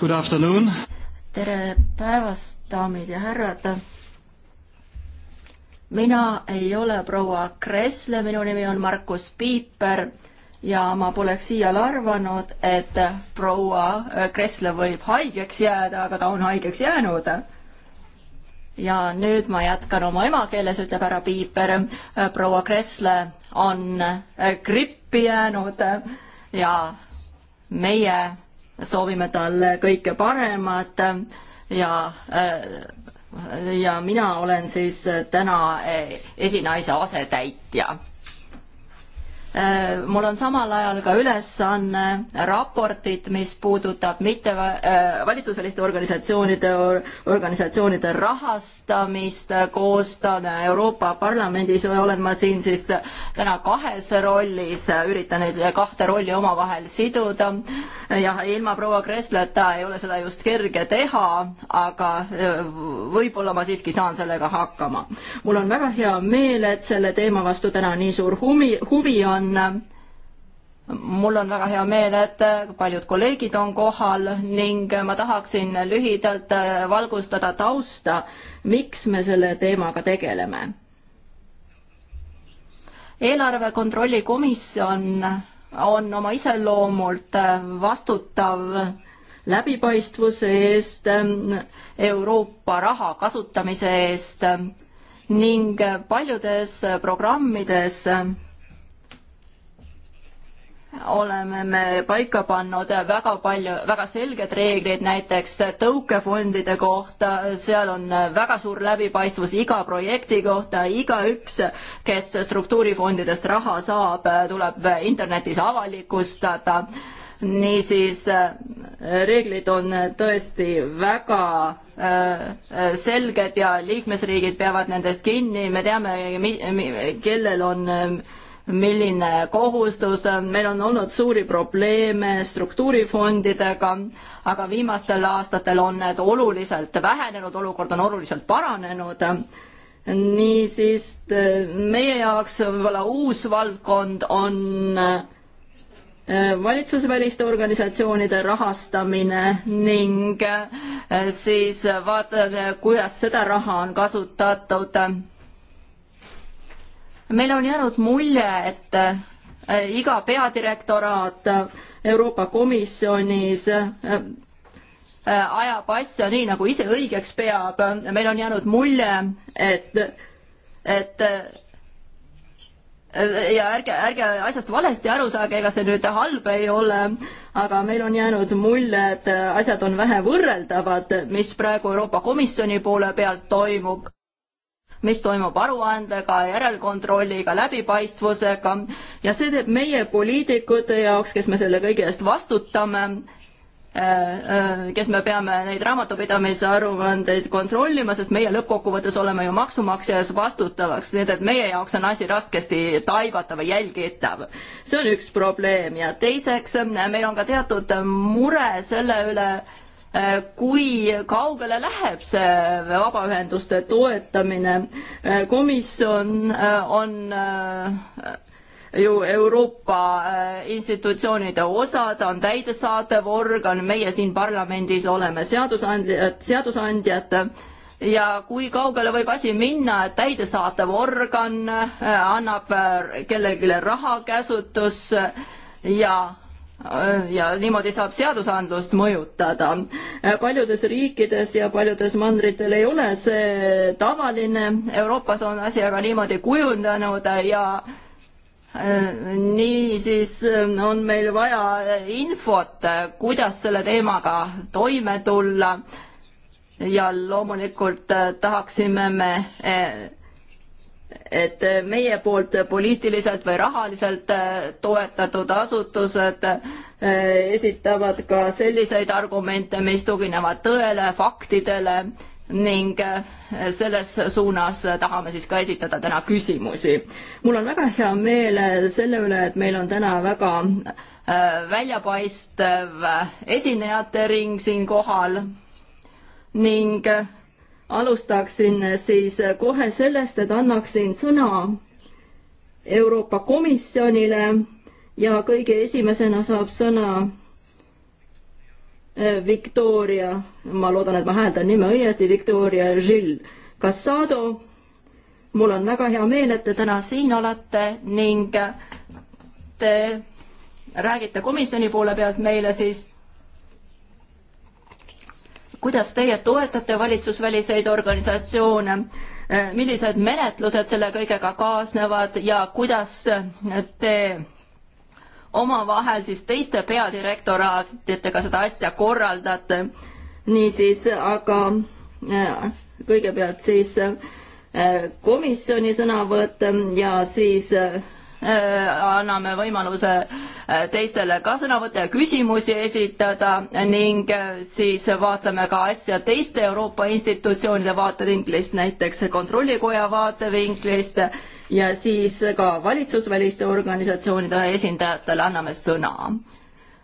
Good afternoon. tere päevast, daamid ja härrad. mina ei ole proua Kressle, minu nimi on Markus Piiper ja ma poleks iial arvanud, et proua Kressle võib haigeks jääda, aga ta on haigeks jäänud ja nüüd ma jätkan oma emakeeles, ütleb härra Piiper. proua Kressle on grippi jäänud ja meie soovime talle kõike paremat ja ja mina olen siis täna e-, esinaise asetäitja Äh, mul on samal ajal ka ülesanne raportit, mis puudutab mitte äh, valitsusväliste organisatsioonide, organisatsioonide rahastamist, koostan Euroopa Parlamendis, olen ma siin siis täna kahes rollis, üritan neid kahte rolli omavahel siduda. jah, ilma proua Kresleta ei ole seda just kerge teha, aga äh, võib-olla ma siiski saan sellega hakkama. mul on väga hea meel, et selle teema vastu täna nii suur huvi, huvi on Bergmann. mul on väga hea meel, et paljud kolleegid on kohal ning ma tahaksin lühidalt valgustada tausta, miks me selle teemaga tegeleme. eelarve kontrolli komisjon on oma iseloomult vastutav läbipaistvuse eest, Euroopa raha kasutamise eest ning paljudes programmides oleme me paika pannud väga palju, väga selged reeglid näiteks tõukefondide kohta, seal on väga suur läbipaistvus iga projekti kohta, igaüks, kes struktuurifondidest raha saab, tuleb internetis avalikustada. niisiis reeglid on tõesti väga äh, selged ja liikmesriigid peavad nendest kinni, me teame, kellel on ähm, milline kohustus, meil on olnud suuri probleeme struktuurifondidega, aga viimastel aastatel on need oluliselt vähenenud, olukord on oluliselt paranenud. niisiis meie jaoks võib-olla uus valdkond on äh, valitsusväliste organisatsioonide rahastamine ning äh, siis vaatame, kuidas seda raha on kasutatud meil on jäänud mulje, et äh, iga peadirektoraat äh, Euroopa Komisjonis äh, ajab asja nii, nagu ise õigeks peab, meil on jäänud mulje, et, et ja ärge, ärge asjast valesti aru saage, ega see nüüd halb ei ole, aga meil on jäänud mulje, et asjad on vähe võrreldavad, mis praegu Euroopa Komisjoni poole pealt toimub mis toimub aruandega, järelkontrolliga, läbipaistvusega ja see teeb meie poliitikute jaoks, kes me selle kõige eest vastutame, äh, äh, kes me peame neid raamatupidamise aruandeid kontrollima, sest meie lõppkokkuvõttes oleme ju maksumaksja ees vastutavaks, nii et, et meie jaoks on asi raskesti taibatav ja jälgitav. see on üks probleem ja teiseks, äh, meil on ka teatud mure selle üle, Äh, kui kaugele läheb see vabaühenduste toetamine. Äh, komisjon äh, on ju Euroopa institutsioonide osa, ta on täidesaatev organ, meie siin parlamendis oleme seadusandjad, seadusandjad ja kui kaugele võib asi minna, et täidesaatev organ annab kellelegi raha käsutusse ja Äh, ja niimoodi saab seadusandlust mõjutada. Äh, paljudes riikides ja paljudes mandritel ei ole see tavaline, Euroopas on asi aga niimoodi kujundanud äh, ja niisiis on meil vaja infot, kuidas selle teemaga toime tulla ja loomulikult tahaksime me et meie poolt poliitiliselt või rahaliselt äh, toetatud asutused äh, esitavad ka selliseid argumente, mis tuginevad tõele, faktidele ning äh, selles suunas tahame siis ka esitada täna küsimusi. mul on väga hea meel selle üle, et meil on täna väga väljapaistev esinejate ring siin kohal ning alustaksin siis kohe sellest, et annaksin sõna Euroopa Komisjonile ja kõige esimesena saab sõna äh, Victoria, ma loodan, et ma hääldan nime õieti, Victoria Gilles Cassado. mul on väga hea meel, et te täna siin olete ning te räägite komisjoni poole pealt meile siis kuidas teie toetate valitsusväliseid organisatsioone, millised menetlused selle kõigega kaasnevad ja kuidas te omavahel siis teiste peadirektoraatidega seda asja korraldate. niisiis, aga äh, kõigepealt siis äh, komisjoni sõnavõtt ja siis äh, Äh, anname võimaluse äh, teistele ka sõna võtta ja küsimusi esitada ning äh, siis vaatame ka asja teiste Euroopa institutsioonide vaatevinklist, näiteks Kontrollikoja vaatevinklist ja siis ka valitsusväliste organisatsioonide esindajatele anname sõna.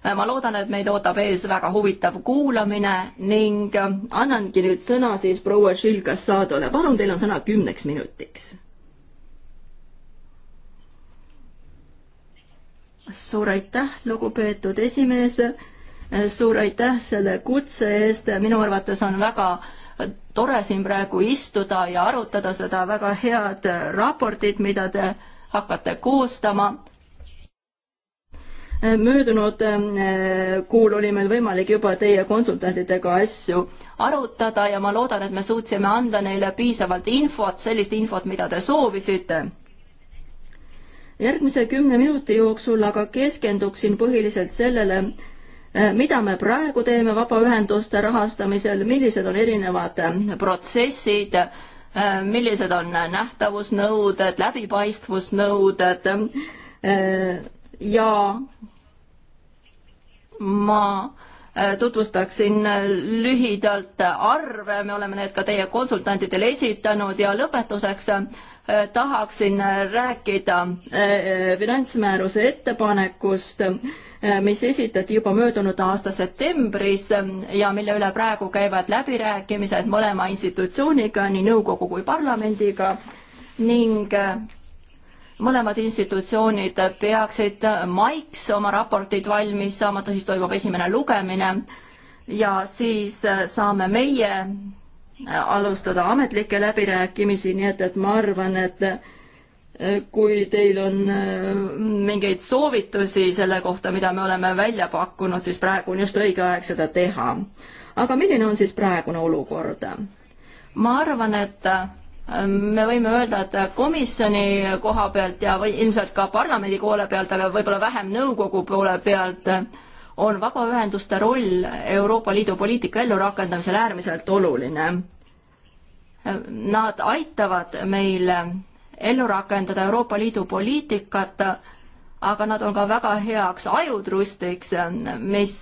ma loodan, et meid ootab ees väga huvitav kuulamine ning annangi nüüd sõna siis proua Žilgas Saadole, palun, teil on sõna kümneks minutiks suur aitäh, lugupeetud esimees, suur aitäh selle kutse eest, minu arvates on väga tore siin praegu istuda ja arutada seda väga head raportit, mida te hakkate koostama möödunud eh, kuul oli meil võimalik juba teie konsultantidega asju arutada ja ma loodan, et me suutsime anda neile piisavalt infot, sellist infot, mida te soovisite järgmise kümne minuti jooksul aga keskenduksin põhiliselt sellele, eh, mida me praegu teeme vabaühenduste rahastamisel, millised on erinevad eh, protsessid, eh, millised on nähtavusnõuded, läbipaistvusnõuded ja ma tutvustaksin lühidalt arve, me oleme need ka teie konsultantidele esitanud ja lõpetuseks äh, Äh, tahaksin äh, rääkida äh, finantsmääruse ettepanekust, mis esitati juba möödunud aasta septembris ja mille üle praegu käivad läbirääkimised mõlema institutsiooniga, nii nõukogu kui parlamendiga ning mõlemad institutsioonid peaksid maiks oma raportid valmis saama, siis toimub esimene lugemine ja siis saame meie alustada ametlikke läbirääkimisi, nii et, et ma arvan, et eh, kui teil on eh, mingeid soovitusi selle kohta, mida me oleme välja pakkunud, siis praegu on just õige aeg seda teha. aga milline on siis praegune olukord? ma arvan, et eh, me võime öelda, et komisjoni koha pealt ja või ilmselt ka parlamendi poole pealt, aga võib-olla vähem nõukogu poole pealt on vabaühenduste roll Euroopa Liidu poliitika ellurakendamisel äärmiselt oluline. Nad aitavad meil ellu rakendada Euroopa Liidu poliitikat, aga nad on ka väga heaks ajutrustiks, mis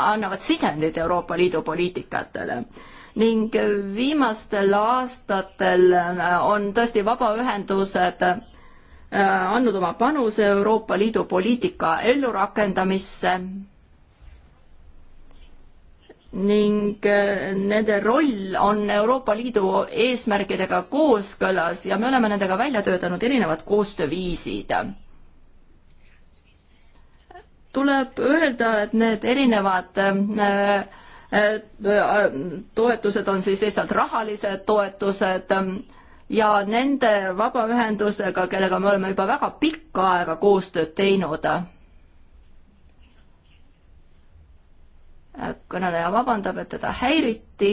annavad sisendit Euroopa Liidu poliitikatele ning viimastel aastatel on tõesti vabaühendused eh, andnud oma panuse Euroopa Liidu poliitika ellurakendamisse ning äh, nende roll on Euroopa Liidu eesmärkidega kooskõlas ja me oleme nendega välja töötanud erinevad koostööviisid. tuleb öelda, et need erinevad äh, äh, toetused on siis lihtsalt rahalised toetused ja nende vabaühendusega, kellega me oleme juba väga pikka aega koostööd teinud kõneleja vabandab, et teda häiriti.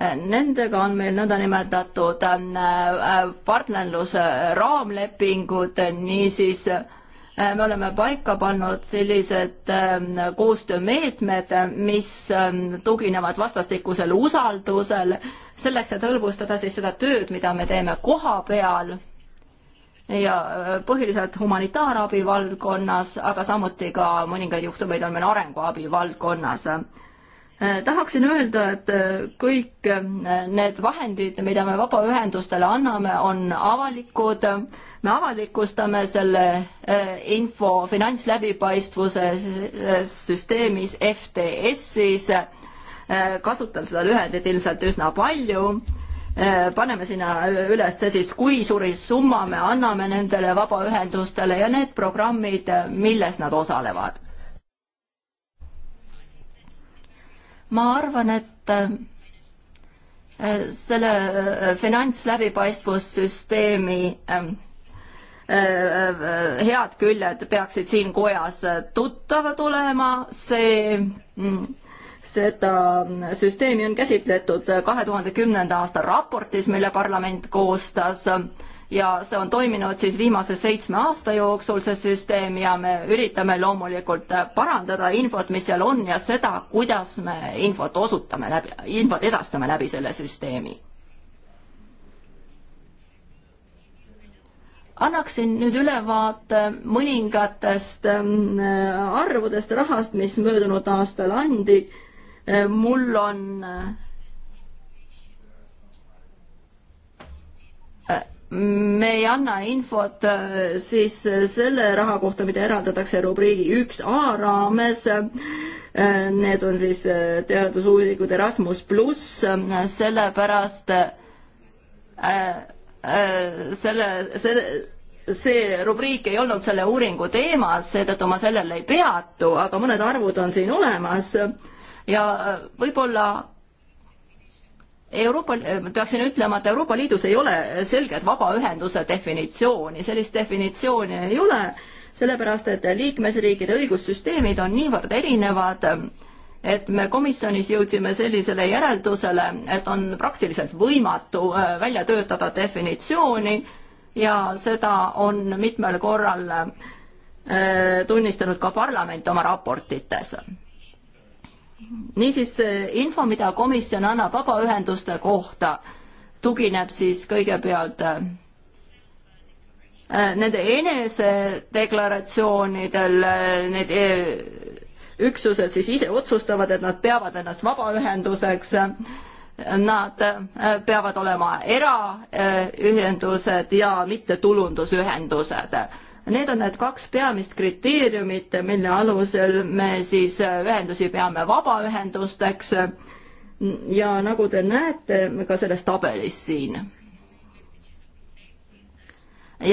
Äh, nendega on meil nõndanimetatud äh, partnerluse raamlepingud, äh, niisiis me oleme paika pannud sellised koostöömeetmed, mis ähm, tuginevad vastastikusele usaldusele, selleks, et hõlbustada siis seda tööd, mida me teeme koha peal ja äh, põhiliselt humanitaarabi valdkonnas, aga samuti ka mõningaid juhtumeid on meil arenguabi valdkonnas äh, tahaksin öelda, et äh, kõik need vahendid, mida me vabaühendustele anname, on avalikud. me avalikustame selle info finantsläbipaistvuse süsteemis FTS-is. kasutan seda lühendit ilmselt üsna palju Äh, paneme sinna äh, üles siis, kui suuri summa me anname nendele vabaühendustele ja need programmid, äh, milles nad osalevad. ma arvan, et selle finantsläbipaistvussüsteemi ähm, head küljed peaksid siin kojas tuttavad olema, see mm, seda süsteemi on käsitletud kahe tuhande kümnenda aasta raportis, mille parlament koostas ja see on toiminud siis viimase seitsme aasta jooksul, see süsteem, ja me üritame loomulikult parandada infot, mis seal on ja seda, kuidas me infot osutame läbi, infot edastame läbi selle süsteemi. annaksin nüüd ülevaate mõningatest ähm, arvudest rahast, mis möödunud aastal andi Äh, mul on äh, me ei anna infot äh, siis selle raha kohta, mida eraldatakse rubriigi üks A raames. Need on siis teadusuuringud Erasmus pluss, sellepärast selle, selle, see rubriik ei olnud selle uuringu teemas, seetõttu ma sellele ei peatu, aga mõned arvud on siin olemas ja äh, võib-olla Euroopa, äh, peaksin ütlema, et Euroopa Liidus ei ole selget vabaühenduse definitsiooni, sellist definitsiooni ei ole, sellepärast et liikmesriikide õigussüsteemid on niivõrd erinevad, et me komisjonis jõudsime sellisele järeldusele, et on praktiliselt võimatu äh, välja töötada definitsiooni ja seda on mitmel korral tunnistanud ka parlament oma raportites niisiis info, mida komisjon annab vabaühenduste kohta, tugineb siis kõigepealt äh, äh, nende enesedeklaratsioonidel, äh, need üksused siis ise otsustavad, et nad peavad ennast vabaühenduseks nad peavad olema eraühendused ja mittetulundusühendused. Need on need kaks peamist kriteeriumit, mille alusel me siis äh, ühendusi peame vabaühendusteks. ja nagu te näete ka selles tabelis siin.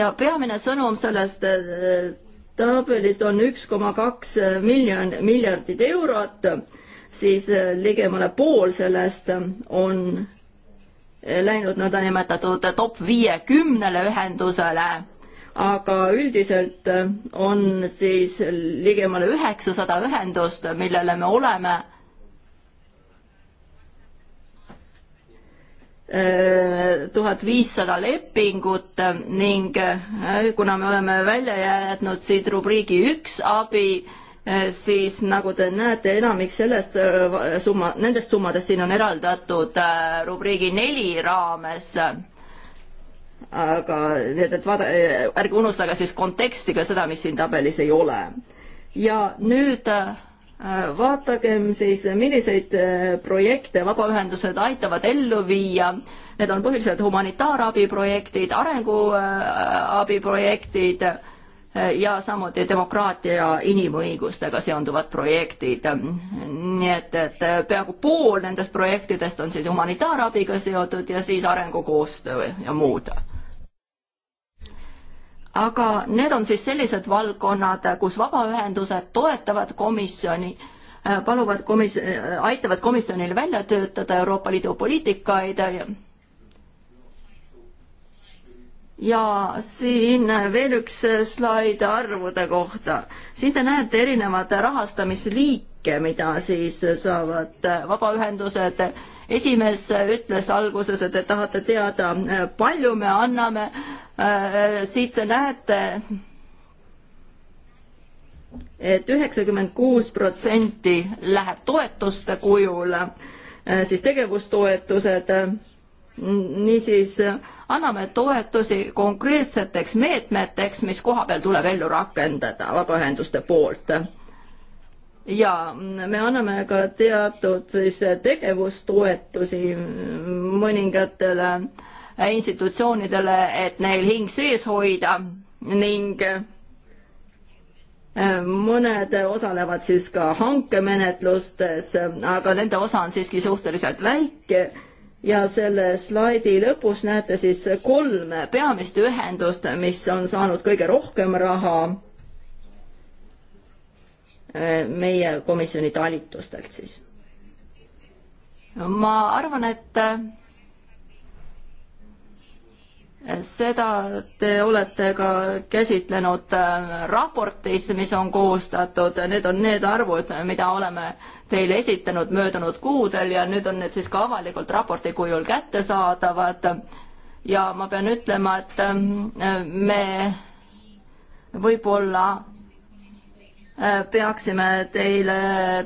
ja peamine sõnum sellest äh, tabelist on üks koma kaks miljon, miljardit eurot, siis äh, ligemale pool sellest on läinud nõndanimetatud top viiekümnele ühendusele aga üldiselt äh, on siis ligemale üheksasada ühendust, millele me oleme äh, tuhat viissada lepingut äh, ning kuna me oleme välja jätnud siit rubriigi üks abi, siis nagu te näete, enamik sellest summa, nendest summadest siin on eraldatud rubriigi neli raames aga nii et, et vaada, ärge unustage siis konteksti ka seda, mis siin tabelis ei ole. ja nüüd äh, vaatagem siis, milliseid äh, projekte vabaühendused aitavad ellu viia. Need on põhiliselt humanitaarabiprojektid, arenguabiprojektid äh, ja samuti demokraatia ja inimõigustega seonduvad projektid. nii et, et peaaegu pool nendest projektidest on siis humanitaarabiga seotud ja siis arengukoostöö ja muud aga need on siis sellised valdkonnad, kus vabaühendused toetavad komisjoni, äh, paluvad komis-, äh, aitavad komisjonil välja töötada Euroopa Liidu poliitikaid ja siin veel üks slaid arvude kohta. siin te näete erinevad rahastamisliike, mida siis saavad vabaühendused esimees ütles alguses, et te tahate teada, äh, palju me anname. Äh, siit te näete et, et üheksakümmend kuus protsenti läheb toetuste kujul, äh, siis tegevustoetused. niisiis anname toetusi konkreetseteks meetmeteks, mis koha peal tuleb ellu rakendada vabaühenduste poolt ja me anname ka teatud siis tegevustoetusi mõningatele institutsioonidele, et neil hing sees hoida ning äh, mõned osalevad siis ka hankemenetlustes, aga nende osa on siiski suhteliselt väike ja selle slaidi lõpus näete siis kolm peamist ühendust, mis on saanud kõige rohkem raha meie komisjoni talitustelt siis. ma arvan, et äh, seda te olete ka käsitlenud äh, raportis, mis on koostatud, need on need arvud, mida oleme teile esitanud möödunud kuudel ja nüüd on need siis ka avalikult raporti kujul kättesaadavad. ja ma pean ütlema, et äh, me võib-olla Äh, peaksime teile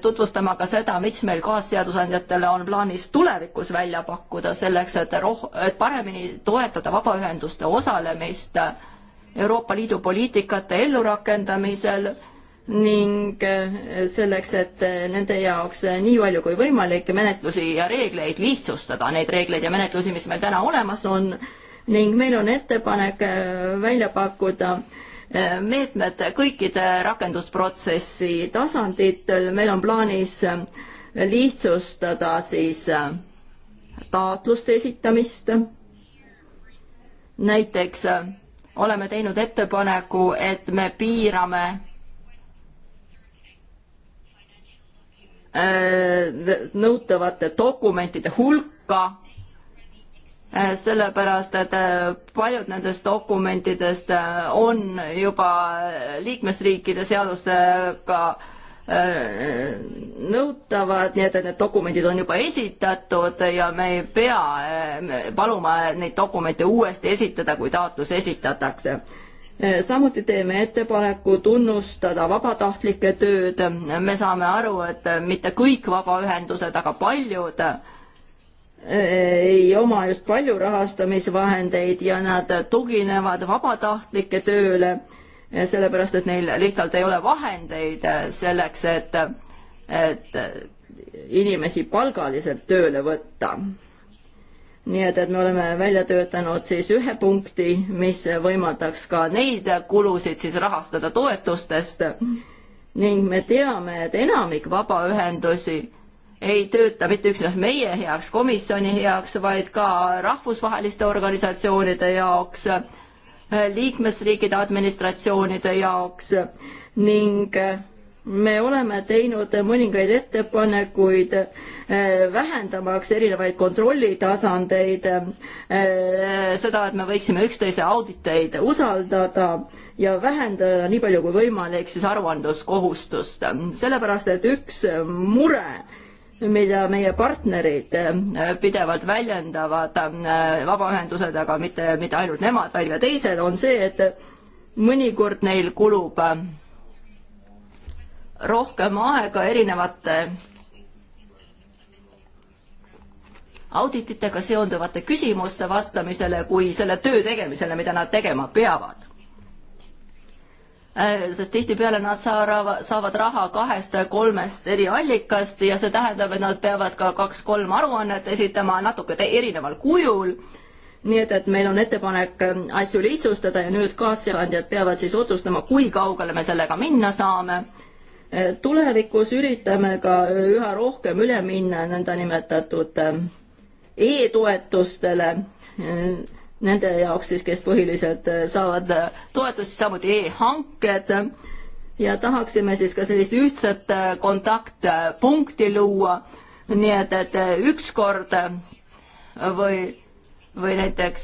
tutvustama ka seda, mis meil kaasseadusandjatele on plaanis tulevikus välja pakkuda selleks, et roh-, et paremini toetada vabaühenduste osalemist Euroopa Liidu poliitikate ellurakendamisel ning äh, selleks, et äh, nende jaoks nii palju kui võimalik menetlusi ja reegleid lihtsustada, neid reegleid ja menetlusi, mis meil täna olemas on, ning meil on ettepanek välja pakkuda äh, meetmed kõikide rakendusprotsessi tasanditel, meil on plaanis lihtsustada siis äh, taotluste esitamist. näiteks äh, oleme teinud ettepaneku, et me piirame äh, nõutavate dokumentide hulka Äh, sellepärast et äh, paljud nendest dokumentidest äh, on juba liikmesriikide seadustega nõutavad, nii et, et need dokumendid on juba esitatud ja me ei pea paluma neid dokumente uuesti esitada, kui taotlus esitatakse. samuti teeme ettepaneku tunnustada vabatahtlike tööd, me saame aru, et mitte kõik vabaühendused, aga paljud ei oma just palju rahastamisvahendeid ja nad tuginevad vabatahtlike tööle, sellepärast et neil lihtsalt ei ole vahendeid selleks, et, et inimesi palgaliselt tööle võtta. nii et, et me oleme välja töötanud siis ühe punkti, mis võimaldaks ka neid kulusid siis rahastada toetustest ning me teame, et enamik vabaühendusi ei tööta mitte üksnes meie heaks, komisjoni heaks, vaid ka rahvusvaheliste organisatsioonide jaoks, liikmesriikide administratsioonide jaoks ning eh, me oleme teinud mõningaid ettepanekuid eh, vähendamaks erinevaid kontrollitasandeid, eh, seda, et me võiksime üksteise auditeid usaldada ja vähendada nii palju kui võimalik siis aruandluskohustust, sellepärast et üks mure mida meie partnerid äh, pidevalt väljendavad, äh, vabaühendused, aga mitte, mitte ainult nemad, vaid ka teised, on see, et mõnikord neil kulub äh, rohkem aega erinevate audititega seonduvate küsimuste vastamisele kui selle töö tegemisele, mida nad tegema peavad Äh, sest tihtipeale nad saavad, saavad raha kahest-kolmest eri allikast ja see tähendab, et nad peavad ka kaks-kolm aruannet esitama natuke erineval kujul. nii et, et meil on ettepanek ähm, asju lihtsustada ja nüüd kaasseadjad peavad siis otsustama, kui kaugele me sellega minna saame äh, tulevikus üritame ka äh, üha rohkem üle minna nõndanimetatud ähm, e-toetustele nende jaoks siis, kes põhiliselt äh, saavad äh, toetust, samuti e-hanked ja tahaksime siis ka sellist ühtset äh, kontaktpunkti luua, nii et, et üks kord või, või näiteks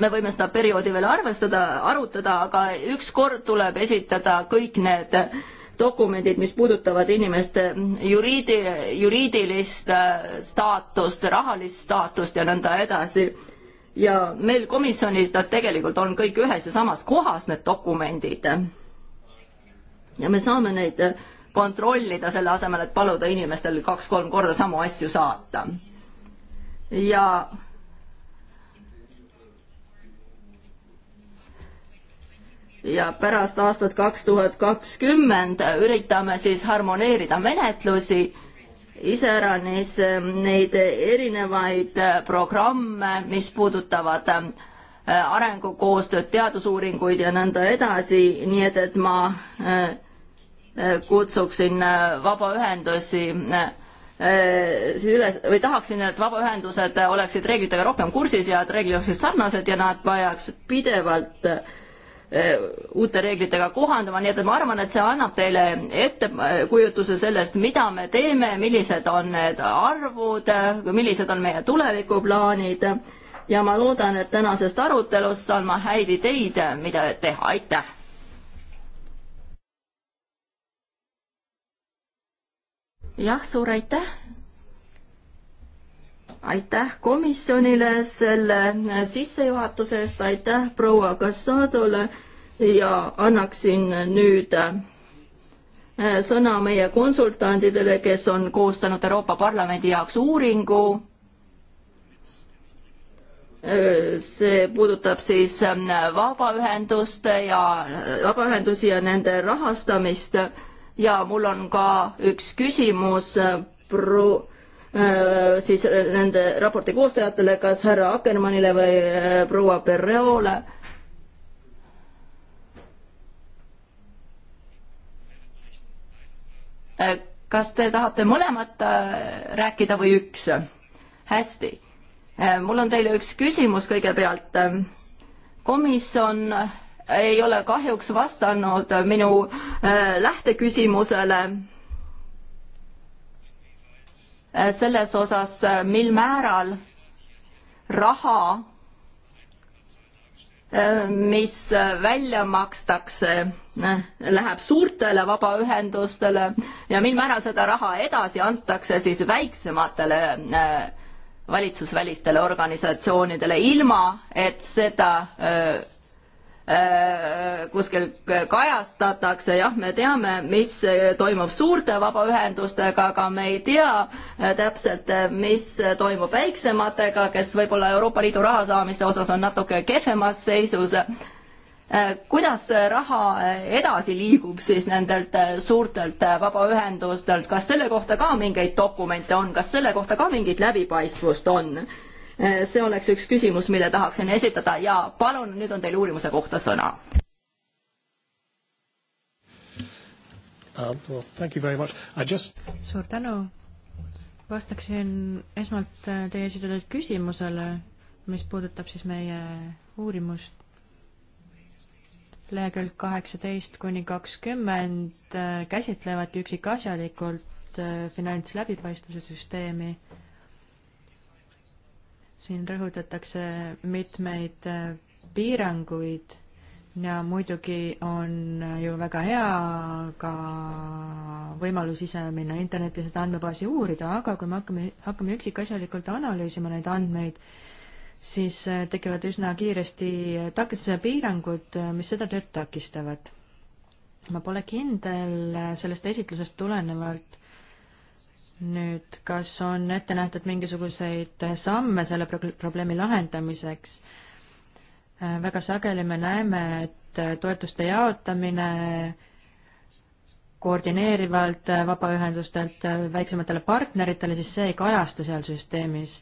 me võime seda perioodi veel arvestada, arutada, aga üks kord tuleb esitada kõik need äh, dokumendid, mis puudutavad inimeste juriidi, juriidilist äh, staatust, rahalist staatust ja nõnda edasi. ja meil komisjonis nad tegelikult on kõik ühes ja samas kohas, need dokumendid. ja me saame neid äh, kontrollida selle asemel, et paluda inimestel kaks-kolm korda samu asju saata. ja ja pärast aastat kaks tuhat kakskümmend üritame siis harmoneerida menetlusi, iseäranis ähm, neid erinevaid äh, programme, mis puudutavad ähm, arengukoostööd, teadusuuringuid ja nõnda edasi, nii et, et ma äh, äh, kutsuksin vabaühendusi siis üles või tahaksin, et vabaühendused oleksid reeglitega rohkem kursis ja et reeglid oleksid sarnased ja nad vajaks pidevalt äh, Äh, uute reeglitega kohandama, nii et ma arvan, et see annab teile ettekujutuse äh, sellest, mida me teeme, millised on need arvud, äh, millised on meie tulevikuplaanid ja ma loodan, et tänasest arutelust saan ma häid ideid, mida teha, aitäh! jah, suur aitäh! aitäh komisjonile selle sissejuhatuse eest, aitäh proua Kassadole ja annaksin nüüd äh, sõna meie konsultandidele, kes on koostanud Euroopa Parlamendi jaoks uuringu. Äh, see puudutab siis äh, vabaühenduste ja, vabaühendusi ja nende rahastamist ja mul on ka üks küsimus pro-, Äh, siis nende raporti koostajatele, kas härra Akkermannile või äh, proua Perreole. Äh, kas te tahate mõlemat rääkida või üks? hästi. mul on teile üks küsimus kõigepealt. komisjon ei ole kahjuks vastanud minu lähteküsimusele Äh, selles osas, äh, mil määral raha, äh, mis välja makstakse, läheb suurtele vabaühendustele ja mil määral seda raha edasi antakse siis väiksematele valitsusvälistele organisatsioonidele, ilma et seda Äh, kuskil kajastatakse, jah, me teame, mis toimub suurte vabaühendustega, aga me ei tea äh, täpselt, äh, mis toimub väiksematega, kes võib-olla Euroopa Liidu raha saamise osas on natuke kehvemas seisus. kuidas raha edasi liigub siis nendelt suurtelt vabaühendustelt, kas selle kohta ka mingeid dokumente on, kas selle kohta ka mingit läbipaistvust on? Eh, see oleks üks küsimus, mille tahaksin esitada ja palun, nüüd on teil uurimuse kohta sõna. Uh, well, thank you very much. I just... suur tänu. vastaksin esmalt eh, teie esitatud küsimusele, mis puudutab siis meie uurimust. lehekülg kaheksateist kuni kakskümmend eh, käsitlevadki üksikasjalikult finantsläbipaistvuse süsteemi siin rõhutatakse mitmeid äh, piiranguid ja muidugi on ju väga hea ka võimalus ise minna internetti seda andmebaasi uurida, aga kui me hakkame, hakkame üksikasjalikult analüüsima neid andmeid, siis äh, tekivad üsna kiiresti äh, takistuse piirangud, mis seda tööd takistavad. ma pole kindel sellest esitlusest tulenevalt, nüüd, kas on ette nähtud mingisuguseid samme selle probleemi lahendamiseks? Äh, väga sageli me näeme, et äh, toetuste jaotamine koordineerivalt äh, vabaühendustelt väiksematele partneritele, siis see ei kajastu seal süsteemis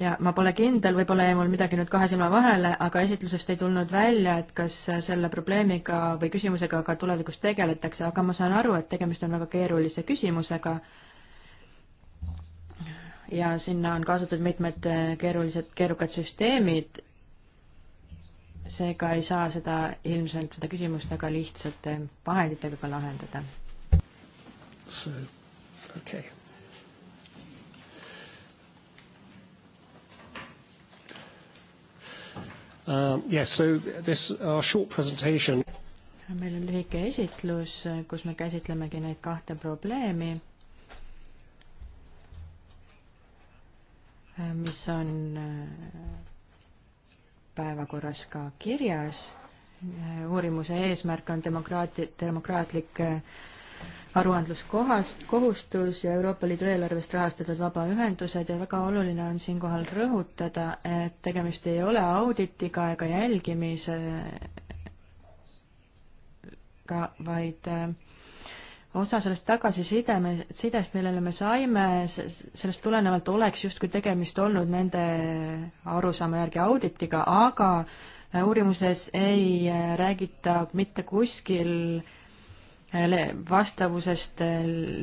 ja ma pole kindel, võib-olla jäi mul midagi nüüd kahe silma vahele, aga esitlusest ei tulnud välja, et kas selle probleemiga või küsimusega ka tulevikus tegeletakse, aga ma saan aru, et tegemist on väga keerulise küsimusega. ja sinna on kaasatud mitmed keerulised, keerukad süsteemid. seega ei saa seda ilmselt, seda küsimust väga lihtsate vahenditega ka lahendada. okei okay.. Um, yes, so this our short presentation. meil on lühike esitlus, kus me käsitlemegi neid kahte probleemi, mis on äh, päevakorras ka kirjas. Äh, uurimuse eesmärk on demokraati-, demokraatlik, demokraatlik äh, aruandluskohustus ja Euroopa Liidu eelarvest rahastatud vabaühendused ja väga oluline on siinkohal rõhutada, et tegemist ei ole auditiga ega jälgimisega, vaid äh, osa sellest tagasisideme, sidest, millele me saime, sellest tulenevalt oleks justkui tegemist olnud nende arusaama järgi auditiga, aga äh, uurimuses ei äh, räägita mitte kuskil äh, vastavusest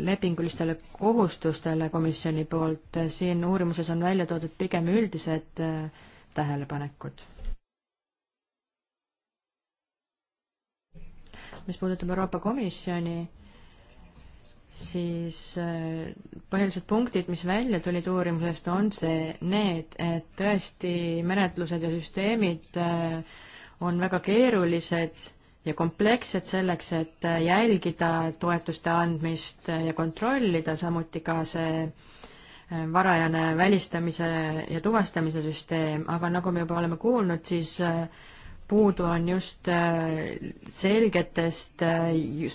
lepingulistele kohustustele komisjoni poolt, siin uurimuses on välja toodud pigem üldised äh, tähelepanekud. mis puudutab Euroopa Komisjoni, siis äh, põhilised punktid, mis välja tulid uurimusest, on see, need, et tõesti menetlused ja süsteemid äh, on väga keerulised ja komplekssed selleks, et jälgida toetuste andmist ja kontrollida, samuti ka see äh, varajane välistamise ja tuvastamise süsteem, aga nagu me juba oleme kuulnud, siis äh, puudu on just äh, selgetest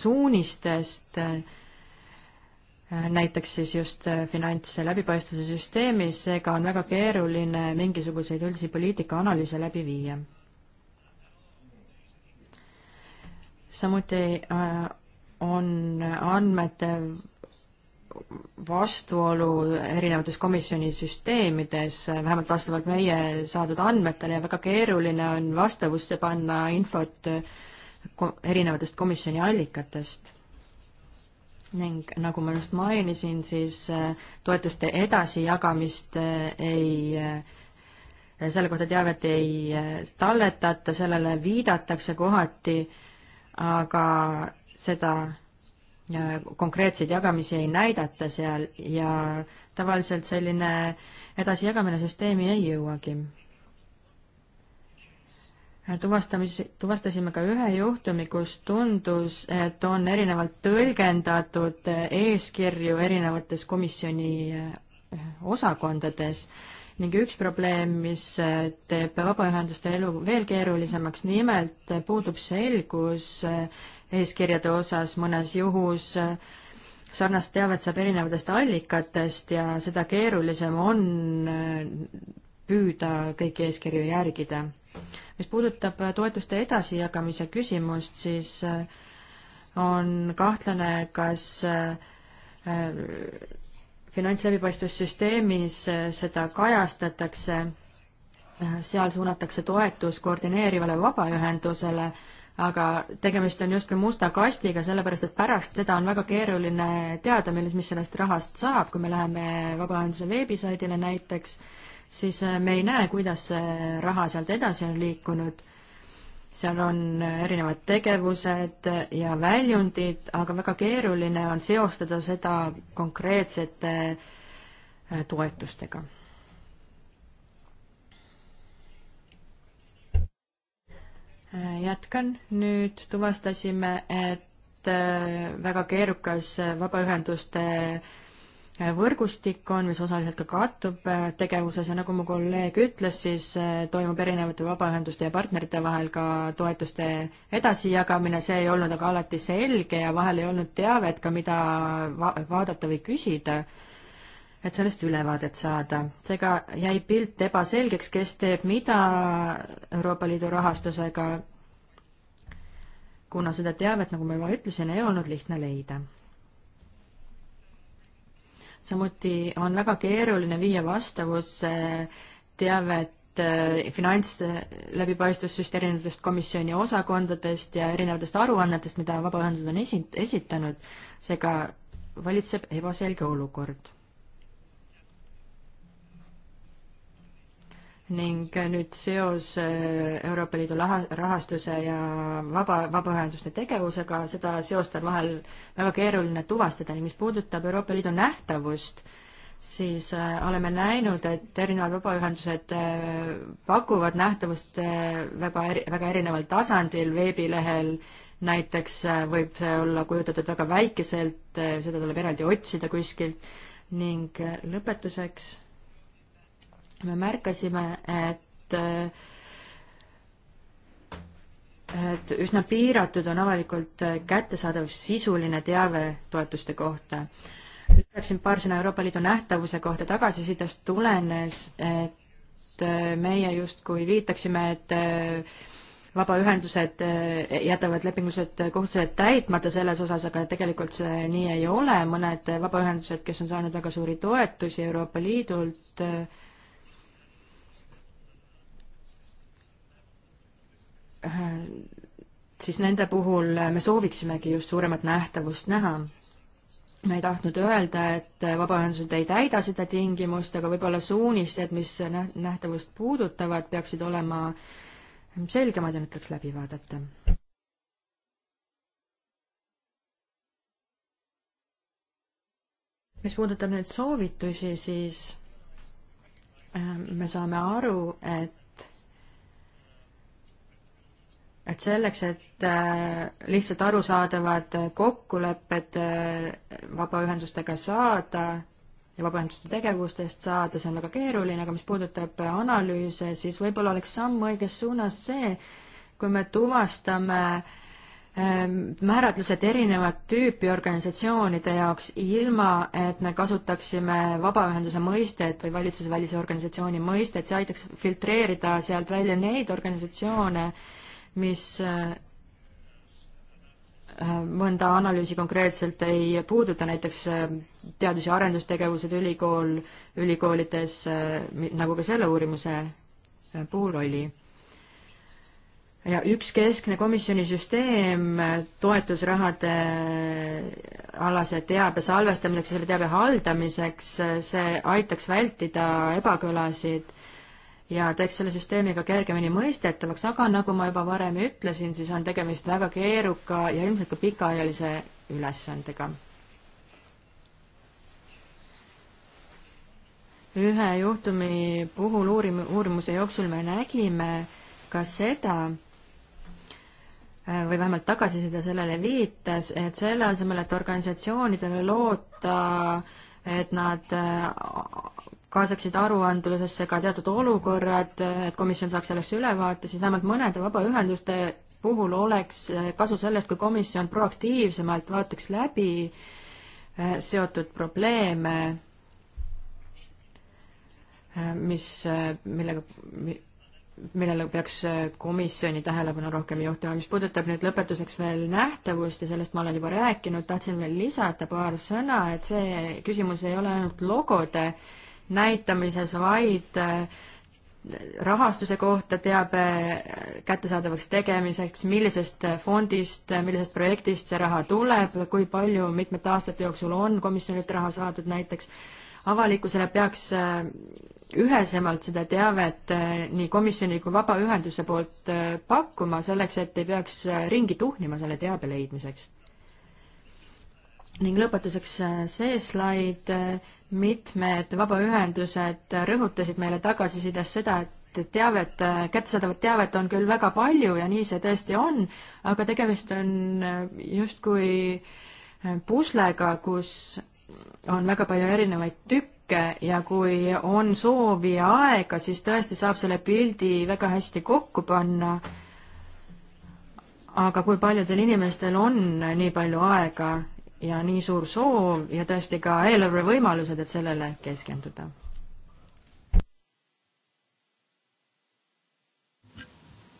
suunistest, näiteks siis just finants- läbipaistvuse süsteemis, seega on väga keeruline mingisuguseid üldisi poliitikaanalüüse läbi viia samuti äh, on andmete vastuolu erinevates komisjoni süsteemides, äh, vähemalt vastavalt meie saadud andmetele ja väga keeruline on vastavusse panna infot äh, erinevatest komisjoni allikatest. ning nagu ma just mainisin, siis toetuste edasijagamist ei selle kohta teavet ei talletata, sellele viidatakse kohati äh, aga seda äh, konkreetseid jagamisi ei näidata seal ja tavaliselt selline edasijagamine süsteemi ei jõuagi. tuvastamis, tuvastasime ka ühe juhtumi, kus tundus, et on erinevalt tõlgendatud äh, eeskirju erinevates komisjoni äh, osakondades ning üks probleem, mis äh, teeb vabaühenduste elu veel keerulisemaks, nimelt äh, puudub selgus äh, eeskirjade osas mõnes juhus, sarnast teavet saab erinevatest allikatest ja seda keerulisem on püüda kõiki eeskirju järgida. mis puudutab toetuste edasijagamise küsimust, siis on kahtlane, kas finantsläbipaistvussüsteemis eh, seda kajastatakse, eh, seal suunatakse toetus koordineerivale vabaühendusele, aga tegemist on justkui musta kastiga, sellepärast et pärast seda on väga keeruline teada, milles, mis sellest rahast saab, kui me läheme vabaühenduse veebisaidile näiteks, siis eh, me ei näe, kuidas see raha sealt edasi on liikunud seal on erinevad tegevused ja väljundid, aga väga keeruline on seostada seda konkreetsete äh, toetustega. Äh, jätkan, nüüd tuvastasime, et äh, väga keerukas vabaühenduste võrgustik on, mis osaliselt ka kattub äh, tegevuses ja nagu mu kolleeg ütles, siis äh, toimub erinevate vabaühenduste ja partnerite vahel ka toetuste edasijagamine, see ei olnud aga alati selge ja vahel ei olnud teavet ka, mida va-, vaadata või küsida, et sellest ülevaadet saada. seega jäi pilt ebaselgeks, kes teeb mida Euroopa Liidu rahastusega, kuna seda teavet, nagu ma juba ütlesin, ei olnud lihtne leida samuti on väga keeruline viia vastavusse teavet äh, finantsläbipaistvust erinevatest komisjoni osakondadest ja erinevatest aruannetest, mida vabaühendused on esi-, esitanud, seega valitseb ebaselge olukord. ning nüüd seos äh, Euroopa Liidu raha, rahastuse ja vaba, vabaühenduste tegevusega, seda seost on vahel väga keeruline tuvastada ning mis puudutab Euroopa Liidu nähtavust, siis äh, oleme näinud, et erinevad vabaühendused äh, pakuvad nähtavust väga eri, väga erineval tasandil, veebilehel näiteks võib see olla kujutatud väga väikeselt, seda tuleb eraldi otsida kuskilt ning lõpetuseks me märkasime, et et üsna piiratud on avalikult kättesaadav sisuline teave toetuste kohta. ütleksin paar sõna Euroopa Liidu nähtavuse kohta, tagasisidest tulenes, et meie justkui viitaksime, et vabaühendused jätavad lepingulised kohustused täitmata selles osas, aga tegelikult see nii ei ole, mõned vabaühendused, kes on saanud väga suuri toetusi Euroopa Liidult, Äh, siis nende puhul me sooviksimegi just suuremat nähtavust näha. me ei tahtnud öelda, et vabaühendused ei täida seda tingimust, aga võib-olla suunised, mis nähtavust puudutavad, peaksid olema selgemad ja need tuleks läbi vaadata. mis puudutab neid soovitusi, siis äh, me saame aru, et et selleks, et äh, lihtsalt arusaadavad äh, kokkulepped äh, vabaühendustega saada ja vabaühenduste tegevustest saada, see on väga keeruline, aga mis puudutab analüüse, siis võib-olla oleks samm õiges suunas see, kui me tuvastame ähm, määratlused erinevat tüüpi organisatsioonide jaoks, ilma et me kasutaksime vabaühenduse mõistet või valitsusvälise organisatsiooni mõistet, see aitaks filtreerida sealt välja neid organisatsioone, mis äh, mõnda analüüsi konkreetselt ei puuduta, näiteks äh, teadus- ja arendustegevused ülikool, ülikoolides, äh, nagu ka selle uurimuse puhul oli. ja üks keskne komisjoni süsteem toetusrahade alase teabe salvestamiseks ja selle teabe haldamiseks, see aitaks vältida ebakõlasid ja teeks selle süsteemi ka kergemini mõistetavaks, aga nagu ma juba varem ütlesin, siis on tegemist väga keeruka ja ilmselt ka pikaajalise ülesandega. ühe juhtumi puhul uurim-, uurimuse jooksul me nägime ka seda, või vähemalt tagasiside sellele viitas, et selle asemel, et organisatsioonidele loota, et nad kaasaksid aruandlusesse ka teatud olukorrad, et komisjon saaks sellesse ülevaate, siis vähemalt mõnede vabaühenduste puhul oleks eh, kasu sellest, kui komisjon proaktiivsemalt vaataks läbi eh, seotud probleeme, eh, mis, millega, millele peaks komisjoni tähelepanu rohkem juhtima. mis puudutab nüüd lõpetuseks veel nähtavust ja sellest ma olen juba rääkinud, tahtsin veel lisada paar sõna, et see küsimus ei ole ainult logode äh, näitamises, vaid äh, rahastuse kohta teabe kättesaadavaks tegemiseks, millisest fondist, millisest projektist see raha tuleb, kui palju mitmete aastate jooksul on komisjonilt raha saadud näiteks. avalikkusele peaks äh, ühesemalt seda teavet äh, nii komisjoni kui vabaühenduse poolt pakkuma, selleks et ei peaks ringi tuhnima selle teabe leidmiseks ning lõpetuseks äh, see slaid, äh, mitmed vabaühendused rõhutasid meile tagasisides seda, et teavet, äh, kättesaadavat teavet on küll väga palju ja nii see tõesti on, aga tegemist on justkui puslega, kus on väga palju erinevaid tükke ja kui on soovi ja aega, siis tõesti saab selle pildi väga hästi kokku panna. aga kui paljudel inimestel on nii palju aega ja nii suur soov ja tõesti ka eelarvevõimalused, et sellele keskenduda.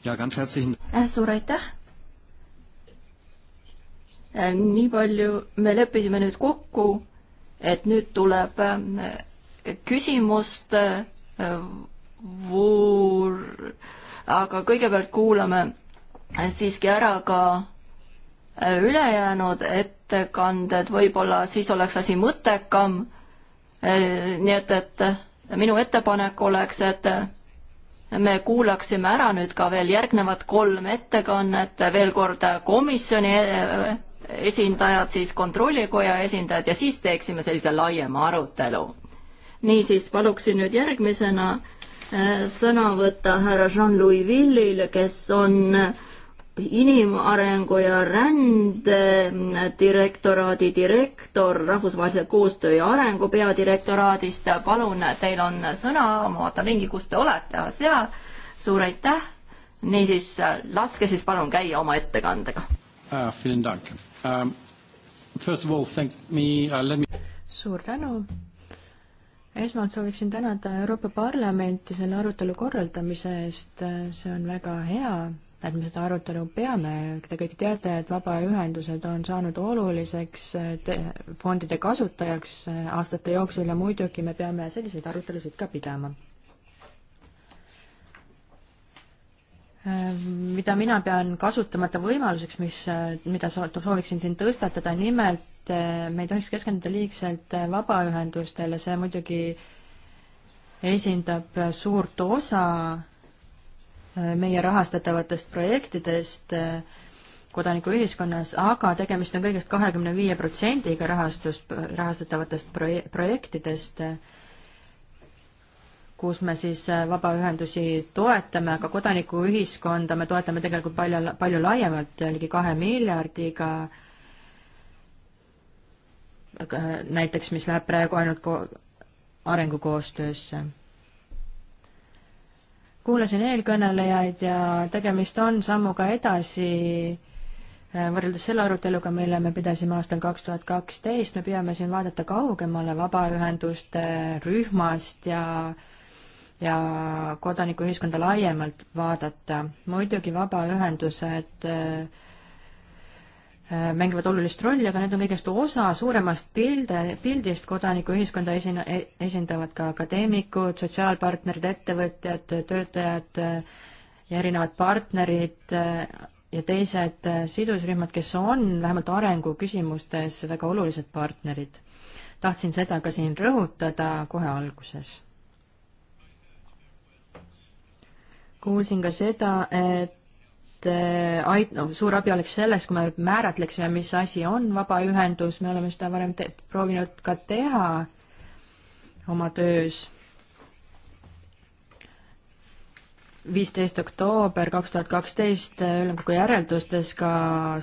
Äh, suur aitäh! Äh, nii palju me leppisime nüüd kokku, et nüüd tuleb äh, küsimuste voor, aga kõigepealt kuulame siiski ära ka ülejäänud et ettekanded, võib-olla siis oleks asi mõttekam. Äh, nii et, et minu ettepanek oleks, et me kuulaksime ära nüüd ka veel järgnevad kolm ettekannet, veel kord komisjoni äh, esindajad, siis kontrollikoja esindajad ja siis teeksime sellise laiema arutelu. niisiis paluksin nüüd järgmisena äh, sõna võtta härra Jean-Louis Villil, kes on äh, inimarengu ja rände direktoraadi direktor, rahvusvahelise koostöö ja arengu peadirektoraadist. palun, teil on sõna, ma vaatan ringi, kus te olete, seal. suur aitäh. niisiis, laske siis palun käia oma ettekandega uh,. First of all, thank me uh,, let me suur tänu. esmalt sooviksin tänada Euroopa Parlamenti selle arutelu korraldamise eest, see on väga hea et me seda arutelu peame, te kõik teate, et vabaühendused on saanud oluliseks eh, fondide kasutajaks eh, aastate jooksul ja muidugi me peame selliseid arutelusid ka pidama. Eh, mida mina pean kasutamata võimaluseks, mis, mida sooviksin siin tõstatada, nimelt me ei tohiks keskenduda liigselt vabaühendustele, see muidugi esindab suurt osa meie rahastatavatest projektidest äh, kodanikuühiskonnas, aga tegemist on kõigest kahekümne viie protsendiga rahastus, rahastatavatest proje-, projektidest, kus me siis äh, vabaühendusi toetame, aga kodanikuühiskonda me toetame tegelikult palju, palju laiemalt, ligi kahe miljardiga, äh, näiteks mis läheb praegu ainult ko-, arengukoostöösse kuulasin eelkõnelejaid ja tegemist on sammuga edasi äh, võrreldes selle aruteluga, mille me pidasime aastal kaks tuhat kaksteist, me püüame siin vaadata kaugemale vabaühenduste rühmast ja ja kodanikuühiskonda laiemalt vaadata. muidugi vabaühendused äh, Äh, mängivad olulist rolli, aga need on kõigest osa suuremast pilde, pildist kodanikuühiskonda esine, esindavad ka akadeemikud, sotsiaalpartnerid, ettevõtjad, töötajad äh, ja erinevad partnerid äh, ja teised sidusrühmad, kes on vähemalt arenguküsimustes väga olulised partnerid. tahtsin seda ka siin rõhutada kohe alguses. kuulsin ka seda, et Äh, ait-, noh, suur abi oleks selles, kui me määratleksime, mis asi on vabaühendus, me oleme seda varem te-, proovinud ka teha oma töös. viisteist oktoober kaks tuhat kaksteist äh, ülemkogu järeldustes ka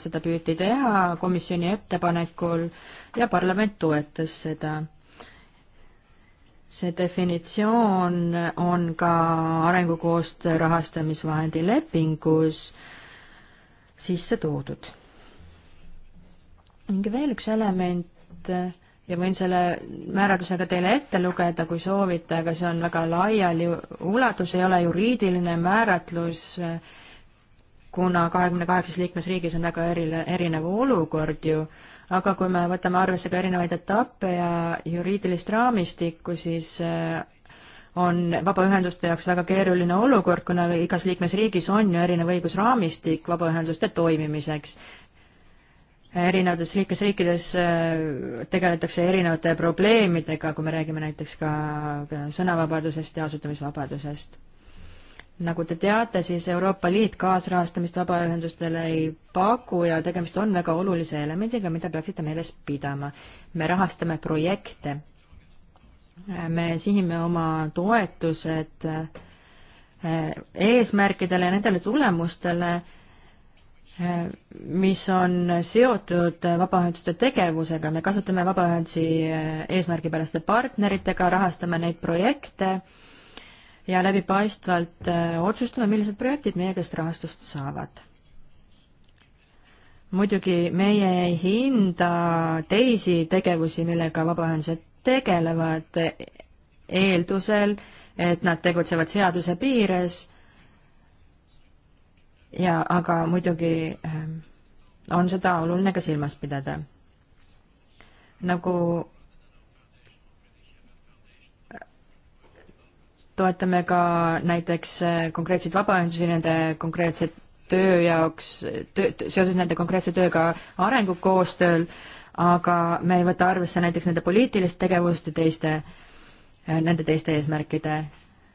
seda püüti teha komisjoni ettepanekul ja parlament toetas seda see definitsioon on ka arengukoostöö rahastamisvahendi lepingus sisse toodud. ning veel üks element ja võin selle määratluse ka teile ette lugeda, kui soovite, aga see on väga laiali ulatus, ei ole juriidiline määratlus, kuna kahekümne kaheksas liikmesriigis on väga erile, erinev olukord ju, aga kui me võtame arvesse ka erinevaid etappe ja juriidilist raamistikku, siis on vabaühenduste jaoks väga keeruline olukord, kuna igas liikmesriigis on ju erinev õigusraamistik vabaühenduste toimimiseks. erinevates liikmesriikides äh, tegeletakse erinevate probleemidega, kui me räägime näiteks ka sõnavabadusest ja asutamisvabadusest. nagu te teate, siis Euroopa Liit kaasrahastamist vabaühendustele ei paku ja tegemist on väga olulise elemendiga, mida peaksite meeles pidama. me rahastame projekte me sihime oma toetused eh, eesmärkidele ja nendele tulemustele, eh, mis on seotud vabaühenduste tegevusega, me kasutame vabaühendusi eh, eesmärgipäraste partneritega, rahastame neid projekte ja läbipaistvalt otsustame, millised projektid meie käest rahastust saavad. muidugi meie ei hinda teisi tegevusi, millega vabaühendused tegelevad eeldusel, et nad tegutsevad seaduse piires ja aga muidugi ähm, on seda oluline ka silmas pidada. nagu toetame ka näiteks äh, konkreetseid vabaühendusi nende konkreetse töö jaoks, töö, seoses nende konkreetse tööga arengukoostööl äh,, aga me ei võta arvesse näiteks nende poliitilist tegevust ja teiste, äh, nende teiste eesmärkide,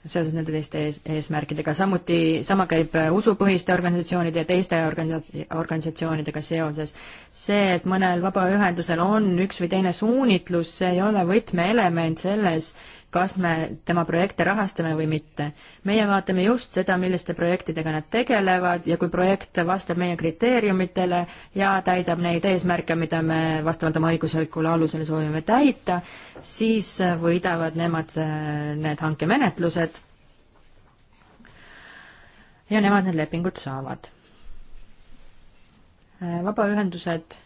seoses nende teiste ees, eesmärkidega, samuti sama käib äh, usupõhiste organisatsioonide ja teiste organi-, organisatsioonidega seoses. see, et mõnel vabaühendusel on üks või teine suunitlus, see ei ole võtmeelement selles, kas me tema projekte rahastame või mitte. meie vaatame just seda, milliste projektidega nad tegelevad ja kui projekt vastab meie kriteeriumitele ja täidab neid eesmärke, mida me vastavalt oma õiguslikule alusele soovime täita, siis võidavad nemad äh, need hankemenetlused ja nemad need lepingud saavad. Äh, vabaühendused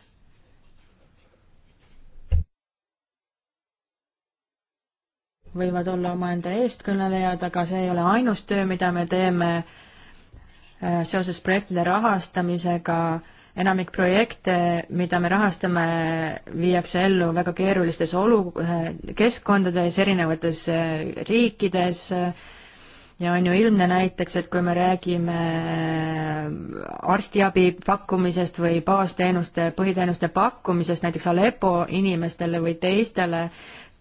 võivad olla omaenda eestkõnelejad, aga see ei ole ainus töö, mida me teeme äh, seoses projektide rahastamisega. enamik projekte, mida me rahastame, viiakse ellu väga keerulistes olu-, äh, keskkondades, erinevates äh, riikides ja on ju ilmne näiteks, et kui me räägime arstiabi pakkumisest või baasteenuste, põhiteenuste pakkumisest näiteks Aleppo inimestele või teistele,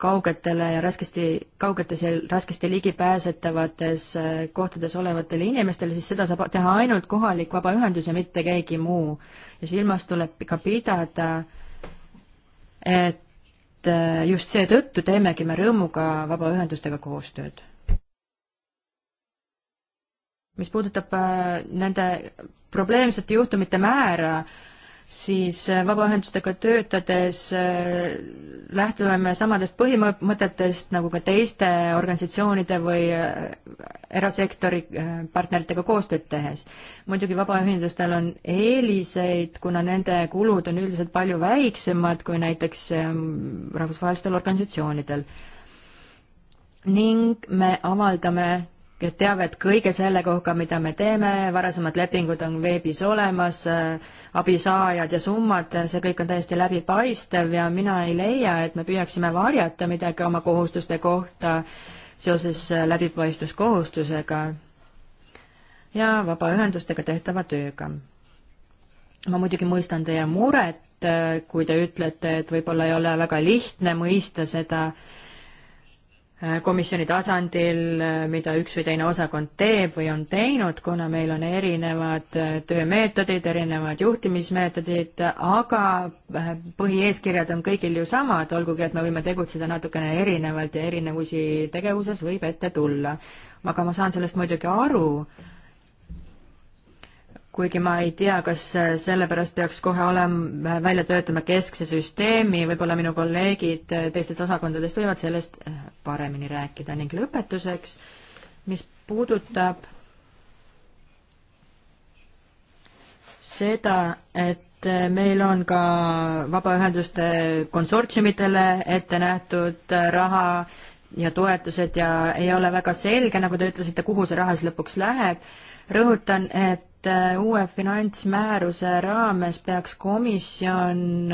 kaugetele ja raskesti, kaugetes ja raskesti ligipääsetavates äh, kohtades olevatele inimestele, siis seda saab teha ainult kohalik vabaühendus ja mitte keegi muu. ja silmas tuleb ka pidada, et äh, just seetõttu teemegi me rõõmuga vabaühendustega koostööd. mis puudutab äh, nende probleemsete juhtumite määra, siis äh, vabaühendustega töötades äh, lähtume me samadest põhimõtetest nagu ka teiste organisatsioonide või äh, erasektori partneritega koostööd tehes. muidugi vabaühendustel on eeliseid, kuna nende kulud on üldiselt palju väiksemad kui näiteks ähm, rahvusvahelistel organisatsioonidel. ning me avaldame teavet kõige selle kohta, mida me teeme, varasemad lepingud on veebis olemas, äh, abisaajad ja summad, äh, see kõik on täiesti läbipaistev ja mina ei leia, et me püüaksime varjata midagi oma kohustuste kohta seoses äh, läbipaistvuskohustusega ja vabaühendustega tehtava tööga. ma muidugi mõistan teie muret, kui te ütlete, et võib-olla ei ole väga lihtne mõista seda, Äh, komisjoni tasandil, äh, mida üks või teine osakond teeb või on teinud, kuna meil on erinevad äh, töömeetodid, erinevad juhtimismeetodid, aga põhieeskirjad on kõigil ju samad, olgugi et me võime tegutseda natukene erinevalt ja erinevusi tegevuses võib ette tulla. aga ma saan sellest muidugi aru kuigi ma ei tea, kas sellepärast peaks kohe olema, välja töötama keskse süsteemi, võib-olla minu kolleegid teistest osakondadest võivad sellest äh, paremini rääkida ning lõpetuseks, mis puudutab seda, et meil on ka vabaühenduste konsortsiumitele ette nähtud raha ja toetused ja ei ole väga selge, nagu te ütlesite, kuhu see raha siis lõpuks läheb. rõhutan, et et äh, uue finantsmääruse raames peaks komisjon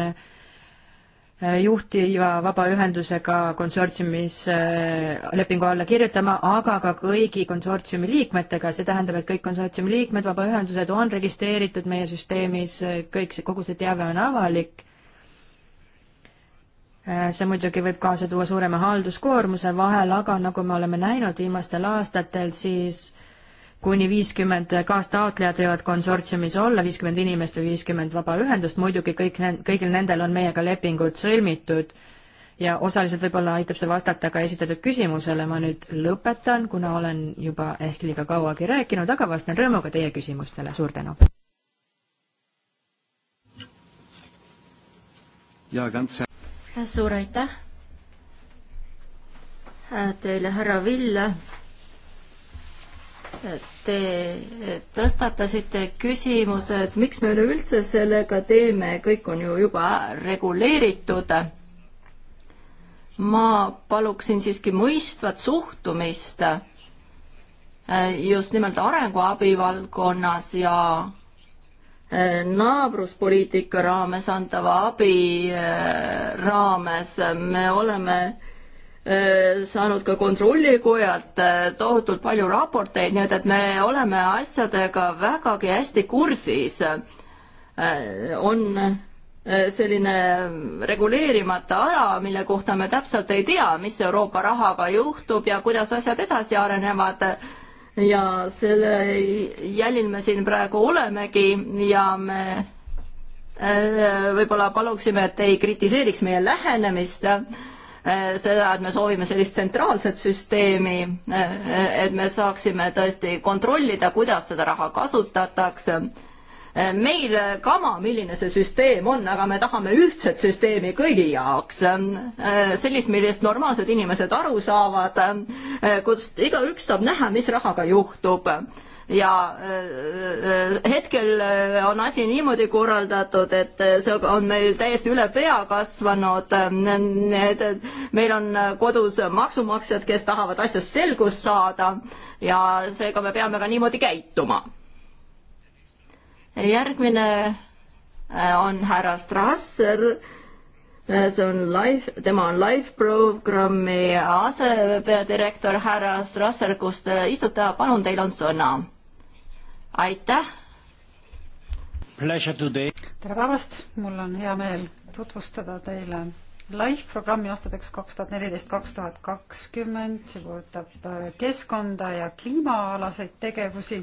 äh, juhtiva vabaühendusega konsortsiumis äh, lepingu alla kirjutama, aga ka kõigi konsortsiumi liikmetega, see tähendab, et kõik konsortsiumi liikmed, vabaühendused on registreeritud meie süsteemis, kõik see, kogu see teave on avalik see muidugi võib kaasa tuua suurema halduskoormuse vahel, aga nagu me oleme näinud viimastel aastatel, siis kuni viiskümmend kaastaotlejat võivad konsortsiumis olla, viiskümmend inimest või viiskümmend vabaühendust, muidugi kõik need, kõigil nendel on meiega lepingud sõlmitud ja osaliselt võib-olla aitab see vastata ka esitatud küsimusele, ma nüüd lõpetan, kuna olen juba ehk liiga kauagi rääkinud, aga vastan rõõmuga teie küsimustele, suur tänu! suur aitäh teile, härra Vill! Te tõstatasite küsimuse, et miks me üleüldse sellega teeme, kõik on ju juba reguleeritud. ma paluksin siiski mõistvat suhtumist eh, just nimelt arenguabi valdkonnas ja eh, naabruspoliitika raames antava abi eh, raames me oleme Äh, saanud ka kontrollikojalt äh, tohutult palju raporteid, nii et, et me oleme asjadega vägagi hästi kursis. Äh, on selline reguleerimata ala, mille kohta me täpselt ei tea, mis Euroopa rahaga juhtub ja kuidas asjad edasi arenevad. ja selle jälil me siin praegu olemegi ja me võib-olla paluksime, et ei kritiseeriks meie lähenemist Äh, seda, et me soovime sellist tsentraalset süsteemi, äh, et me saaksime tõesti kontrollida, kuidas seda raha kasutatakse. Äh, meil kama, milline see süsteem on, aga me tahame ühtset süsteemi kõigi jaoks, sellist, millest normaalsed inimesed aru saavad, kust igaüks saab näha, mis rahaga juhtub ja äh, äh, hetkel äh, on asi niimoodi korraldatud, et see on meil täiesti üle pea kasvanud. Need, meil on kodus maksumaksjad, kes tahavad asjast selgust saada ja seega me peame ka niimoodi käituma. järgmine on härra Strasser see on live, tema on live programmi asepeadirektor härra Strasser, kus te istute, palun, teil on sõna aitäh! tere päevast, mul on hea meel tutvustada teile LIFE programmi aastateks kaks tuhat neliteist, kaks tuhat kakskümmend, see puudutab äh, keskkonda ja kliimaalaseid tegevusi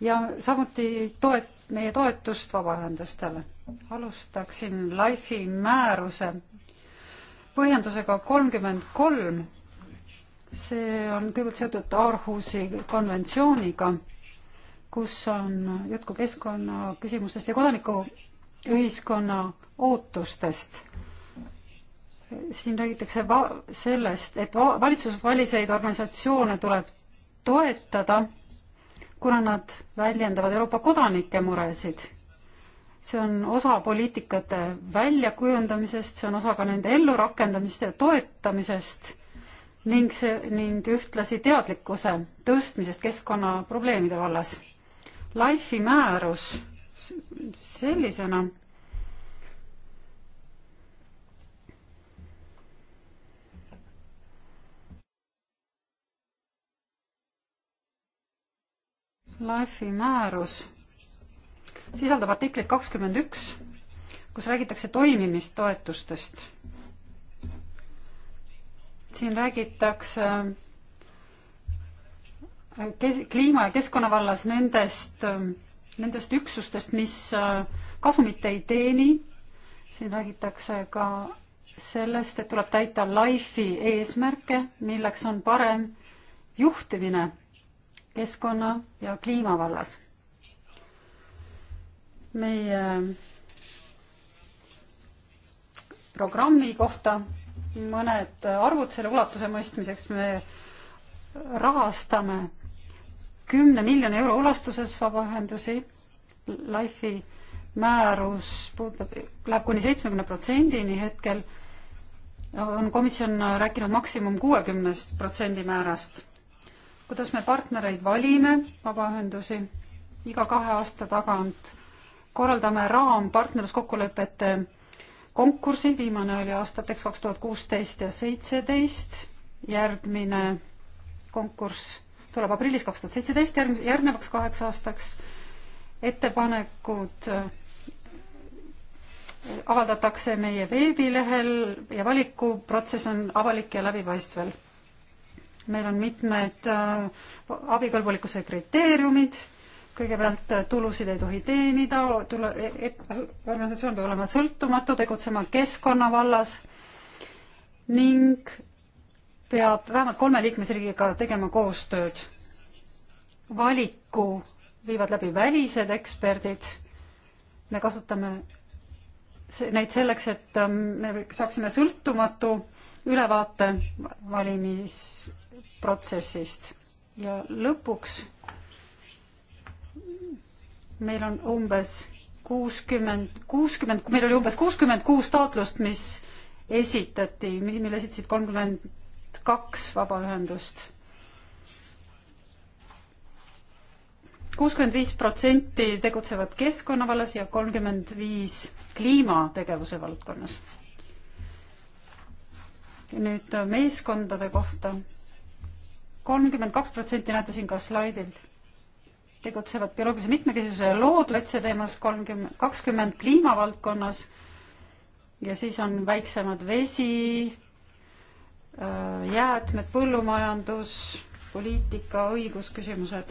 ja samuti toet-, meie toetust vabaühendustele. alustaksin LIFE-i määruse põhjendusega kolmkümmend kolm. see on kõigepealt seotud Aarhusi konventsiooniga kus on jutku keskkonnaküsimustest ja kodanikuühiskonna ootustest. siin räägitakse va-, sellest, et va-, valitsusväliseid organisatsioone tuleb toetada, kuna nad väljendavad Euroopa kodanike muresid. see on osa poliitikate väljakujundamisest, see on osa ka nende ellurakendamist ja toetamisest ning see, ning ühtlasi teadlikkuse tõstmisest keskkonnaprobleemide vallas LIFE-i määrus sellisena LIFE-i määrus sisaldab artiklit kakskümmend üks, kus räägitakse toimimistoetustest. siin räägitakse kes-, kliima- ja keskkonna vallas nendest, nendest üksustest, mis äh, kasumit ei teeni, siin räägitakse ka sellest, et tuleb täita LIFE-i eesmärke, milleks on parem juhtimine keskkonna ja kliima vallas. meie äh, programmi kohta mõned arvud selle ulatuse mõistmiseks, me rahastame kümne miljoni euro ulastuses vabaühendusi. Life'i määrus puudutab, läheb kuni seitsmekümne protsendini hetkel, on komisjon rääkinud maksimum kuuekümnest protsendi määrast. kuidas me partnereid valime, vabaühendusi, iga kahe aasta tagant korraldame raampartnerluskokkulepete konkursi, viimane oli aastateks kaks tuhat kuusteist ja seitseteist, järgmine konkurss tuleb aprillis kaks tuhat seitseteist, järgnevaks kaheks aastaks ettepanekud äh, avaldatakse meie veebilehel ja valikuprotsess on avalik ja läbipaistvel. meil on mitmed äh, abikõlbulikkuse kriteeriumid, kõigepealt äh, tulusid ei tohi teenida, tule, e-, e-, organisatsioon peab olema sõltumatu, tegutsema keskkonna vallas ning peab vähemalt kolme liikmesriigiga tegema koostööd. valiku viivad läbi välised eksperdid. me kasutame neid selleks, et ähm, me saaksime sõltumatu ülevaate valimisprotsessist ja lõpuks meil on umbes kuuskümmend, kuuskümmend, meil oli umbes kuuskümmend kuus taotlust, mis esitati, mille esitasid kolmkümmend kaks vabaühendust. kuuskümmend viis protsenti tegutsevad keskkonna vallas ja kolmkümmend viis kliimategevuse valdkonnas. nüüd meeskondade kohta. kolmkümmend kaks protsenti näete siin ka slaidilt tegutsevad bioloogilise mitmekesisuse ja looduskaitse teemas kolmkümmend, kakskümmend kliimavaldkonnas ja siis on väiksemad vesi, Äh, jäätmed, põllumajandus, poliitika, õigusküsimused.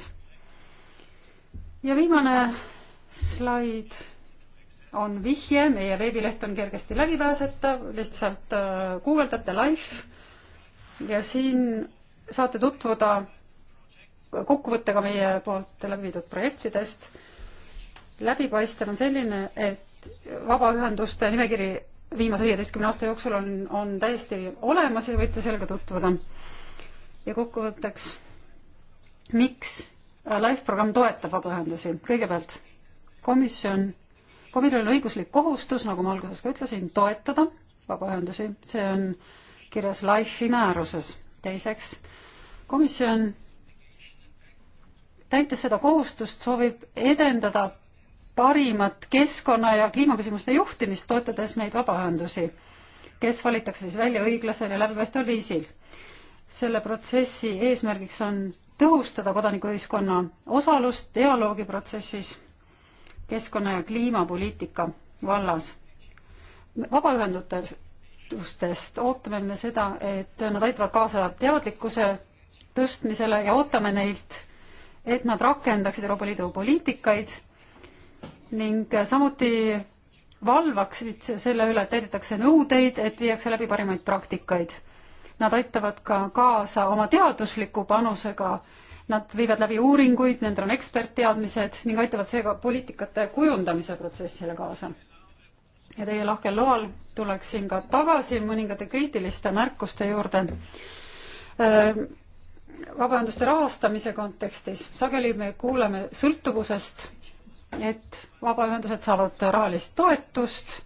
ja viimane slaid on vihje, meie veebileht on kergesti läbipääsetav, lihtsalt äh, guugeldate live ja siin saate tutvuda kokkuvõttega meie poolt läbi viidud projektidest. läbipaistev on selline, et vabaühenduste nimekiri viimase viieteistkümne aasta jooksul on, on täiesti olemas ja võite sellega tutvuda. ja kokkuvõtteks, miks LIFE programm toetab vabaühendusi? kõigepealt komisjon, komisjonil on õiguslik kohustus, nagu ma alguses ka ütlesin, toetada vabaühendusi, see on kirjas LIFE-i määruses. teiseks, komisjon täites seda kohustust, soovib edendada parimat keskkonna ja kliimaküsimuste juhtimist, toetades neid vabaühendusi, kes valitakse siis välja õiglasel ja läbipaistval viisil. selle protsessi eesmärgiks on tõhustada kodanikuühiskonna osalust dialoogiprotsessis keskkonna ja kliimapoliitika vallas. vabaühendustest ootame me seda, et nad aitavad kaasa teadlikkuse tõstmisele ja ootame neilt, et nad rakendaksid Euroopa Liidu poliitikaid ning samuti valvaksid selle üle, et täidetakse nõudeid, et viiakse läbi parimaid praktikaid. Nad aitavad ka kaasa oma teadusliku panusega, nad viivad läbi uuringuid, nendel on ekspertteadmised ning aitavad seega poliitikate kujundamise protsessile kaasa. ja teie lahkel loal tuleksin ka tagasi mõningate kriitiliste märkuste juurde äh, vabaühenduste rahastamise kontekstis sageli me kuuleme sõltuvusest et vabaühendused saavad rahalist toetust.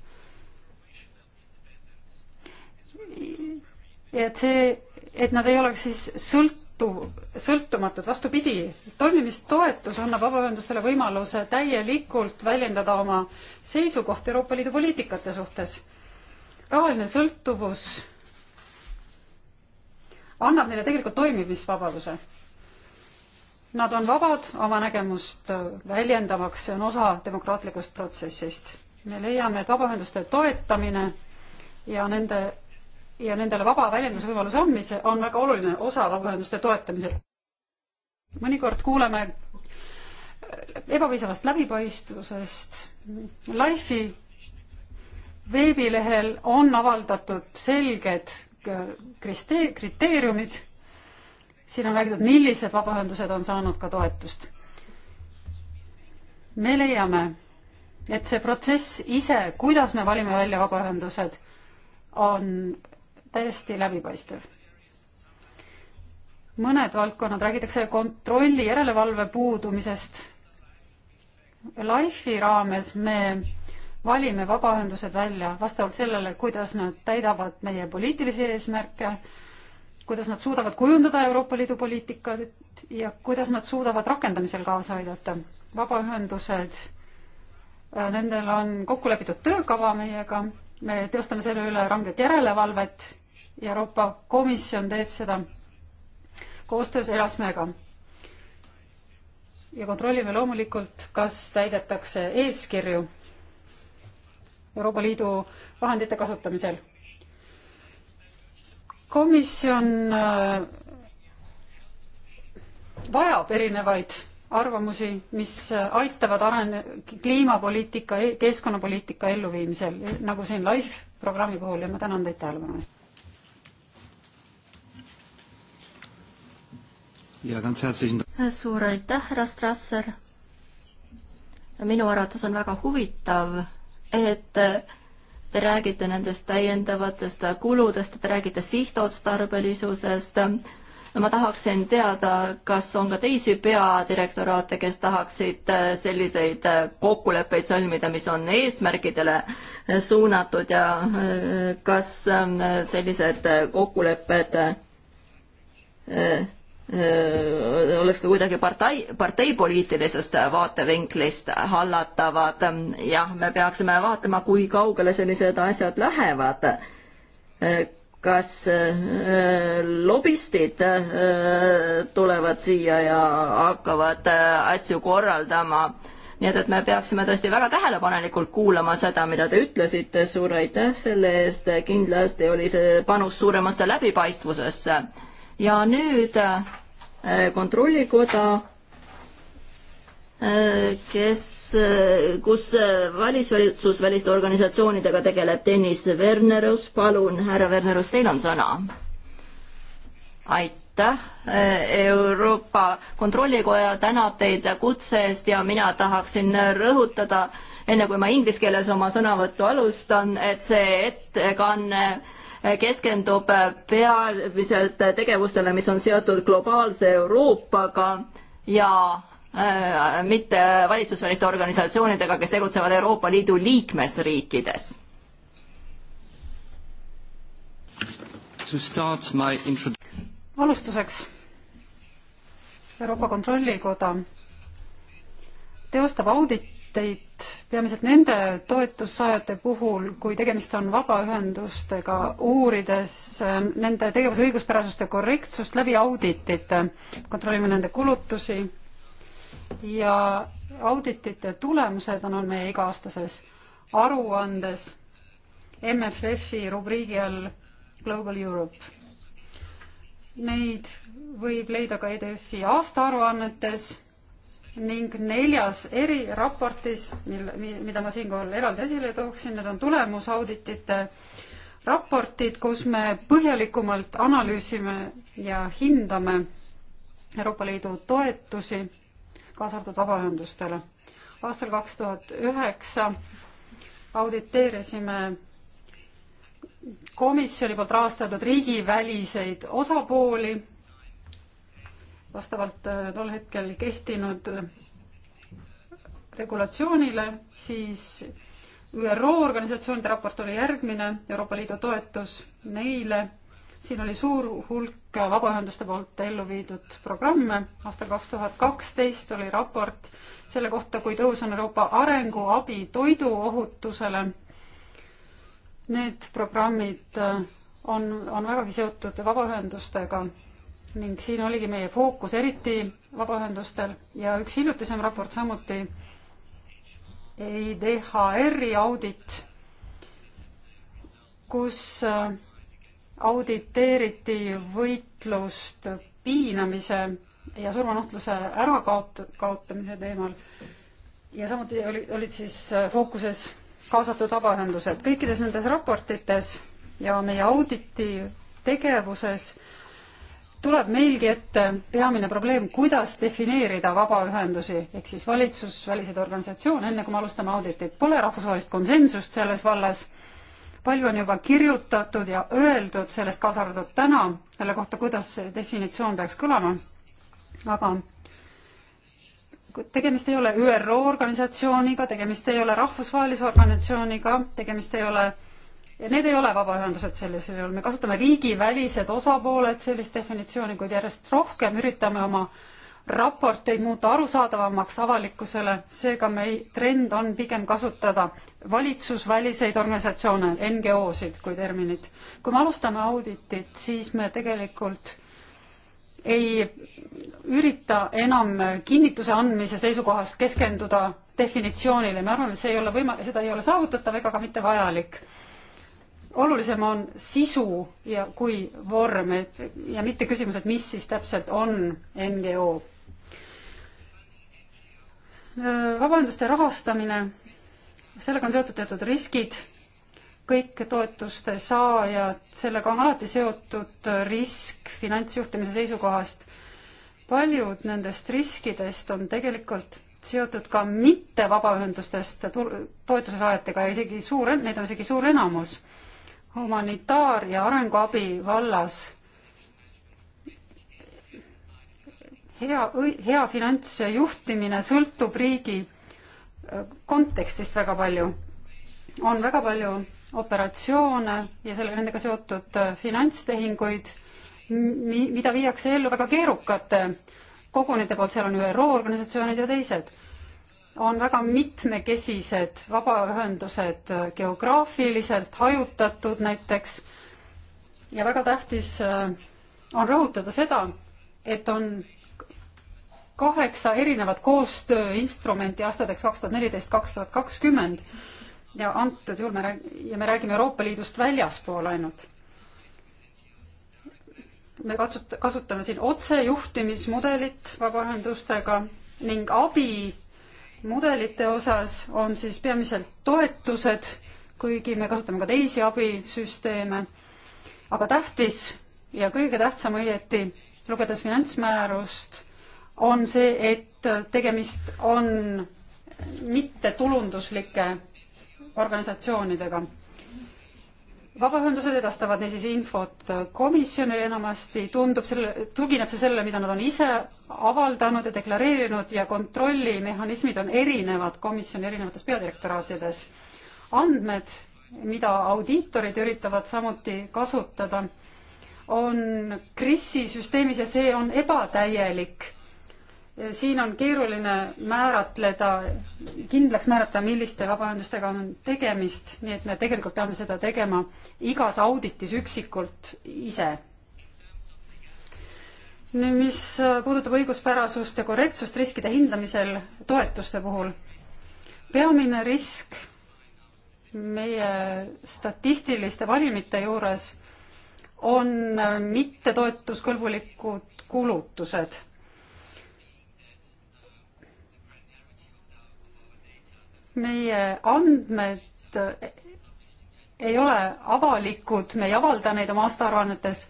et see, et nad ei oleks siis sõltuv, sõltumatud, vastupidi, toimimistoetus annab vabaühendustele võimaluse täielikult väljendada oma seisukohti Euroopa Liidu poliitikate suhtes. rahaline sõltuvus annab neile tegelikult toimimisvabaduse Nad on vabad oma nägemust väljendamaks, see on osa demokraatlikust protsessist. me leiame, et vabaühenduste toetamine ja nende ja nendele vaba väljendusvõimaluse andmise on väga oluline osa vabaühenduste toetamisel. mõnikord kuuleme ebapiisavast läbipaistvusest. Life'i veebilehel on avaldatud selged kriteeriumid siin on räägitud, millised vabaühendused on saanud ka toetust. me leiame, et see protsess ise, kuidas me valime välja vabaühendused, on täiesti läbipaistev. mõned valdkonnad, räägitakse kontrolli järelevalve puudumisest. Life'i raames me valime vabaühendused välja vastavalt sellele, kuidas nad täidavad meie poliitilisi eesmärke kuidas nad suudavad kujundada Euroopa Liidu poliitikat ja kuidas nad suudavad rakendamisel kaasa aidata. vabaühendused, äh, nendel on kokku lepitud töökava meiega, me teostame selle üle ranget järelevalvet ja Euroopa Komisjon teeb seda koostöös Erasmega. ja kontrollime loomulikult, kas täidetakse eeskirju Euroopa Liidu vahendite kasutamisel komisjon äh, vajab erinevaid arvamusi, mis äh, aitavad arene-, kliimapoliitika, e-, keskkonnapoliitika elluviimisel, nagu siin LIFE programmi puhul ja ma tänan teid tähelepanu eest. Äh, suur aitäh, härra Strasser! minu arvates on väga huvitav, et Te räägite nendest täiendavatest kuludest, te räägite sihtotstarbelisusest. ma tahaksin teada, kas on ka teisi peadirektoraate, kes tahaksid äh, selliseid äh, kokkuleppeid sõlmida, mis on eesmärgidele äh, suunatud ja kas sellised kokkulepped oleks ka kuidagi partei, parteipoliitilisest vaatevinklist hallatavad. jah, me peaksime vaatama, kui kaugele sellised asjad lähevad. kas lobistid tulevad siia ja hakkavad asju korraldama? nii et, et me peaksime tõesti väga tähelepanelikult kuulama seda, mida te ütlesite, suur aitäh selle eest, kindlasti oli see panus suuremasse läbipaistvusesse ja nüüd äh, kontrollikoda, äh, kes, äh, kus välisvalitsus väliste organisatsioonidega tegeleb, Tõnis Wernerus, palun, härra Wernerus, teil on sõna. aitäh aitäh, Euroopa Kontrollikoja tänab teid kutse eest ja mina tahaksin rõhutada, enne kui ma inglise keeles oma sõnavõttu alustan, et see ettekanne keskendub peamiselt tegevustele, mis on seotud globaalse Euroopaga ja äh, mitte valitsusväliste organisatsioonidega, kes tegutsevad Euroopa Liidu liikmesriikides alustuseks Euroopa Kontrollikoda teostab audit teid peamiselt nende toetussaajate puhul, kui tegemist on vabaühendustega, uurides äh, nende tegevuse õiguspärasust ja korrektsust läbi auditite, kontrollime nende kulutusi ja auditite tulemused on, on meie iga-aastases aruandes MFF-i rubriigi all Global Europe. Neid võib leida ka EDF-i aastaaruannetes ning neljas eriraportis, mil, mida ma siinkohal eraldi esile tooksin, need on tulemusauditite raportid, kus me põhjalikumalt analüüsime ja hindame Euroopa Liidu toetusi, kaasa arvatud vabaühendustele. aastal kaks tuhat üheksa auditeerisime komisjoni poolt rahastatud riigiväliseid osapooli vastavalt äh, tol hetkel kehtinud regulatsioonile, siis ÜRO organisatsioonide raport oli järgmine, Euroopa Liidu toetus neile, siin oli suur hulk vabaühenduste poolt ellu viidud programme, aastal kaks tuhat kaksteist oli raport selle kohta, kui tõhus on Euroopa arenguabi toiduohutusele. Need programmid äh, on, on vägagi seotud vabaühendustega ning siin oligi meie fookus eriti vabaühendustel ja üks hiljutisem raport samuti EIDHR-i audit, kus äh, auditeeriti võitlust piinamise ja surmanuhtluse ärakaot-, kaotamise teemal ja samuti oli, olid siis äh, fookuses kaasatud vabaühendused. kõikides nendes raportites ja meie auditi tegevuses tuleb meilgi ette peamine probleem, kuidas defineerida vabaühendusi ehk siis valitsusväliseid organisatsioone, enne kui me alustame auditit. Pole rahvusvahelist konsensust selles vallas. palju on juba kirjutatud ja öeldud sellest, kaasa arvatud täna, selle kohta, kuidas see definitsioon peaks kõlama. aga tegemist ei ole ÜRO organisatsiooniga, tegemist ei ole rahvusvahelise organisatsiooniga, tegemist ei ole Need ei ole vabaühendused sellisel juhul, me kasutame riigivälised osapooled sellist definitsiooni, kuid järjest rohkem üritame oma raporteid muuta arusaadavamaks avalikkusele, seega meie trend on pigem kasutada valitsusväliseid organisatsioone, NGO-sid kui terminit. kui me alustame auditit, siis me tegelikult ei ürita enam kinnituse andmise seisukohast keskenduda definitsioonile, me arvame, et see ei ole võima-, seda ei ole saavutatav ega ka mitte vajalik olulisem on sisu ja kui vorm et, ja mitte küsimus, et mis siis täpselt on NGO. vabaühenduste rahastamine, sellega on seotud teatud riskid, kõik toetuste saajad, sellega on alati seotud risk finantsjuhtimise seisukohast. paljud nendest riskidest on tegelikult seotud ka mitte vabaühendustest toetuse saajatega ja isegi suur, neid on isegi suur enamus humanitaar- ja arenguabi vallas hea, hea finantsjuhtimine sõltub riigi äh, kontekstist väga palju. on väga palju operatsioone ja selle, nendega seotud äh, finantstehinguid, mi-, mida viiakse ellu väga keerukate kogunite poolt, seal on ÜRO organisatsioonid ja teised on väga mitmekesised vabaühendused geograafiliselt hajutatud näiteks ja väga tähtis äh, on rõhutada seda, et on kaheksa erinevat koostööinstrumenti aastateks kaks tuhat neliteist, kaks tuhat kakskümmend ja antud juhul me räägime, ja me räägime Euroopa Liidust väljaspool ainult. me katsut-, kasutame siin otsejuhtimismudelit vabaühendustega ning abi mudelite osas on siis peamiselt toetused, kuigi me kasutame ka teisi abisüsteeme, aga tähtis ja kõige tähtsam õieti, lugedes finantsmäärust, on see, et tegemist on mittetulunduslike organisatsioonidega vabaühendused edastavad niisiis infot komisjonile, enamasti tundub selle, tugineb see sellele, mida nad on ise avaldanud ja deklareerinud ja kontrollimehhanismid on erinevad komisjoni erinevates peadirektoraatides. andmed, mida audiitorid üritavad samuti kasutada, on KRIS-i süsteemis ja see on ebatäielik siin on keeruline määratleda, kindlaks määrata, milliste vabaühendustega on tegemist, nii et me tegelikult peame seda tegema igas auditis üksikult ise. nüüd, mis puudutab õiguspärasust ja korrektsust riskide hindamisel toetuste puhul, peamine risk meie statistiliste valimite juures on mittetoetuskõlbulikud kulutused meie andmed ei ole avalikud, me ei avalda neid oma aastaaruannetes,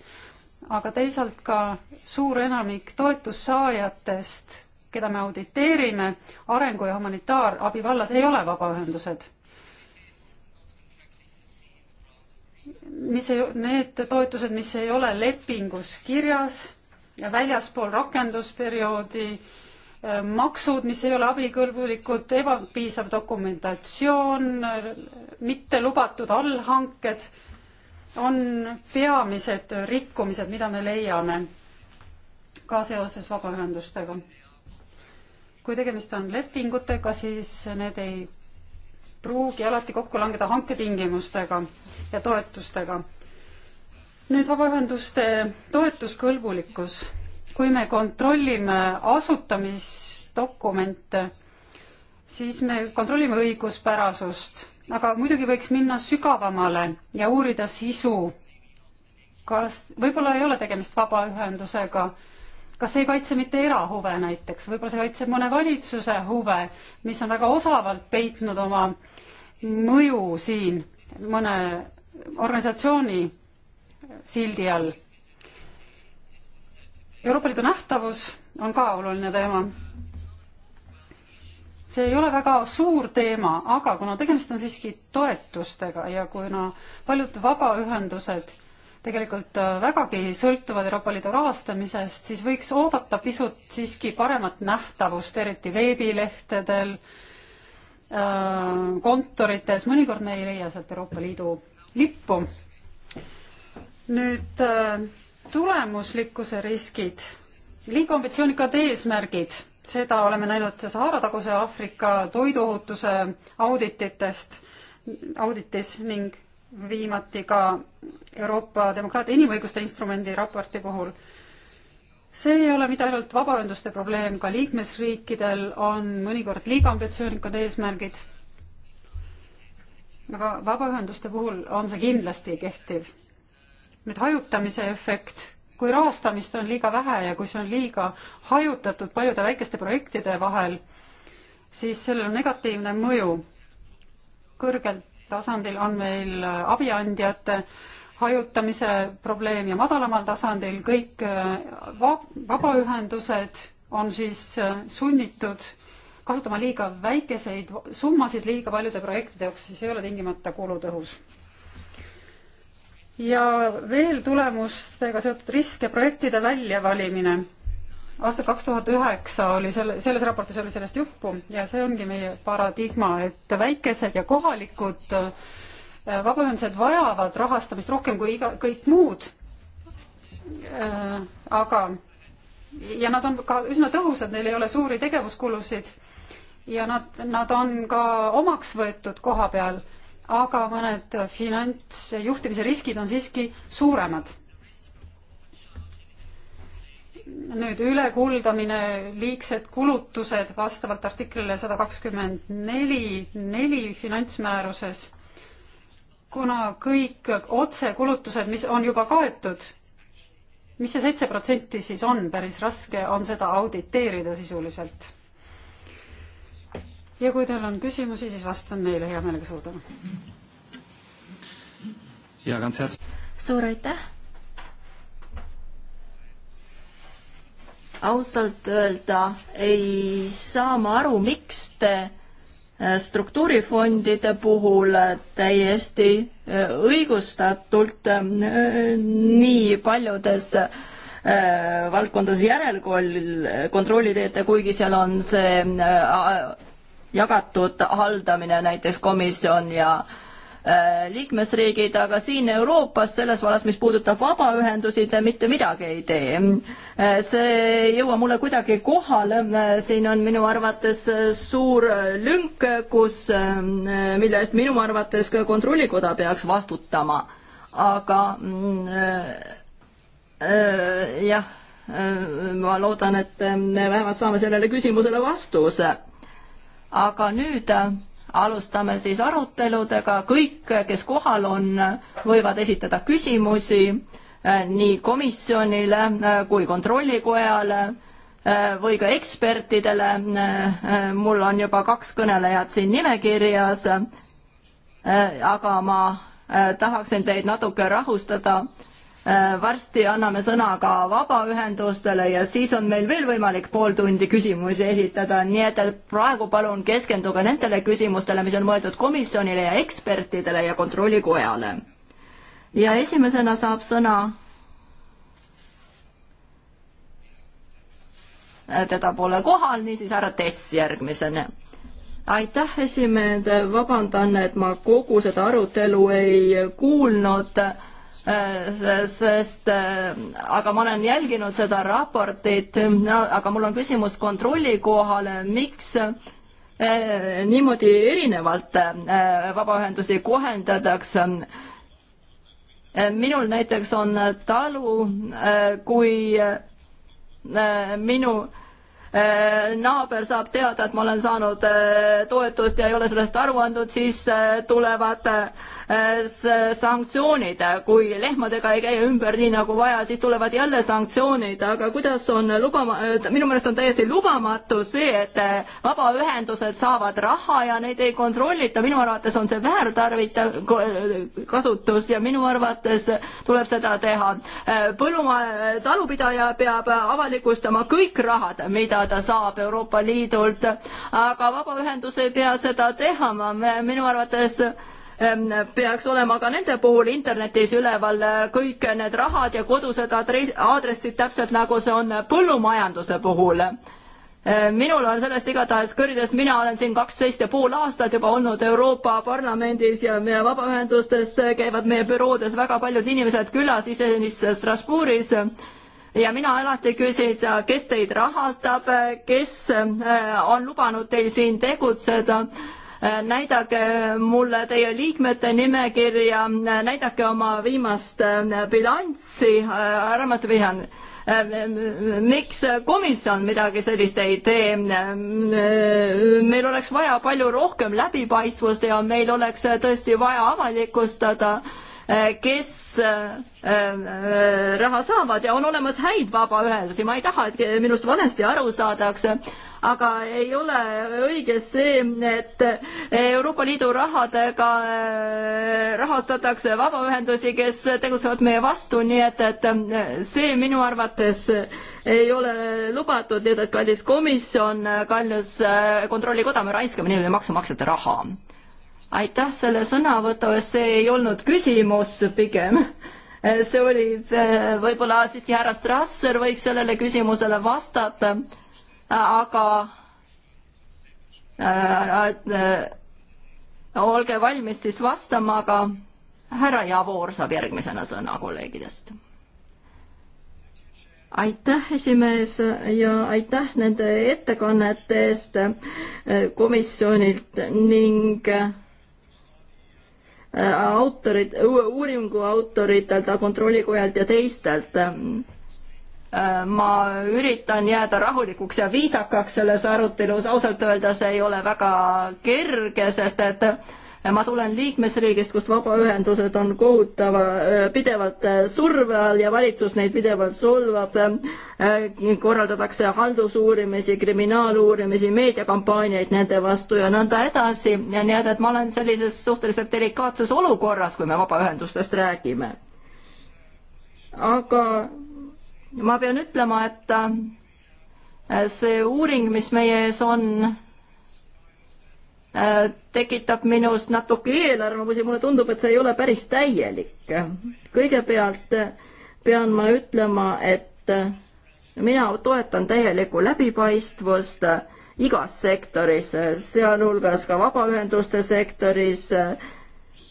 aga teisalt ka suur enamik toetussaajatest, keda me auditeerime, arengu ja humanitaarabi vallas ei ole vabaühendused. mis ei, need toetused, mis ei ole lepingus kirjas ja väljaspool rakendusperioodi äh, maksud, mis ei ole abikõlbulikud, ebapiisav dokumentatsioon, mitte lubatud allhanked on peamised rikkumised, mida me leiame ka seoses vabaühendustega. kui tegemist on lepingutega, siis need ei pruugi alati kokku langeda hanketingimustega ja toetustega. nüüd vabaühenduste toetuskõlbulikkus kui me kontrollime asutamisdokumente, siis me kontrollime õiguspärasust, aga muidugi võiks minna sügavamale ja uurida sisu. kas, võib-olla ei ole tegemist vabaühendusega, kas see ei kaitse mitte erahuve näiteks, võib-olla see kaitseb mõne valitsuse huve, mis on väga osavalt peitnud oma mõju siin mõne organisatsiooni sildi all Euroopa Liidu nähtavus on ka oluline teema. see ei ole väga suur teema, aga kuna tegemist on siiski toetustega ja kuna paljud vabaühendused tegelikult äh, vägagi sõltuvad Euroopa Liidu rahastamisest, siis võiks oodata pisut siiski paremat nähtavust, eriti veebilehtedel, äh, kontorites, mõnikord me ei leia sealt Euroopa Liidu lippu. nüüd äh, tulemuslikkuse riskid, liiga ambitsioonikad eesmärgid, seda oleme näinud Sahara-taguse Aafrika toiduohutuse audititest, auditis ning viimati ka Euroopa demokraatia inimõiguste instrumendi raporti puhul. see ei ole mitte ainult vabaühenduste probleem, ka liikmesriikidel on mõnikord liiga ambitsioonikad eesmärgid, aga vabaühenduste puhul on see kindlasti kehtiv nüüd hajutamise efekt, kui rahastamist on liiga vähe ja kui see on liiga hajutatud paljude väikeste projektide vahel, siis sellel on negatiivne mõju. kõrgel tasandil on meil abiandjate hajutamise probleem ja madalamal tasandil kõik äh, vabaühendused on siis äh, sunnitud kasutama liiga väikeseid summasid liiga paljude projektide jaoks, siis ei ole tingimata kulutõhus ja veel tulemustega seotud riske projektide väljavalimine. aastal kaks tuhat üheksa oli selle, selles raportis oli sellest juttu ja see ongi meie paradigma, et väikesed ja kohalikud äh, vabaühendused vajavad rahastamist rohkem kui iga, kõik muud. Äh, aga, ja nad on ka üsna tõhusad, neil ei ole suuri tegevuskulusid ja nad, nad on ka omaks võetud koha peal aga mõned finantsjuhtimise riskid on siiski suuremad. nüüd ülekuldamine, liigsed kulutused vastavalt artiklile sada kakskümmend neli, neli finantsmääruses, kuna kõik otsekulutused, mis on juba kaetud, mis see seitse protsenti siis on, päris raske on seda auditeerida sisuliselt ja kui teil on küsimusi, siis vastan neile hea meelega, suur tänu. suur aitäh. ausalt öelda ei saa ma aru, miks te äh, struktuurifondide puhul äh, täiesti äh, õigustatult nii paljudes valdkondades järelkontrolli teete, kuigi seal on see jagatud haldamine, näiteks komisjon ja äh, liikmesriigid, aga siin Euroopas selles vallas, mis puudutab vabaühendusi, te mitte midagi ei tee. Äh, see ei jõua mulle kuidagi kohale, äh, siin on minu arvates suur lünk, kus, mille eest minu arvates ka Kontrollikoda peaks vastutama. aga mm, jah, ma loodan, et me vähemalt saame sellele küsimusele vastuse aga nüüd äh, alustame siis aruteludega, kõik, äh, kes kohal on, äh, võivad esitada küsimusi nii komisjonile kui kontrollikojale või ka ekspertidele. mul on juba kaks kõnelejat siin nimekirjas. aga ma tahaksin teid natuke rahustada Äh, varsti anname sõna ka vabaühendustele ja siis on meil veel võimalik pool tundi küsimusi esitada, nii et praegu palun keskenduge nendele küsimustele, mis on mõeldud komisjonile ja ekspertidele ja kontrollikojale. ja esimesena saab sõna äh, teda pole kohal, niisiis härra Tess järgmisena aitäh, esimees, vabandan, et ma kogu seda arutelu ei kuulnud äh, Äh, sest äh, aga ma olen jälginud seda raportit, aga mul on küsimus kontrolli kohale, miks äh, niimoodi erinevalt vabaühendusi kohendatakse minul näiteks on talu, kui minu naaber saab teada, et ma olen saanud toetust ja ei ole sellest aru andnud, siis tulevad Äh, sanktsioonid, kui lehmadega ei käi ümber nii nagu vaja, siis tulevad jälle sanktsioonid, aga kuidas on lubama-, äh, minu meelest on täiesti lubamatu see, et äh, vabaühendused saavad raha ja neid ei kontrollita, minu arvates on see väärtarvitav kasutus ja minu arvates tuleb seda teha. põllumaa, talupidaja peab avalikustama kõik rahad, mida ta saab Euroopa Liidult, aga vabaühendus ei pea seda teha, minu arvates Ehm, peaks olema ka nende puhul internetis üleval äh, kõik need rahad ja kodused aadressid, täpselt nagu see on põllumajanduse puhul. Ehm, minul on sellest igatahes kõrgest, mina olen siin kaksteist ja pool aastat juba olnud Euroopa Parlamendis ja meie vabaühendustes käivad meie büroodes väga paljud inimesed külas, isenis Strasbourgis ja mina alati küsin, kes teid rahastab, kes äh, on lubanud teil siin tegutseda Äh, näidake mulle teie liikmete nimekirja, äh, näidake oma viimast äh, bilanssi, härra Matvihan miks komisjon midagi sellist ei tee? meil oleks vaja palju rohkem läbipaistvust ja meil oleks tõesti vaja avalikustada äh, Eh, kes eh, raha saavad ja on olemas häid vabaühendusi, ma ei taha, et minust valesti aru saadakse, aga ei ole õige see, et Euroopa Liidu rahadega eh, rahastatakse vabaühendusi, kes tegutsevad meie vastu, nii et, et see minu arvates ei ole lubatud, nii et, et kallis komisjon, kallis kontrollikoda, me raiskame niimoodi maksumaksjate raha aitäh selle sõnavõtu eest, see ei olnud küsimus pigem. see oli, eh, võib-olla siiski härra Strasser võiks sellele küsimusele vastata, aga äh, äh, olge valmis siis vastama, aga härra Javor saab järgmisena sõna kolleegidest. aitäh, esimees, ja aitäh nende ettekannete eest komisjonilt ning äh, autorid, uuringu autoritelt, kontrollikojalt ja teistelt. ma üritan jääda rahulikuks ja viisakaks selles arutelus, ausalt öeldes ei ole väga kerge, sest et äh, ma tulen liikmesriigist, kus vabaühendused on kohutava, pidevalt surve all ja valitsus neid pidevalt solvab. korraldatakse haldusuurimisi, kriminaaluurimisi, meediakampaaniaid nende vastu ja nõnda edasi ja nii edasi, et ma olen sellises suhteliselt delikaatses olukorras, kui me vabaühendustest räägime. aga ma pean ütlema, et see uuring, mis meie ees on, Äh, tekitab minus natuke eelarvamusi, mulle tundub, et see ei ole päris täielik. kõigepealt äh, pean ma ütlema, et äh, mina toetan täielikku läbipaistvust igas sektoris, sealhulgas ka vabaühenduste sektoris,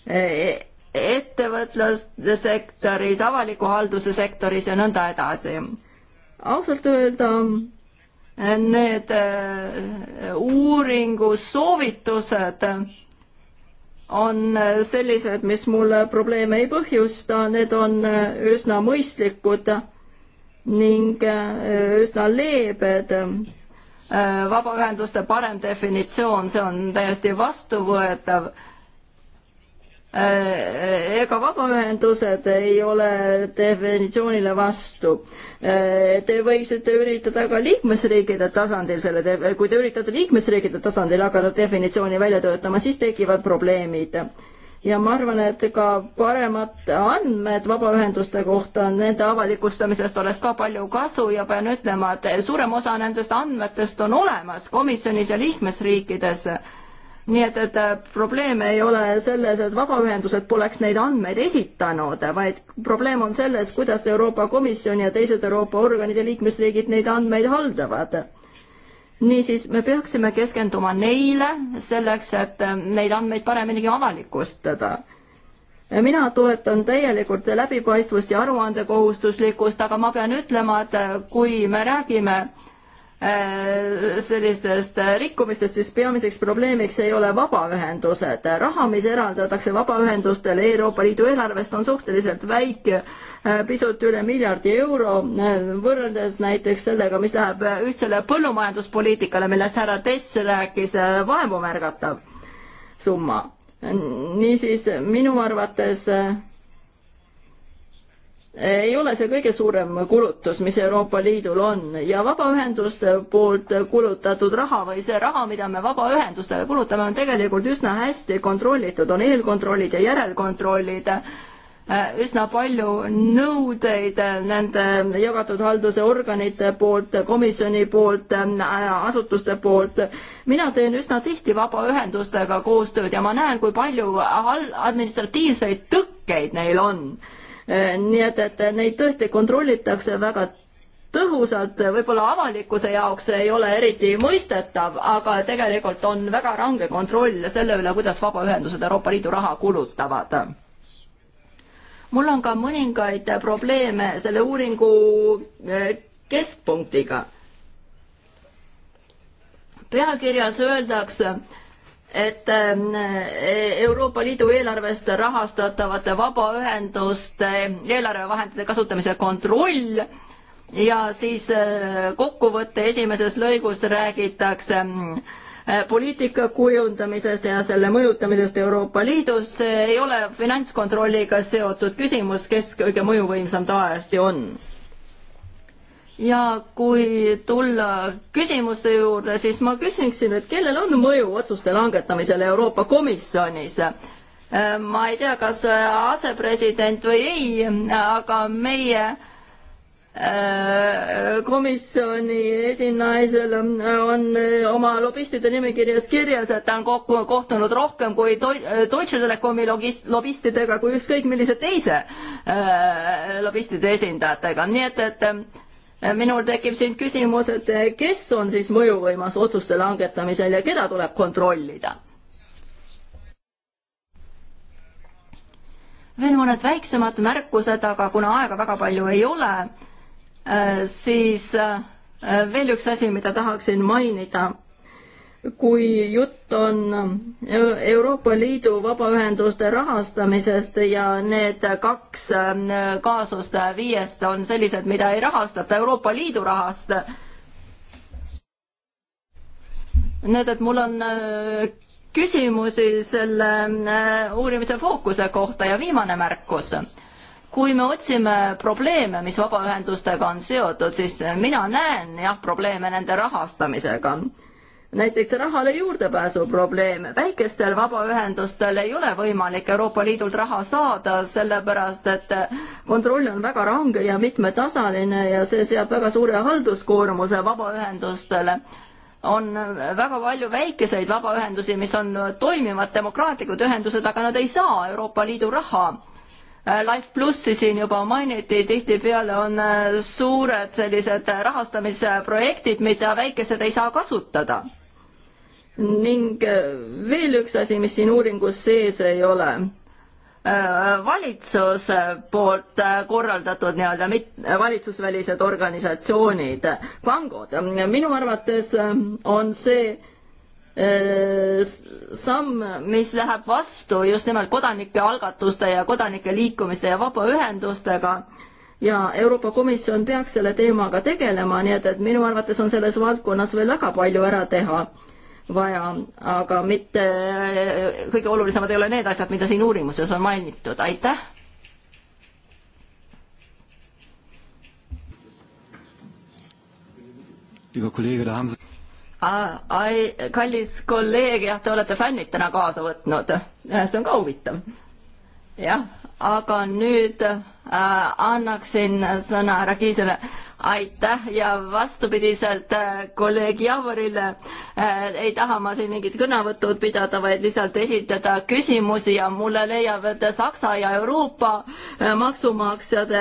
e-, ettevõtluse sektoris, avaliku halduse sektoris ja nõnda edasi. ausalt öelda need äh, uuringusoovitused on sellised, mis mulle probleeme ei põhjusta, need on äh, üsna mõistlikud ning äh, üsna leebed. vabaühenduste parem definitsioon, see on täiesti vastuvõetav Äh, ega vabaühendused ei ole definitsioonile vastu. Äh, te võiksite üritada ka liikmesriikide tasandil selle, kui te üritate liikmesriikide tasandil hakata definitsiooni välja töötama, siis tekivad probleemid. ja ma arvan, et ka paremad andmed vabaühenduste kohta, nende avalikustamisest oleks ka palju kasu ja pean ütlema, et suurem osa nendest andmetest on olemas komisjonis ja liikmesriikides nii et, et äh, probleem ei ole selles, et vabaühendused poleks neid andmeid esitanud, vaid probleem on selles, kuidas Euroopa Komisjon ja teised Euroopa organid ja liikmesriigid neid andmeid haldavad. niisiis, me peaksime keskenduma neile selleks, et äh, neid andmeid pareminigi avalikustada mina toetan täielikult läbipaistvust ja aruandekohustuslikkust, aga ma pean ütlema, et äh, kui me räägime äh, Äh, sellistest rikkumistest, siis peamiseks probleemiks ei ole vabaühendused. raha, mis eraldatakse vabaühendustele Euroopa Liidu eelarvest, on suhteliselt väike, äh, pisut üle miljardi euro, äh, võrreldes näiteks sellega, mis läheb ühtsele põllumajanduspoliitikale, millest härra Tess rääkis, vaevumärgatav summa. niisiis minu arvates ei ole see kõige suurem kulutus, mis Euroopa Liidul on ja vabaühenduste poolt kulutatud raha või see raha, mida me vabaühendustele kulutame, on tegelikult üsna hästi kontrollitud, on eelkontrollid ja järelkontrollid, äh, üsna palju nõudeid äh, nende jagatud halduse organite poolt, komisjoni poolt, äh, asutuste poolt. mina teen üsna tihti vabaühendustega koostööd ja ma näen, kui palju administratiivseid tõkkeid neil on Äh, nii et, et neid tõesti kontrollitakse väga tõhusalt, võib-olla avalikkuse jaoks ei ole eriti mõistetav, aga tegelikult on väga range kontroll selle üle, kuidas vabaühendused Euroopa Liidu raha kulutavad mul on ka mõningaid probleeme selle uuringu äh, keskpunktiga. pealkirjas öeldakse, et ähm, e, Euroopa Liidu eelarvest rahastatavate vabaühenduste eelarvevahendite kasutamise kontroll ja siis äh, kokkuvõtte esimeses lõigus räägitakse mm, e, poliitika kujundamisest ja selle mõjutamisest Euroopa Liidus, see ei ole finantskontrolliga seotud küsimus, kes kõige mõjuvõimsam tavaliselt on ja kui tulla küsimuste juurde, siis ma küsiksin, et kellel on mõju otsuste langetamisel Euroopa Komisjonis? Äh, ma ei tea, kas äh, asepresident või ei, aga meie äh, komisjoni esinaisel on oma lobistide nimekirjas kirjas, et ta on kokku kohtunud rohkem kui Deutsche Telekomi logist-, lobistidega kui ükskõik millise teise lobistide esindajatega, nii et, et Äh, minul tekib siin küsimus, et äh, kes on siis mõjuvõimas otsuste langetamisel ja keda tuleb kontrollida? veel mõned väiksemad märkused, aga kuna aega väga palju ei ole, äh, siis veel üks asi, mida tahaksin mainida kui jutt on Euroopa Liidu vabaühenduste rahastamisest ja need kaks ähm, kaasust viiest on sellised, mida ei rahastata Euroopa Liidu rahast. nüüd, et mul on äh, küsimusi selle äh, uurimise fookuse kohta ja viimane märkus kui me otsime probleeme, mis vabaühendustega on seotud, siis mina näen jah, probleeme nende rahastamisega näiteks rahale juurdepääsu probleem. väikestel vabaühendustel ei ole võimalik Euroopa Liidult raha saada, sellepärast et kontroll on väga range ja mitmetasaline ja see seab väga suure halduskoormuse vabaühendustele on väga palju väikeseid vabaühendusi, mis on toimivad demokraatlikud ühendused, aga nad ei saa Euroopa Liidu raha Äh, Life plussi siin juba mainiti, tihtipeale on äh, suured sellised äh, rahastamisprojektid, mida väikesed ei saa kasutada. ning veel üks asi, mis siin uuringus sees ei ole valitsuse poolt korraldatud nii-öelda valitsusvälised organisatsioonid, pangad. minu arvates on see Äh, samm, mis läheb vastu just nimelt kodanike algatuste ja kodanike liikumiste ja vabaühendustega ja Euroopa Komisjon peaks selle teemaga tegelema, nii et, et minu arvates on selles valdkonnas veel väga palju ära teha vaja, aga mitte, kõige olulisemad ei ole need asjad, mida siin uurimuses on mainitud, aitäh ai, kallis kolleeg, jah, te olete fännid täna kaasa võtnud. see on ka huvitav. jah, aga nüüd äh, annaksin sõna härra Kiisele äh, aitäh ja vastupidiselt äh, kolleeg Javorile äh, ei taha ma siin mingit kõnevõtut pidada, vaid lihtsalt esitada küsimusi ja mulle leiab, et Saksa ja Euroopa äh, maksumaksjate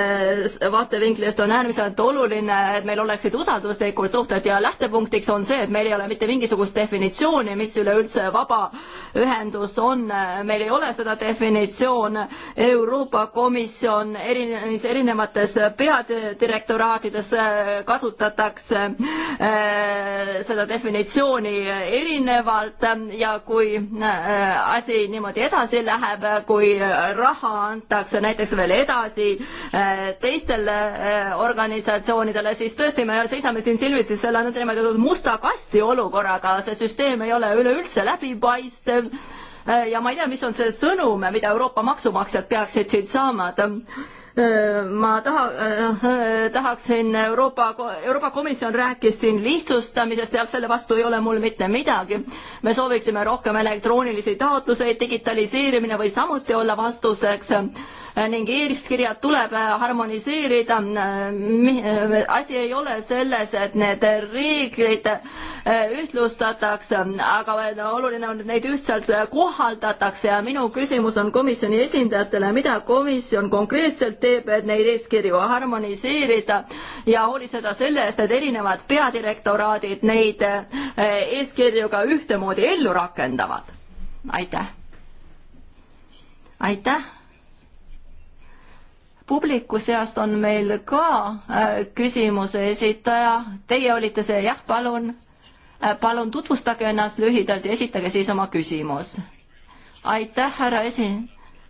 vaatevinklist on äärmiselt oluline, et meil oleksid usalduslikud suhted ja lähtepunktiks on see, et meil ei ole mitte mingisugust definitsiooni, mis üleüldse vabaühendus on, meil ei ole seda definitsioon, Euroopa Komisjon erinevates erinevates peadirektoraatides kuidas äh, kasutatakse äh, seda definitsiooni erinevalt äh, ja kui asi niimoodi edasi läheb, kui raha antakse näiteks veel edasi teistele organisatsioonidele, siis tõesti, me seisame siin silmitsi selle nõndanimetatud musta kasti olukorraga, see süsteem ei ole üleüldse läbipaistev ja ma ei tea, mis on see sõnum, mida Euroopa maksumaksjad peaksid siit saama, et Äh, ma taha äh,, tahaksin Euroopa, Euroopa Komisjon rääkis siin lihtsustamisest ja selle vastu ei ole mul mitte midagi. me sooviksime rohkem elektroonilisi taotluseid, digitaliseerimine võib samuti olla vastuseks äh, ning eeskirjad tuleb äh, harmoniseerida. asi ei ole selles, et need reeglid ühtlustatakse, aga oluline on, et neid ühtselt kohaldatakse ja minu küsimus on komisjoni esindajatele, mida komisjon konkreetselt teeb, et neid eeskirju harmoniseerida ja hoolitseda selle eest, et erinevad peadirektoraadid neid eh, eeskirju ka ühtemoodi ellu rakendavad. aitäh. aitäh publiku seast on meil ka eh, küsimuse esitaja. Teie olite see, jah, palun, eh, palun tutvustage ennast lühidalt ja esitage siis oma küsimus. aitäh, härra esi-,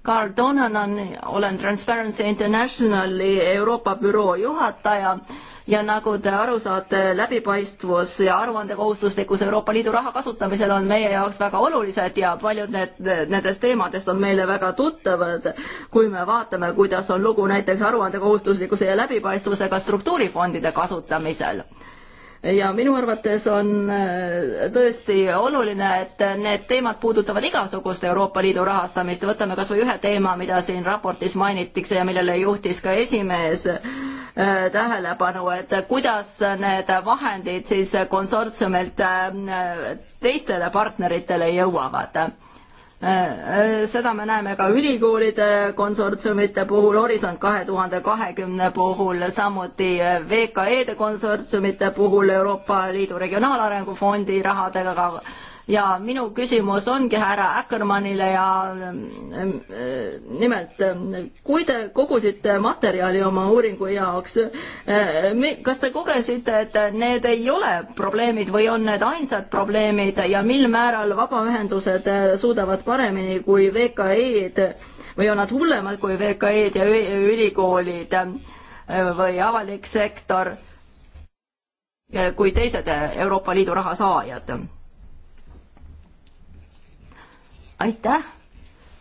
Carl Donanan, olen Transparency Internationali Euroopa büroo juhataja ja nagu te aru saate, läbipaistvus ja aruandekohustuslikkus Euroopa Liidu raha kasutamisel on meie jaoks väga olulised ja paljud need, nendest teemadest on meile väga tuttavad, kui me vaatame, kuidas on lugu näiteks aruandekohustuslikkuse ja läbipaistvusega struktuurifondide kasutamisel ja minu arvates on äh, tõesti oluline, et need teemad puudutavad igasugust Euroopa Liidu rahastamist, võtame kas või ühe teema, mida siin raportis mainitakse ja millele juhtis ka esimees äh, tähelepanu, et kuidas need vahendid siis konsortsiumilt äh, teistele partneritele jõuavad seda me näeme ka ülikoolide konsortsiumite puhul, Horisont kahe tuhande kahekümne puhul, samuti VKE-de konsortsiumite puhul Euroopa Liidu Regionaalarengu Fondi rahadega, ja minu küsimus ongi härra Akkermannile ja ähm, ähm, äh, nimelt, ähm, kui te kogusite materjali oma uuringu jaoks, äh, kas te kogesite, et need ei ole probleemid või on need ainsad probleemid ja mil määral vabaühendused äh, suudavad paremini kui VKE-d või on nad hullemad kui VKE-d ja ülikoolid või avalik sektor kui teised Euroopa Liidu raha saajad? aitäh!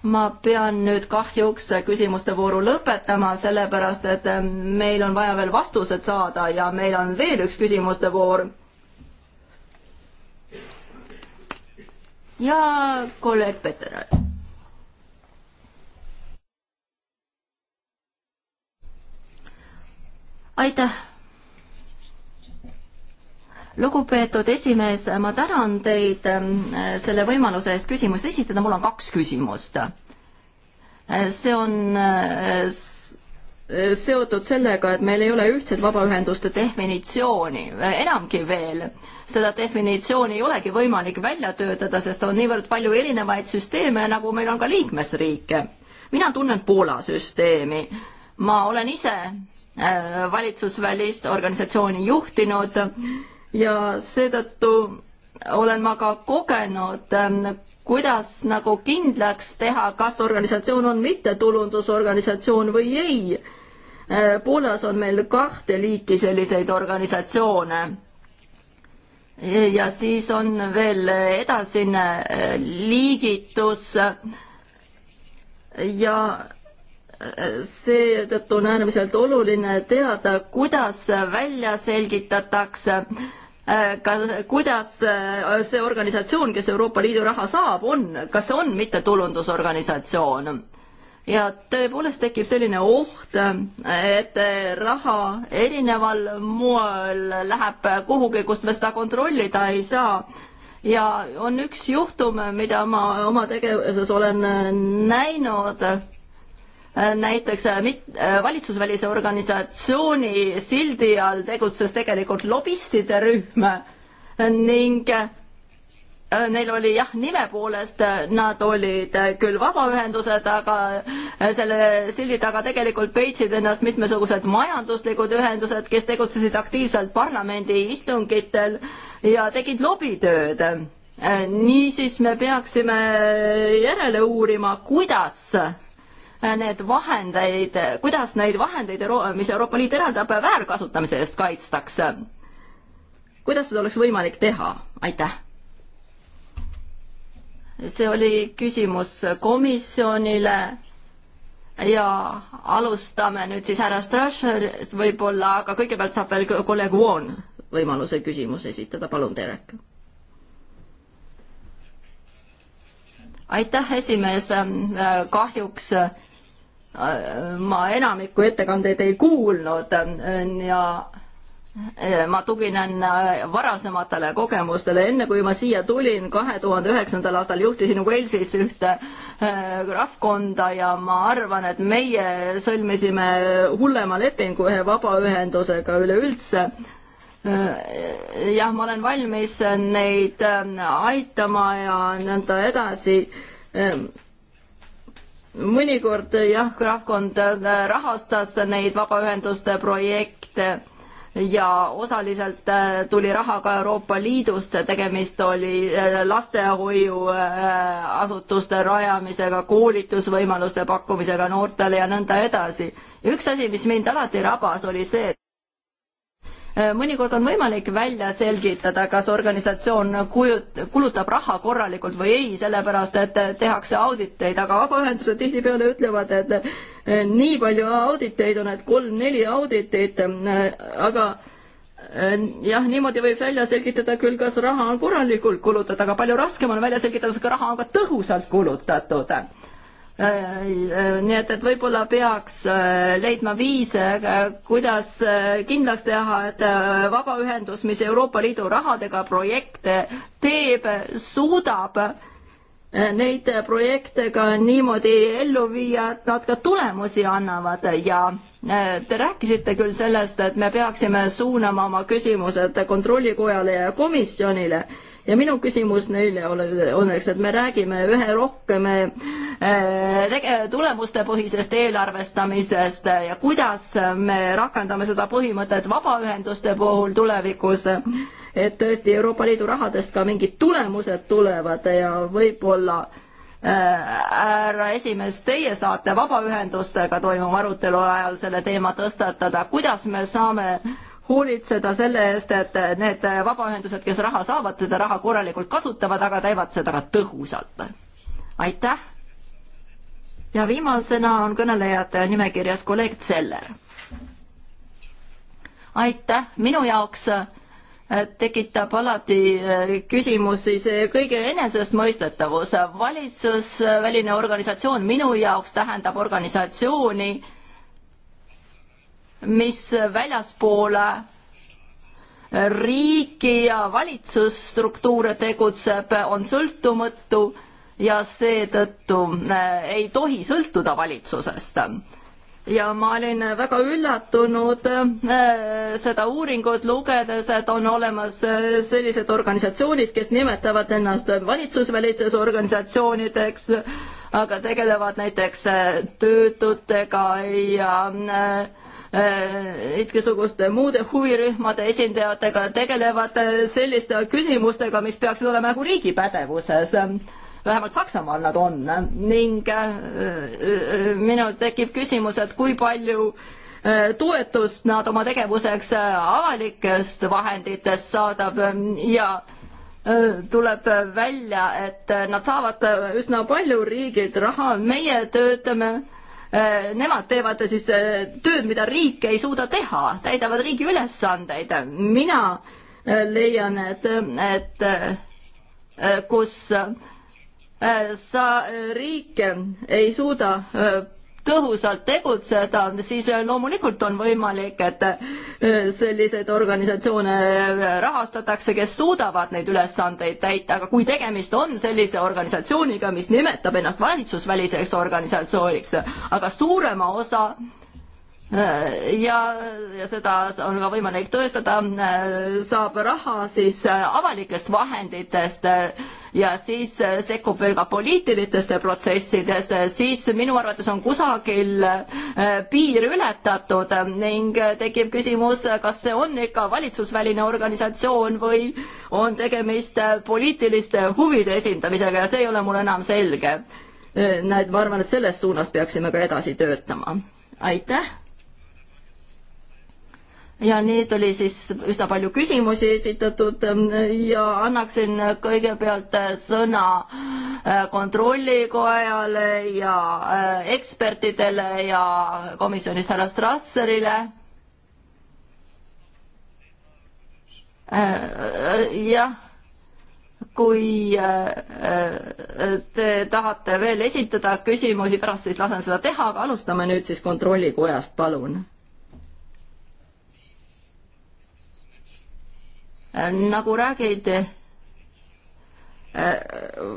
ma pean nüüd kahjuks küsimuste vooru lõpetama, sellepärast et ähm, meil on vaja veel vastused saada ja meil on veel üks küsimuste voor ja kolleeg Peterale. aitäh lugupeetud esimees, ma tänan teid ähm, selle võimaluse eest küsimust esitada, mul on kaks küsimust. Äh, see on äh, seotud sellega, et meil ei ole ühtset vabaühenduste definitsiooni, äh, enamgi veel, seda definitsiooni ei olegi võimalik välja töötada, sest on niivõrd palju erinevaid süsteeme, nagu meil on ka liikmesriike. mina tunnen Poola süsteemi, ma olen ise valitsusvälist organisatsiooni juhtinud ja seetõttu olen ma ka kogenud, ähm, kuidas nagu kindlaks teha, kas organisatsioon on mittetulundusorganisatsioon või ei. Äh, Poolas on meil kahte liiki selliseid organisatsioone. ja siis on veel edasine äh, liigitus ja äh, seetõttu on äärmiselt oluline teada, kuidas välja selgitatakse äh, Äh, ka kuidas äh, see organisatsioon, kes Euroopa Liidu raha saab, on, kas see on mittetulundusorganisatsioon? ja tõepoolest tekib selline oht, et raha erineval moel läheb kuhugi, kust me seda kontrollida ei saa. ja on üks juhtum, mida ma oma tegevuses olen näinud Äh, näiteks äh, mit-, äh, valitsusvälise organisatsiooni sildi all tegutses tegelikult lobistide rühm ning neil oli jah, nime poolest nad olid küll vabaühendused, aga selle sildi taga tegelikult peitsid ennast mitmesugused majanduslikud ühendused, kes tegutsesid aktiivselt parlamendi istungitel ja tegid lobitööd. niisiis me peaksime järele uurima, kuidas need vahendeid, kuidas neid vahendeid, mis Euroopa Liit eraldab, väärkasutamise eest kaitstakse? kuidas seda oleks võimalik teha? aitäh! see oli küsimus komisjonile ja alustame nüüd siis härra Strasser võib-olla, aga kõigepealt saab veel kolleeg Woon võimaluse küsimuse esitada, palun, Terek. aitäh, esimees, kahjuks ma enamikku ettekandeid ei kuulnud äh, ja äh, ma tuginen äh, varasematele kogemustele, enne kui ma siia tulin, kahe tuhande üheksandal aastal juhtisin Walesis ühte rahvkonda ja ma arvan, et meie sõlmisime hullema lepingu ühe vabaühendusega üleüldse. jah, ma olen valmis neid aitama ja nõnda edasi mõnikord jah, rahvkond äh, rahastas neid vabaühenduste projekte ja osaliselt äh, tuli raha ka Euroopa Liidust, tegemist oli äh, lastehoiuasutuste rajamisega, koolitusvõimaluste pakkumisega noortele ja nõnda edasi. üks asi, mis mind alati rabas, oli see, mõnikord on võimalik välja selgitada, kas organisatsioon kujut-, kulutab raha korralikult või ei, sellepärast et tehakse auditeid, aga vabaühendused tihtipeale ütlevad, et nii palju auditeid on, et kolm-neli auditit, aga jah, niimoodi võib välja selgitada küll, kas raha on korralikult kulutatud, aga palju raskem on välja selgitada, kas raha on ka tõhusalt kulutatud Äh, äh, nii et, et võib-olla peaks äh, leidma viise, kuidas kindlaks teha, et vabaühendus, mis Euroopa Liidu rahadega projekte teeb, suudab neid projekte ka niimoodi ellu viia, et nad ka tulemusi annavad ja te rääkisite küll sellest, et me peaksime suunama oma küsimused kontrollikojale ja komisjonile ja minu küsimus neile ole, on, eks, et me räägime ühe rohkem äh, tege-, tulemustepõhisest eelarvestamisest ja kuidas me rakendame seda põhimõtet vabaühenduste puhul tulevikus, et tõesti Euroopa Liidu rahadest ka mingid tulemused tulevad ja võib-olla äh, härra esimees, teie saate vabaühendustega toimuva arutelu ajal selle teema tõstatada, kuidas me saame hoolitseda selle eest, et need vabaühendused, kes raha saavad, seda raha korralikult kasutavad, aga teevad seda ka tõhusalt. aitäh. ja viimasena on kõnelejate nimekirjas kolleeg Zeller. aitäh, minu jaoks äh, tekitab alati äh, küsimusi see kõige enesestmõistetavus. valitsusväline organisatsioon minu jaoks tähendab organisatsiooni, mis väljaspoole riigi ja valitsusstruktuure tegutseb, on sõltumatu ja seetõttu äh, ei tohi sõltuda valitsusest. ja ma olin väga üllatunud äh, seda uuringut lugedes, et on olemas äh, sellised organisatsioonid, kes nimetavad ennast valitsusvälistes organisatsioonideks, aga tegelevad näiteks töötutega ja mitmesuguste äh, muude huvirühmade esindajatega, tegelevad äh, selliste küsimustega, mis peaksid olema nagu riigi pädevuses vähemalt Saksamaal nad on ning äh, minul tekib küsimus, et kui palju toetust nad oma tegevuseks avalikest vahenditest saadab ja tuleb välja, et nad saavad üsna palju riigilt raha, meie töötame Äh, nemad teevad siis äh, tööd, mida riik ei suuda teha, täidavad riigi ülesandeid. mina äh, leian, et, et kus sa, riik ei suuda tõhusalt tegutseda, siis äh, loomulikult on võimalik, et äh, selliseid organisatsioone äh, rahastatakse, kes suudavad neid ülesandeid täita, aga kui tegemist on sellise organisatsiooniga, mis nimetab ennast valitsusväliseks organisatsiooniks, aga suurema osa Äh, ja, ja seda on ka võimalik tõestada, äh, saab raha siis äh, avalikest vahenditest ja siis sekkub veel ka poliitilistesse protsessidesse, siis minu arvates on kusagil piir ületatud ning tekib küsimus, kas see on ikka valitsusväline organisatsioon või on tegemist poliitiliste huvide esindamisega ja see ei ole mulle enam selge. näed, ma arvan, et selles suunas peaksime ka edasi töötama. aitäh ja need oli siis üsna palju küsimusi esitatud ähm, ja annaksin kõigepealt äh, sõna äh, kontrollikojale ja äh, ekspertidele ja komisjonist härra Strasserile. jah, kui te tahate veel esitada küsimusi, pärast siis lasen seda teha, aga alustame nüüd siis kontrollikojast, palun nagu räägid, äh,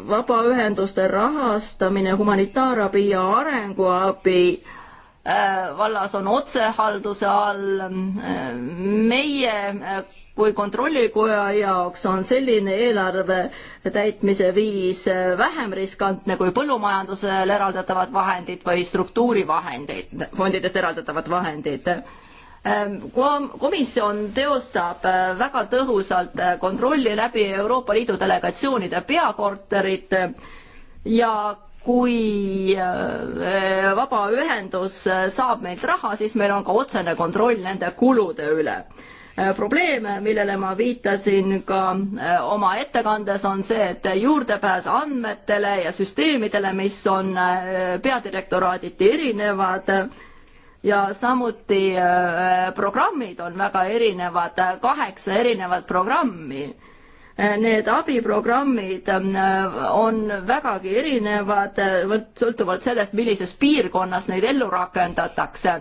vabaühenduste rahastamine, humanitaarabi ja arenguabi äh, vallas on otsehalduse all. meie äh, kui kontrollikoja jaoks on selline eelarve täitmise viis vähem riskantne kui põllumajandusele eraldatavad vahendid või struktuurivahendid, fondidest eraldatavad vahendid Ähm, komisjon teostab äh, väga tõhusalt äh, kontrolli läbi Euroopa Liidu delegatsioonide peakorterite äh, ja kui vabaühendus saab meilt raha, siis meil on ka otsene kontroll nende kulude üle. probleem, millele ma viitasin ka oma ettekandes, on see, et juurdepääs andmetele ja süsteemidele, mis on peadirektoraaditi erinevad, ja samuti äh, programmid on väga erinevad, äh, kaheksa erinevat programmi. Äh, need abiprogrammid on vägagi erinevad, sõltuvalt sellest, millises piirkonnas neid ellu rakendatakse.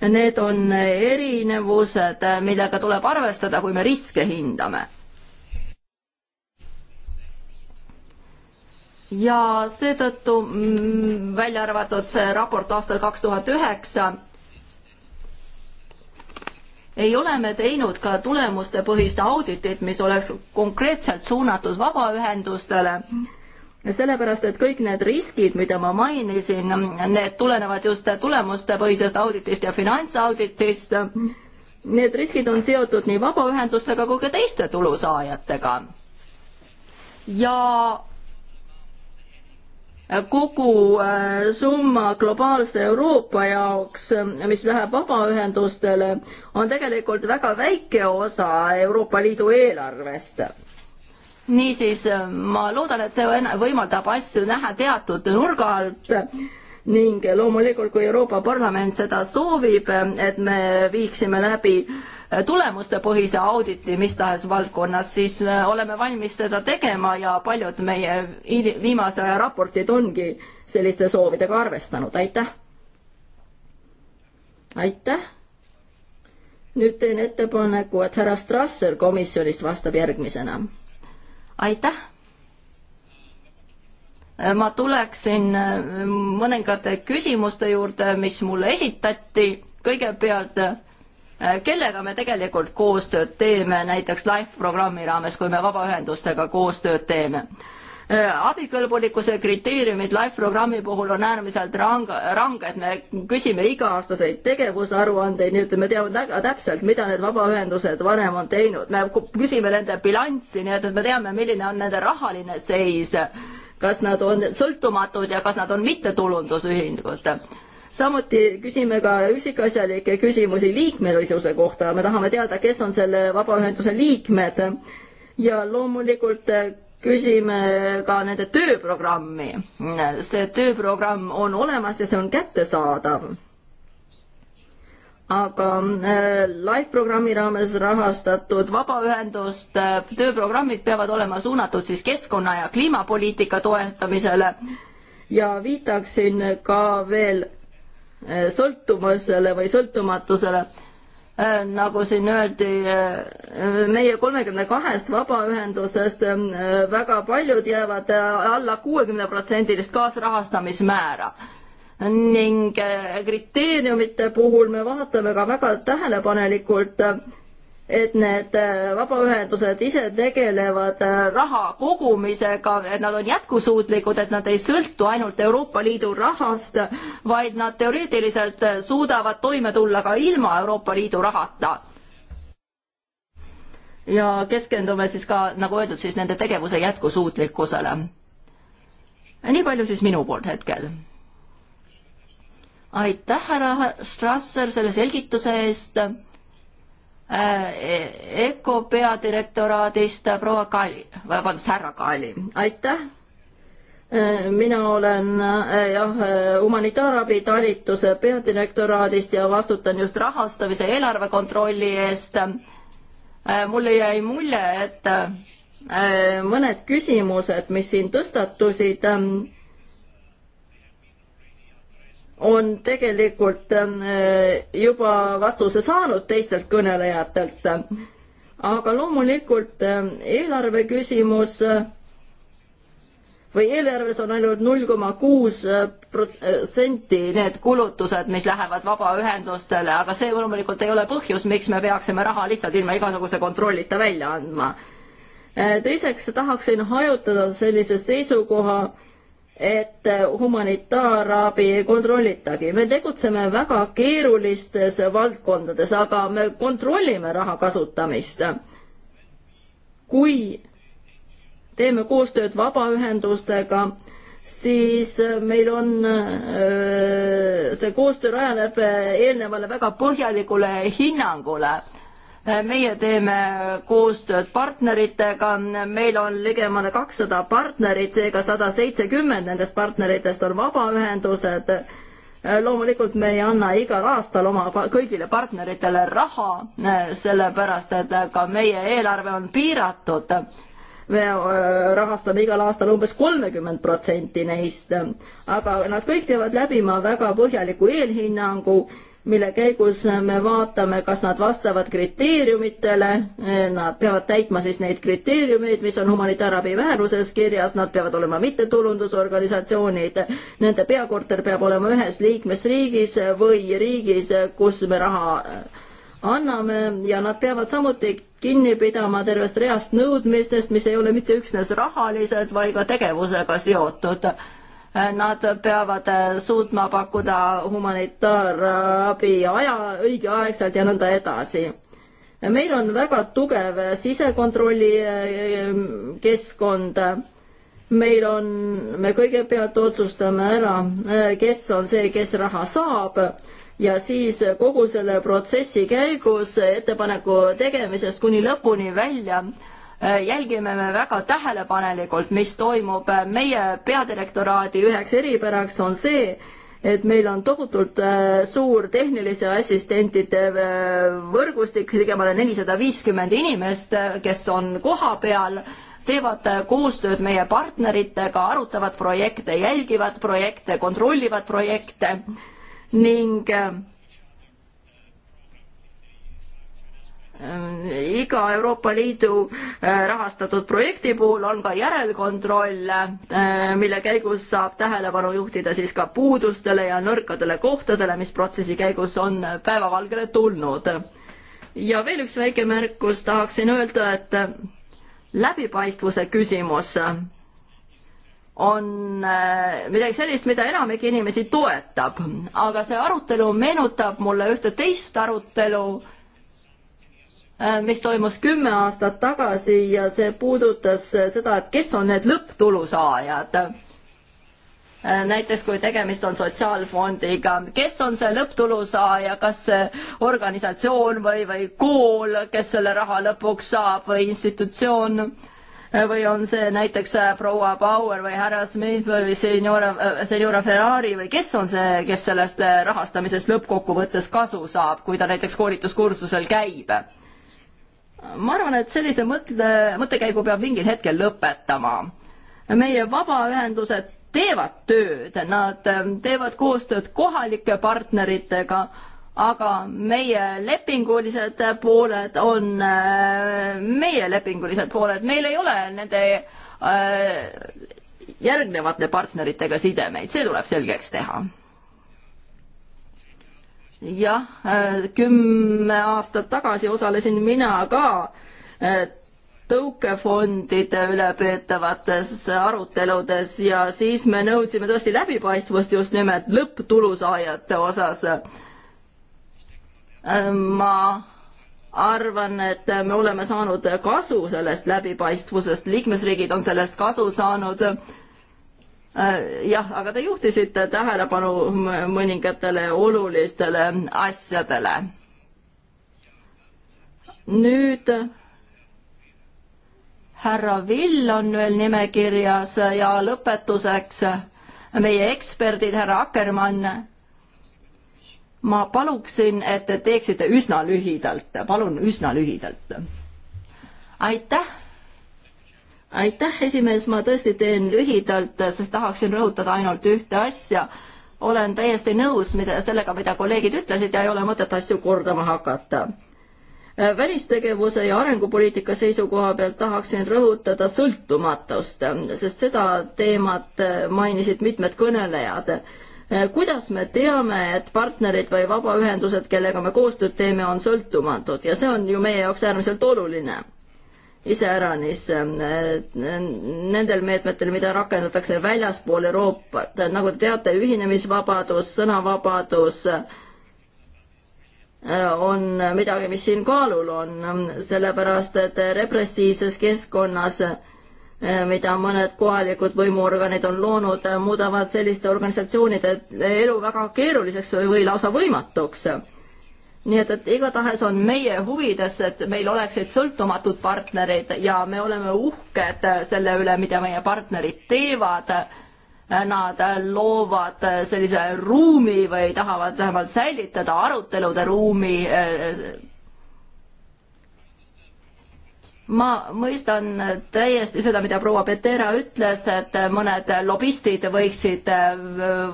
Need on erinevused, millega tuleb arvestada, kui me riske hindame. ja seetõttu mm, välja arvatud see raport aastal kaks tuhat üheksa ei ole me teinud ka tulemustepõhist auditit, mis oleks konkreetselt suunatud vabaühendustele. sellepärast, et kõik need riskid, mida ma mainisin, need tulenevad just tulemustepõhisest auditist ja finantsauditist. Need riskid on seotud nii vabaühendustega kui ka teiste tulusaajatega. ja kogu äh, summa globaalse Euroopa jaoks, äh, mis läheb vabaühendustele, on tegelikult väga väike osa Euroopa Liidu eelarvest. niisiis, äh, ma loodan, et see võimaldab asju näha teatud nurga alt ning loomulikult, kui Euroopa Parlament seda soovib, et me viiksime läbi äh, tulemustepõhise auditi mis tahes valdkonnas, siis äh, oleme valmis seda tegema ja paljud meie viimase aja raportid ongi selliste soovidega arvestanud, aitäh. aitäh. nüüd teen ettepaneku, et härra Strasser komisjonist vastab järgmisena. aitäh äh, ma tuleksin äh, mõningate küsimuste juurde, mis mulle esitati. kõigepealt Äh, kellega me tegelikult koostööd teeme, näiteks LIFE programmi raames, kui me vabaühendustega koostööd teeme. Äh, abikõlbulikkuse kriteeriumid LIFE programmi puhul on äärmiselt rang-, ranged, me küsime iga-aastaseid tegevusaruandeid, nii et me teame väga täpselt, mida need vabaühendused varem on teinud, me küsime nende bilanssi, nii et, et me teame, milline on nende rahaline seis, kas nad on sõltumatud ja kas nad on mittetulundusühingud samuti küsime ka üksikasjalikke küsimusi liikmelisuse kohta, me tahame teada, kes on selle vabaühenduse liikmed ja loomulikult küsime ka nende tööprogrammi. see tööprogramm on olemas ja see on kättesaadav. aga äh, live programmi raames rahastatud vabaühenduste tööprogrammid peavad olema suunatud siis keskkonna ja kliimapoliitika toetamisele ja viitaksin ka veel Äh, sõltumusele või sõltumatusele. Äh, nagu siin öeldi, äh, meie kolmekümne kahest vabaühendusest väga paljud jäävad alla kuuekümne protsendilist kaasrahastamismäära ning kriteeriumite puhul me vaatame ka väga tähelepanelikult äh, et need äh, vabaühendused ise tegelevad äh, raha kogumisega, et nad on jätkusuutlikud, et nad ei sõltu ainult Euroopa Liidu rahast, vaid nad teoreetiliselt äh, suudavad toime tulla ka ilma Euroopa Liidu rahata. ja keskendume siis ka, nagu öeldud, siis nende tegevuse jätkusuutlikkusele. nii palju siis minu poolt hetkel. aitäh, härra Strasser, selle selgituse eest EKO peadirektoraadist proua Kali, vabandust, härra Kali, aitäh. mina olen jah, humanitaarabi talituse peadirektoraadist ja vastutan just rahastamise eelarve kontrolli eest. mulle jäi mulje, et mõned küsimused, mis siin tõstatusid on tegelikult ähm, äh, juba vastuse saanud teistelt kõnelejatelt. aga loomulikult ähm, eelarve küsimus äh, või eelarves on ainult null koma kuus äh, protsenti need kulutused, mis lähevad vabaühendustele, aga see loomulikult ei ole põhjus, miks me peaksime raha lihtsalt ilma igasuguse kontrollita välja andma. teiseks tahaksin hajutada sellise seisukoha et äh, humanitaarabi ei kontrollitagi. me tegutseme väga keerulistes valdkondades, aga me kontrollime raha kasutamist. kui teeme koostööd vabaühendustega, siis meil on, äh, see koostöö rajaneb eelnevale väga põhjalikule hinnangule meie teeme koostööd partneritega, meil on ligemale kakssada partnerit, seega sada seitsekümmend nendest partneritest on vabaühendused. loomulikult me ei anna igal aastal oma kõigile partneritele raha, sellepärast et ka meie eelarve on piiratud me äh, rahastame igal aastal umbes kolmekümmend protsenti neist, aga nad kõik peavad läbima väga põhjaliku eelhinnangu mille käigus me vaatame, kas nad vastavad kriteeriumitele, nad peavad täitma siis neid kriteeriumeid, mis on humanitaarabi määruses kirjas, nad peavad olema mittetulundusorganisatsioonid, nende peakorter peab olema ühes liikmesriigis või riigis, kus me raha äh, anname ja nad peavad samuti kinni pidama tervest reast nõudmistest, mis ei ole mitte üksnes rahalised, vaid ka tegevusega seotud Nad peavad äh, suutma pakkuda humanitaarabi aja, õigeaegselt ja nõnda edasi meil on väga tugev sisekontrolli äh, keskkond. meil on, me kõigepealt otsustame ära, äh, kes on see, kes raha saab ja siis kogu selle protsessi käigus ettepaneku tegemisest kuni lõpuni välja Äh, jälgime me väga tähelepanelikult, mis toimub. Äh, meie peadirektoraadi üheks eripäraks on see, et meil on tohutult äh, suur tehnilise assistentide võrgustik, ligemale nelisada viiskümmend inimest, kes on kohapeal, teevad koostööd meie partneritega, arutavad projekte, jälgivad projekte, kontrollivad projekte ning Äh, iga Euroopa Liidu äh, rahastatud projekti puhul on ka järelkontroll, äh, mille käigus saab tähelepanu juhtida siis ka puudustele ja nõrkadele kohtadele, mis protsessi käigus on päevavalgele tulnud. ja veel üks väike märkus tahaksin öelda, et läbipaistvuse küsimus on midagi sellist, mida enamik inimesi toetab, aga see arutelu meenutab mulle ühte teist arutelu, Äh, mis toimus kümme aastat tagasi ja see puudutas äh, seda, et kes on need lõpptulu saajad. Äh, näiteks kui tegemist on sotsiaalfondiga, kes on see lõpptulu saaja, kas organisatsioon või, või kool, kes selle raha lõpuks saab või institutsioon või on see näiteks proua Bauer või härra Smith või seniora, seniora Ferrari või kes on see, kes sellest rahastamisest lõppkokkuvõttes kasu saab, kui ta näiteks koolituskursusel käib? ma arvan, et sellise mõtle, mõttekäigu peab mingil hetkel lõpetama. meie vabaühendused teevad tööd, nad ähm, teevad koostööd kohalike partneritega, aga meie lepingulised pooled on äh, meie lepingulised pooled, meil ei ole nende äh, järgnevate partneritega sidemeid, see tuleb selgeks teha jah, äh, kümme aastat tagasi osalesin mina ka äh, tõukefondide üle peetavates aruteludes ja siis me nõudsime tõesti läbipaistvust just nimelt lõpptulusaajate osas. Äh, ma arvan, et me oleme saanud kasu sellest läbipaistvusest, liikmesriigid on sellest kasu saanud Äh, jah, aga te juhtisite tähelepanu mõningatele olulistele asjadele. nüüd härra Vill on veel nimekirjas ja lõpetuseks meie eksperdid, härra Akkermann. ma paluksin, et te teeksite üsna lühidalt, palun üsna lühidalt. aitäh aitäh, esimees, ma tõesti teen lühidalt, sest tahaksin rõhutada ainult ühte asja. olen täiesti nõus mida, sellega, mida kolleegid ütlesid ja ei ole mõtet asju kordama hakata. välistegevuse ja arengupoliitika seisukoha pealt tahaksin rõhutada sõltumatust, sest seda teemat mainisid mitmed kõnelejad kuidas me teame, et partnerid või vabaühendused, kellega me koostööd teeme, on sõltumatud ja see on ju meie jaoks äärmiselt oluline iseäranis äh, nendel meetmetel, mida rakendatakse väljaspool Euroopat, nagu te teate, ühinemisvabadus, sõnavabadus äh, on midagi, mis siin kaalul on, sellepärast et repressiivses keskkonnas äh, mida mõned kohalikud võimuorganid on loonud, muudavad selliste organisatsioonide elu väga keeruliseks või lausa võimatuks nii et, et igatahes on meie huvides, et meil oleksid sõltumatud partnerid ja me oleme uhked selle üle, mida meie partnerid teevad. Nad loovad sellise ruumi või tahavad vähemalt säilitada arutelude ruumi eh, ma mõistan täiesti seda, mida proua Petera ütles, et mõned lobistid võiksid äh,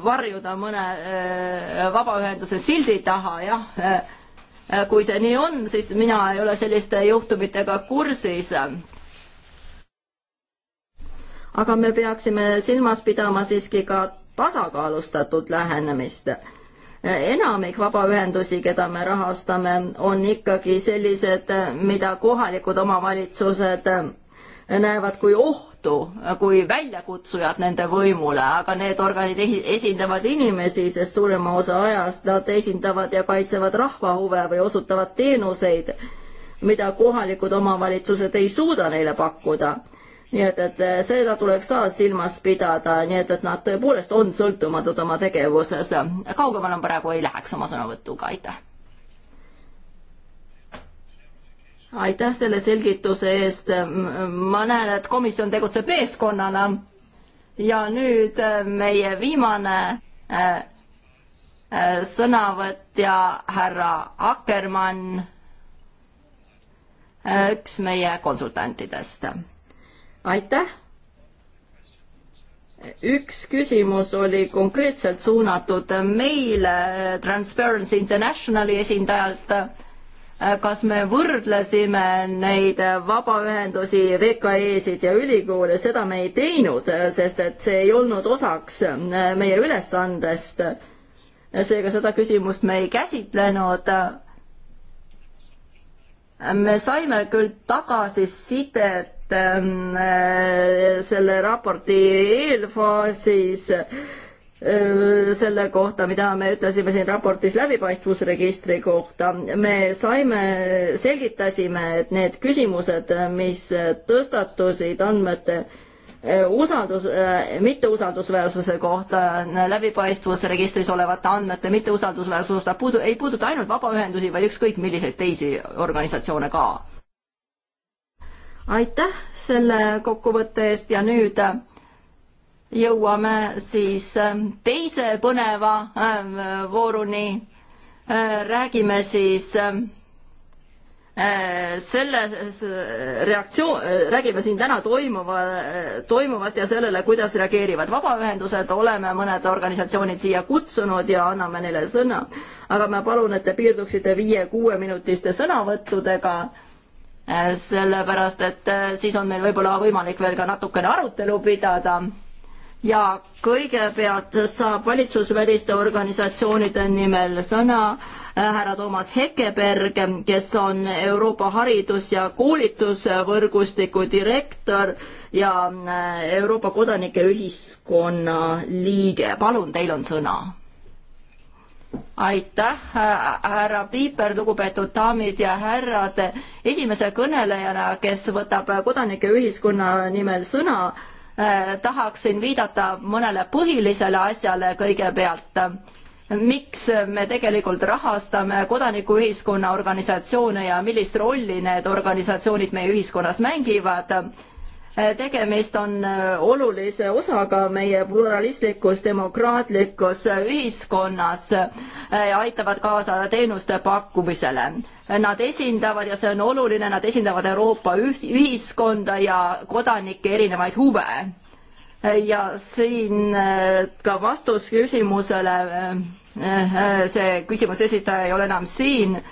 varjuda mõne äh, vabaühenduse sildi taha, jah. Äh, kui see nii on, siis mina ei ole selliste juhtumitega kursis. aga me peaksime silmas pidama siiski ka tasakaalustatud lähenemist enamik vabaühendusi, keda me rahastame, on ikkagi sellised, mida kohalikud omavalitsused näevad kui ohtu, kui väljakutsujad nende võimule, aga need organid esindavad inimesi, sest suurema osa ajast nad esindavad ja kaitsevad rahva huve või osutavad teenuseid, mida kohalikud omavalitsused ei suuda neile pakkuda nii et, et eh, seda tuleks ka silmas pidada, nii et, et nad tõepoolest on sõltumatud oma tegevuses. kaugemale ma praegu ei läheks oma sõnavõtuga, aitäh. aitäh selle selgituse eest. ma näen, et komisjon tegutseb meeskonnana. ja nüüd eh, meie viimane eh, sõnavõtja härra Akkermann, üks meie konsultantidest aitäh! üks küsimus oli konkreetselt suunatud meile Transparency Internationali esindajalt. kas me võrdlesime neid vabaühendusi, VKE-sid ja ülikoole, seda me ei teinud, sest et see ei olnud osaks meie ülesandest. seega seda küsimust me ei käsitlenud me saime küll tagasisidet et ähm, äh, selle raporti eelfaasis äh, selle kohta, mida me ütlesime siin raportis läbipaistvusregistri kohta, me saime, selgitasime, et need küsimused, mis tõstatusid andmete äh, usaldus, mitteusaldusväärsuse kohta, läbipaistvusregistris olevate andmete mitteusaldusväärsus puudu, ei puuduta ainult vabaühendusi, vaid ükskõik milliseid teisi organisatsioone ka aitäh selle kokkuvõtte eest ja nüüd äh, jõuame siis äh, teise põneva äh, vooruni. räägime siis selles reaktsioon, räägime siin täna toimuva, toimuvast ja sellele, kuidas reageerivad vabaühendused, oleme mõned organisatsioonid siia kutsunud ja anname neile sõna. aga ma palun, et te piirduksite viie-kuueminutiste sõnavõttudega Äh, sellepärast et äh, siis on meil võib-olla võimalik veel ka natukene arutelu pidada. ja kõigepealt saab valitsusväliste organisatsioonide nimel sõna äh, härra Toomas Hekeberg, kes on Euroopa Haridus- ja Koolitusvõrgustiku direktor ja Euroopa Kodanike Ühiskonna liige. palun, teil on sõna aitäh, härra Piiper, lugupeetud daamid ja härrad. esimese kõnelejana, kes võtab kodanike ühiskonna nimel sõna eh,, tahaksin viidata mõnele põhilisele asjale kõigepealt. miks me tegelikult rahastame kodanikuühiskonna organisatsioone ja millist rolli need organisatsioonid meie ühiskonnas mängivad? Äh, tegemist on äh, olulise osaga meie pluralistlikus demokraatlikus äh, ühiskonnas ja aitavad kaasa teenuste pakkumisele. Nad esindavad ja see on oluline, nad esindavad Euroopa ühiskonda ja kodanike erinevaid huve. ja siin ka vastus küsimusele, see küsimuse esitaja ei ole enam siin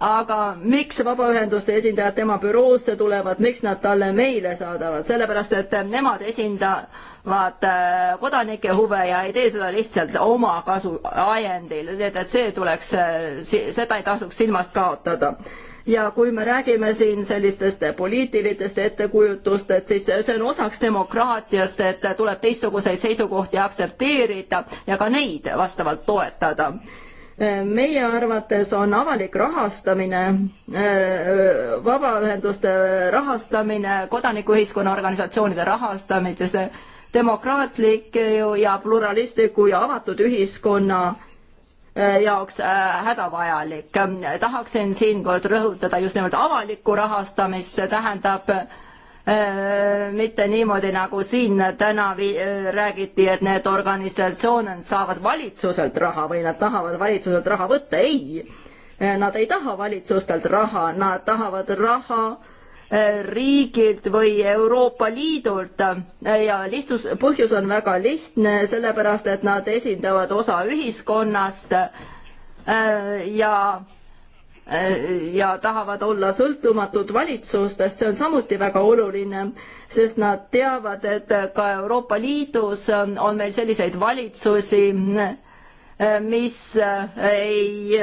aga miks vabaühenduste esindajad tema büroosse tulevad, miks nad talle meile saadavad, sellepärast et nemad esindavad äh, kodanike huve ja ei tee seda lihtsalt oma kasu ajendil, nii et, et see tuleks, äh, seda ei tasuks silmast kaotada ja kui me räägime siin sellistest poliitilistest ettekujutustest, siis see on osaks demokraatiast, et tuleb teistsuguseid seisukohti aktsepteerida ja ka neid vastavalt toetada meie arvates on avalik rahastamine, äh, äh, vabaühenduste rahastamine, kodanikuühiskonna organisatsioonide rahastamise, demokraatliku ja pluralistliku ja avatud ühiskonna äh, jaoks hädavajalik. tahaksin siinkohal rõhutada just nimelt avalikku rahastamist, see tähendab äh, Äh, mitte niimoodi, nagu siin täna äh, räägiti, et need organisatsioonid saavad valitsuselt raha või nad tahavad valitsuselt raha võtta, ei. Äh, nad ei taha valitsustelt raha, nad tahavad raha riigilt või Euroopa Liidult ja lihtsus, põhjus on väga lihtne, sellepärast et nad esindavad osa ühiskonnast ja Äh, ja tahavad olla sõltumatud valitsustest, see on samuti väga oluline, sest nad teavad, et ka Euroopa Liidus on, on meil selliseid valitsusi, äh, mis äh, ei,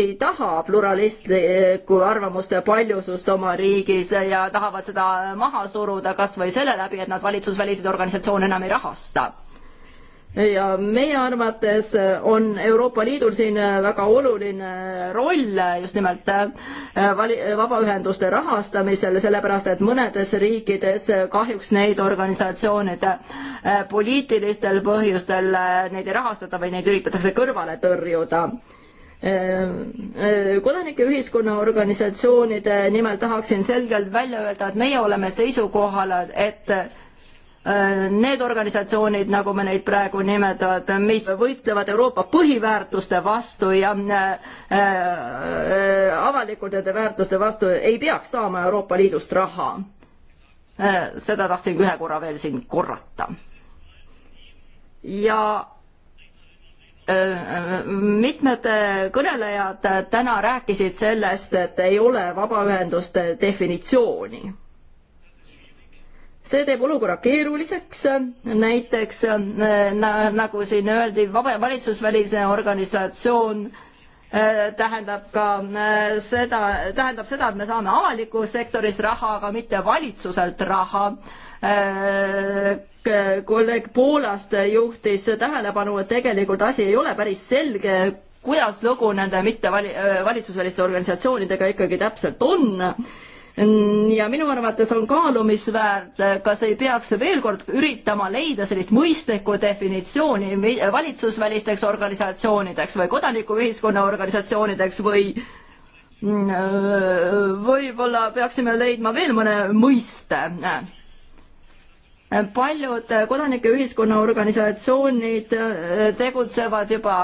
ei taha pluralistlikku arvamuste paljusust oma riigis ja tahavad seda maha suruda kas või selle läbi, et nad valitsusväliseid organisatsioone enam ei rahasta ja meie arvates on Euroopa Liidul siin väga oluline roll just nimelt äh, vali-, vabaühenduste rahastamisel, sellepärast et mõnedes riikides kahjuks neid organisatsioonide äh, poliitilistel põhjustel, äh, neid ei rahastata või neid üritatakse kõrvale tõrjuda kodanike ühiskonna organisatsioonide nimel tahaksin selgelt välja öelda, et meie oleme seisukohal, et Äh, need organisatsioonid, nagu me neid praegu nimetavad, mis võitlevad Euroopa põhiväärtuste vastu ja äh, äh, avalikult nende väärtuste vastu, ei peaks saama Euroopa Liidust raha äh,. seda tahtsin ühe korra veel siin korrata. ja äh, mitmed kõnelejad täna rääkisid sellest, et ei ole vabaühenduste definitsiooni see teeb olukorra keeruliseks, näiteks äh, nagu siin öeldi, vaba valitsusvälise organisatsioon äh, tähendab ka äh, seda, tähendab seda, et me saame avalikust sektorist raha, aga mitte valitsuselt raha. kolleeg Poolast juhtis tähelepanu, et tegelikult asi ei ole päris selge, kuidas lugu nende mitte vali-, valitsusväliste organisatsioonidega ikkagi täpselt on Mm, ja minu arvates on kaalumisväärt, äh, kas ei peaks veel kord üritama leida sellist mõistlikku definitsiooni valitsusvälisteks organisatsioonideks või kodanikuühiskonna organisatsioonideks või mm, äh, võib-olla peaksime leidma veel mõne mõiste. paljud kodanikeühiskonna organisatsioonid äh, tegutsevad juba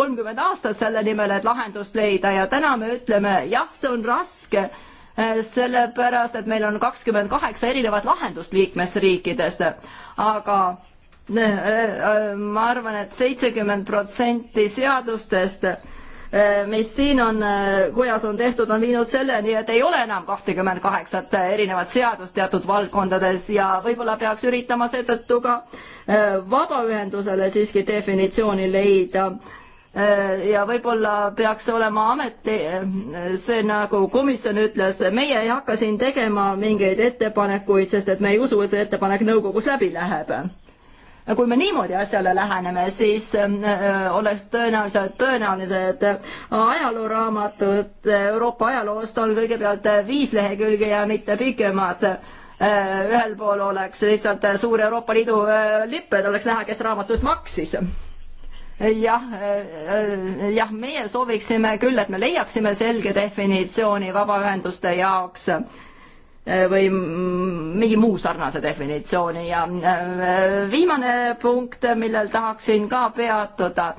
kolmkümmend aastat selle nimel, et lahendust leida ja täna me ütleme, jah, see on raske Äh, sellepärast et meil on kakskümmend kaheksa erinevat lahendust liikmesriikidest, aga äh, äh, ma arvan et, et seitsekümmend protsenti seadustest mis siin on, kojas on tehtud, on viinud selleni, et ei ole enam kahtekümmend kaheksat erinevat seadust teatud valdkondades ja võib-olla peaks üritama seetõttu ka vabaühendusele siiski definitsiooni leida Äh, ja võib-olla peaks olema ameti, äh, see nagu komisjon ütles, meie ei hakka siin tegema mingeid ettepanekuid, sest et me ei usu, et see ettepanek nõukogus läbi läheb. kui me niimoodi asjale läheneme, siis äh, oleks tõenäoliselt tõenäoline, et ajalooraamatud Euroopa ajaloost on kõigepealt viis lehekülge ja mitte pikemad ühel pool oleks lihtsalt suur Euroopa Liidu lipp, et oleks näha, kes raamatust maksis jah, äh, äh, jah, meie sooviksime küll, et me leiaksime selge definitsiooni vabaühenduste jaoks äh, või mingi muu sarnase definitsiooni ja viimane punkt, millel tahaksin ka peatuda,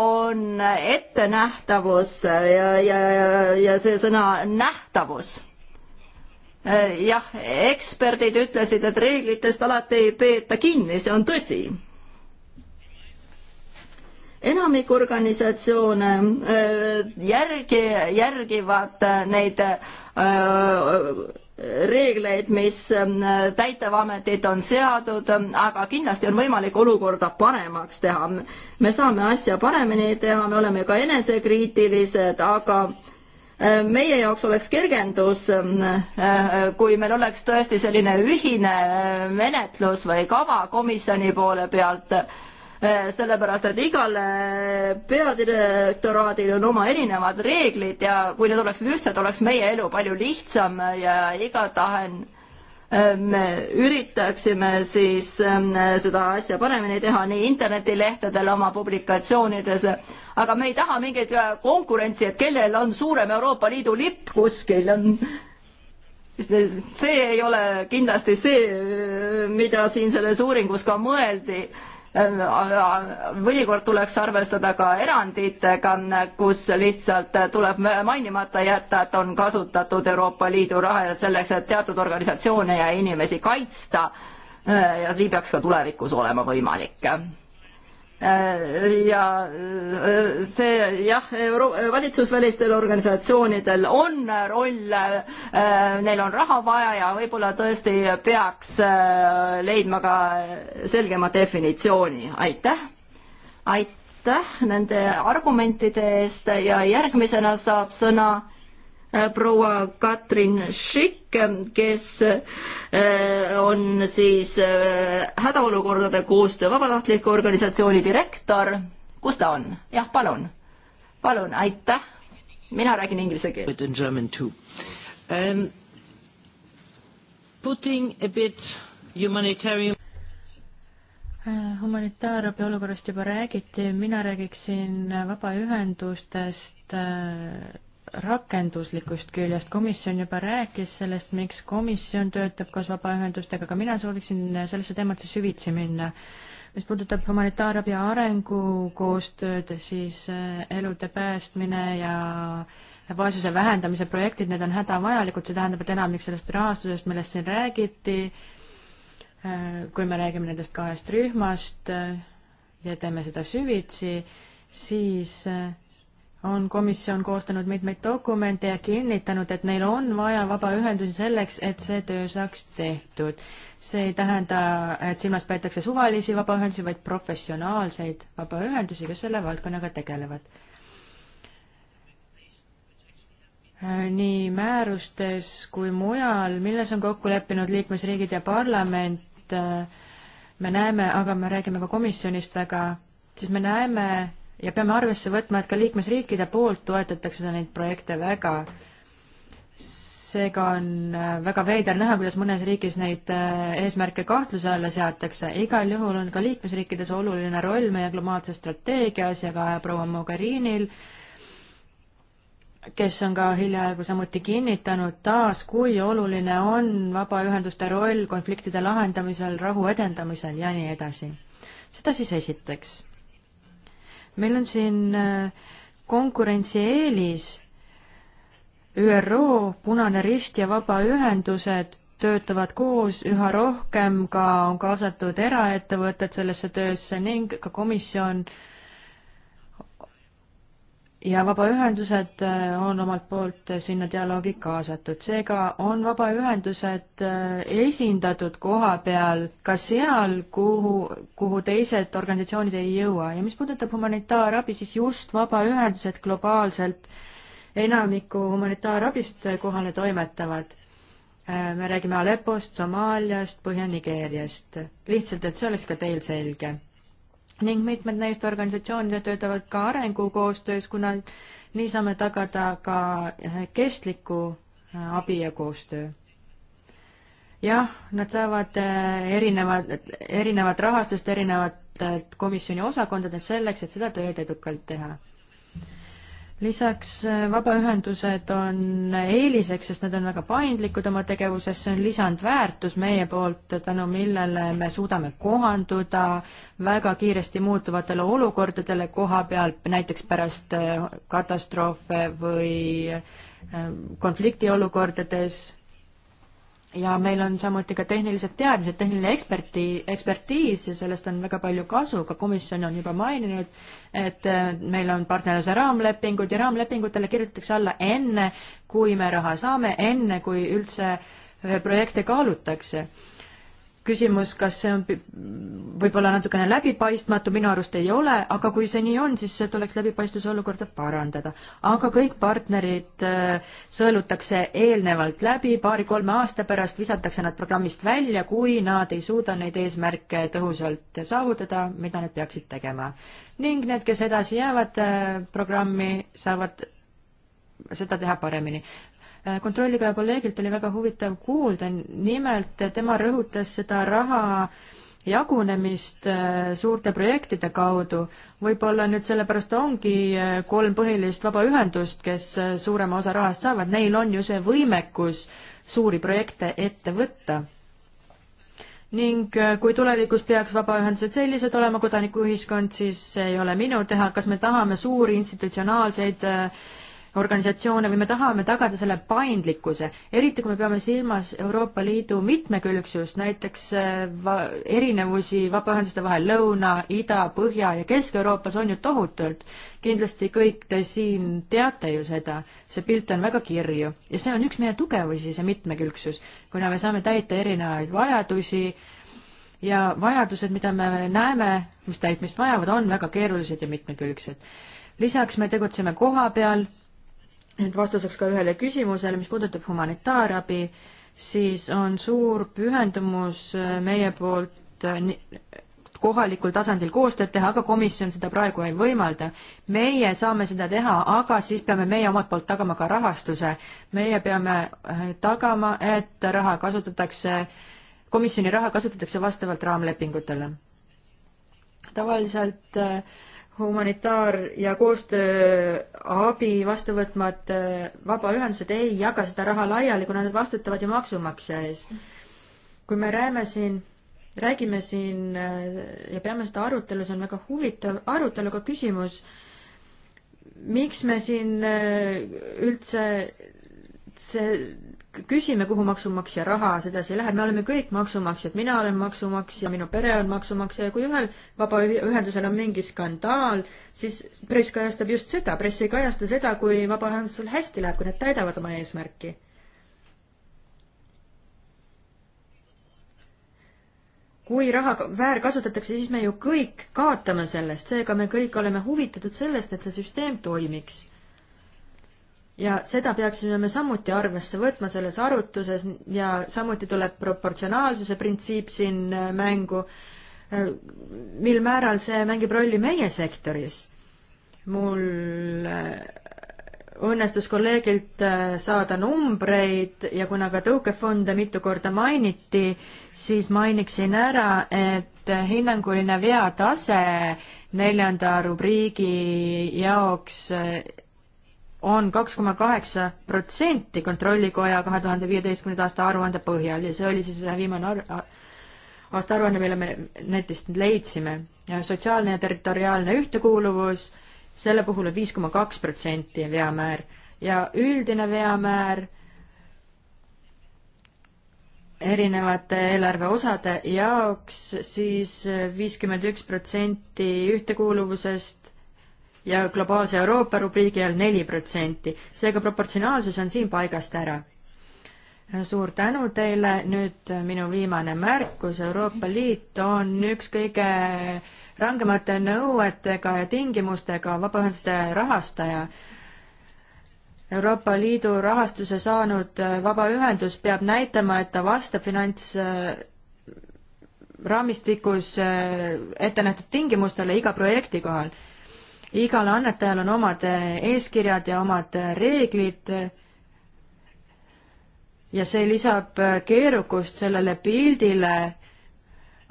on ettenähtavus ja, ja, ja see sõna nähtavus jah, eksperdid ütlesid, et reeglitest alati ei peeta kinni, see on tõsi enamik organisatsioone äh, järgi, järgivad neid äh, reegleid, mis äh, täitevametid on seadnud, aga kindlasti on võimalik olukorda paremaks teha. me saame asja paremini teha, me oleme ka enesekriitilised, aga meie jaoks oleks kergendus, kui meil oleks tõesti selline ühine menetlus või kava komisjoni poole pealt Eh, sellepärast et igal peadirektoraadil on oma erinevad reeglid ja kui need oleksid ühtsed, oleks meie elu palju lihtsam ja igatahes eh, me üritaksime siis eh, seda asja paremini teha nii internetilehtedel oma publikatsioonides, aga me ei taha mingeid konkurentsi, et kellel on suurem Euroopa Liidu lipp kuskil, on see ei ole kindlasti see, mida siin selles uuringus ka mõeldi Äh, mõnikord tuleks arvestada ka eranditega, kus lihtsalt tuleb mainimata jätta, et on kasutatud Euroopa Liidu raha selleks, et teatud organisatsioone ja inimesi kaitsta äh, ja nii peaks ka tulevikus olema võimalik Äh, ja äh, see jah, euro-, valitsusvälistel organisatsioonidel on roll, äh, neil on raha vaja ja võib-olla tõesti peaks leidma ka selgema definitsiooni, aitäh. aitäh nende argumentide eest ja järgmisena saab sõna Äh, proua Katrin Schick, kes äh, on siis äh, hädaolukordade koostöö vabatahtliku organisatsiooni direktor. kus ta on? jah, palun. palun, aitäh. mina räägin inglise keelt. In German too um,. Putting a bit humanitarian humanitaarabi olukorrast juba räägiti, mina räägiksin vabaühendustest äh, rakenduslikust küljest, komisjon juba rääkis sellest, miks komisjon töötab koos vabaühendustega, aga mina sooviksin sellesse teemasse süvitsi minna. mis puudutab humanitaarabi arengukoostööd, siis äh, elude päästmine ja vaesuse vähendamise projektid, need on hädavajalikud, see tähendab, et enamik sellest rahastusest, millest siin räägiti, äh, kui me räägime nendest kahest rühmast äh, ja teeme seda süvitsi, siis on komisjon koostanud mitmeid dokumente ja kinnitanud, et neil on vaja vabaühendusi selleks, et see töö saaks tehtud. see ei tähenda, et silmas peetakse suvalisi vabaühendusi, vaid professionaalseid vabaühendusi, kes selle valdkonnaga tegelevad. nii määrustes kui mujal, milles on kokku leppinud liikmesriigid ja parlament, me näeme, aga me räägime ka komisjonist väga, siis me näeme ja peame arvesse võtma, et ka liikmesriikide poolt toetatakse neid projekte väga. seega on äh, väga veider näha, kuidas mõnes riigis neid äh, eesmärke kahtluse alla seatakse. igal juhul on ka liikmesriikides oluline roll meie globaalses strateegias ja ka proua Mogherinil, kes on ka hiljaaegu samuti kinnitanud taas, kui oluline on vabaühenduste roll konfliktide lahendamisel, rahu edendamisel ja nii edasi. seda siis esiteks meil on siin äh, konkurentsieelis. ÜRO, Punane Rist ja vabaühendused töötavad koos üha rohkem, ka on kaasatud eraettevõtted sellesse töösse ning ka komisjon äh, ja vabaühendused äh, on omalt poolt sinna dialoogi kaasatud, seega on vabaühendused äh, esindatud koha peal ka seal, kuhu, kuhu teised organisatsioonid ei jõua ja mis puudutab humanitaarabi, siis just vabaühendused globaalselt enamiku humanitaarabist kohale toimetavad. Äh, me räägime Alepost, Somaaliast, Põhja-Nigeeriast, lihtsalt et see oleks ka teil selge ning mitmed neist organisatsioonidest töötavad ka arengukoostöös, kuna nii saame tagada ka eh, kestliku eh, abi ja koostöö. jah, nad saavad eh, erinevad, erinevat rahastust erinevatelt komisjoni osakondadelt selleks, et seda tööd edukalt teha lisaks äh, vabaühendused on eeliseks, sest nad on väga paindlikud oma tegevuses, see on lisandväärtus meie poolt, tänu millele me suudame kohanduda väga kiiresti muutuvatele olukordadele koha peal, näiteks pärast äh, katastroofe või äh, konfliktiolukordades ja meil on samuti ka tehnilised teadmised, tehniline eksperti, ekspertiis ja sellest on väga palju kasu, ka komisjon on juba maininud, et äh, meil on partnerluse raamlepingud ja raamlepingutele kirjutatakse alla enne, kui me raha saame, enne kui üldse äh, projekte kaalutakse küsimus, kas see on võib-olla natukene läbipaistmatu, minu arust ei ole, aga kui see nii on, siis tuleks läbipaistvuse olukorda parandada. aga kõik partnerid äh, sõelutakse eelnevalt läbi, paari-kolme aasta pärast visatakse nad programmist välja, kui nad ei suuda neid eesmärke tõhusalt saavutada, mida nad peaksid tegema. ning need, kes edasi jäävad äh, programmi, saavad seda teha paremini. Äh, kontrollikoja kolleegilt oli väga huvitav kuulda, nimelt äh, tema rõhutas seda raha jagunemist äh, suurte projektide kaudu. võib-olla nüüd sellepärast ongi kolm põhilist vabaühendust, kes suurema osa rahast saavad, neil on ju see võimekus suuri projekte ette võtta. ning kui tulevikus peaks vabaühendused sellised olema, kodanikuühiskond, siis see ei ole minu teha, kas me tahame suuri institutsionaalseid äh, organisatsioone või me tahame tagada selle paindlikkuse, eriti kui me peame silmas Euroopa Liidu mitmekülgsust, näiteks äh, va-, erinevusi vabaühenduste vahel Lõuna, Ida, Põhja ja Kesk-Euroopas on ju tohutult. kindlasti kõik te siin teate ju seda, see pilt on väga kirju ja see on üks meie tugevusi, see mitmekülgsus, kuna me saame täita erinevaid vajadusi, ja vajadused, mida me näeme, mis täitmist vajavad, on väga keerulised ja mitmekülgsed. lisaks me tegutseme koha peal, nüüd vastuseks ka ühele küsimusele, mis puudutab humanitaarabi, siis on suur pühendumus äh, meie poolt äh, kohalikul tasandil koostööd teha, aga komisjon seda praegu ei võimalda. meie saame seda teha, aga siis peame meie omalt poolt tagama ka rahastuse. meie peame äh, tagama, et raha kasutatakse, komisjoni raha kasutatakse vastavalt raamlepingutele. tavaliselt äh, humanitaar- ja koostööabi vastu võtvad äh, vabaühendused ei jaga seda raha laiali, kuna nad vastutavad ju maksumaksja ees. kui me räägime siin, räägime siin äh, ja peame seda arutelu, see on väga huvitav arutelu, aga küsimus, miks me siin äh, üldse see küsime, kuhu maksumaksja raha sedasi läheb, me oleme kõik maksumaksjad, mina olen maksumaksja, minu pere on maksumaksja ja kui ühel vabaühendusel on mingi skandaal, siis press kajastab just seda, press ei kajasta seda, kui vabaühendusel hästi läheb, kui nad täidavad oma eesmärki. kui raha väärkasutatakse, siis me ju kõik kaotame sellest, seega me kõik oleme huvitatud sellest, et see süsteem toimiks ja seda peaksime me samuti arvesse võtma selles arutluses ja samuti tuleb proportsionaalsuse printsiip siin äh, mängu, äh, mil määral see mängib rolli meie sektoris. mul äh, õnnestus kolleegilt saada numbreid ja kuna ka tõukefonde mitu korda mainiti, siis mainiksin ära, et hinnanguline veatase neljanda rubriigi jaoks on kaks koma kaheksa protsenti Kontrollikoja kahe tuhande viieteistkümnenda aasta aruande põhjal ja see oli siis viimane ar-, aasta aruanne, mille me netist leidsime. sotsiaalne ja territoriaalne ühtekuuluvus, selle puhul on viis koma kaks protsenti veamäär ja üldine veamäär erinevate eelarveosade jaoks siis viiskümmend üks protsenti ühtekuuluvusest, ja globaalse Euroopa rubriigi all neli protsenti. seega proportsionaalsus on siin paigast ära. suur tänu teile, nüüd minu viimane märkus, Euroopa Liit on üks kõige rangemate nõuetega ja tingimustega vabaühenduste rahastaja Euroopa Liidu rahastuse saanud vabaühendus peab näitama, et ta vastab finantsraamistikus äh, äh, ette nähtud tingimustele iga projekti kohal igal annetajal on omad eh, eeskirjad ja omad eh, reeglid ja see lisab eh, keerukust sellele pildile,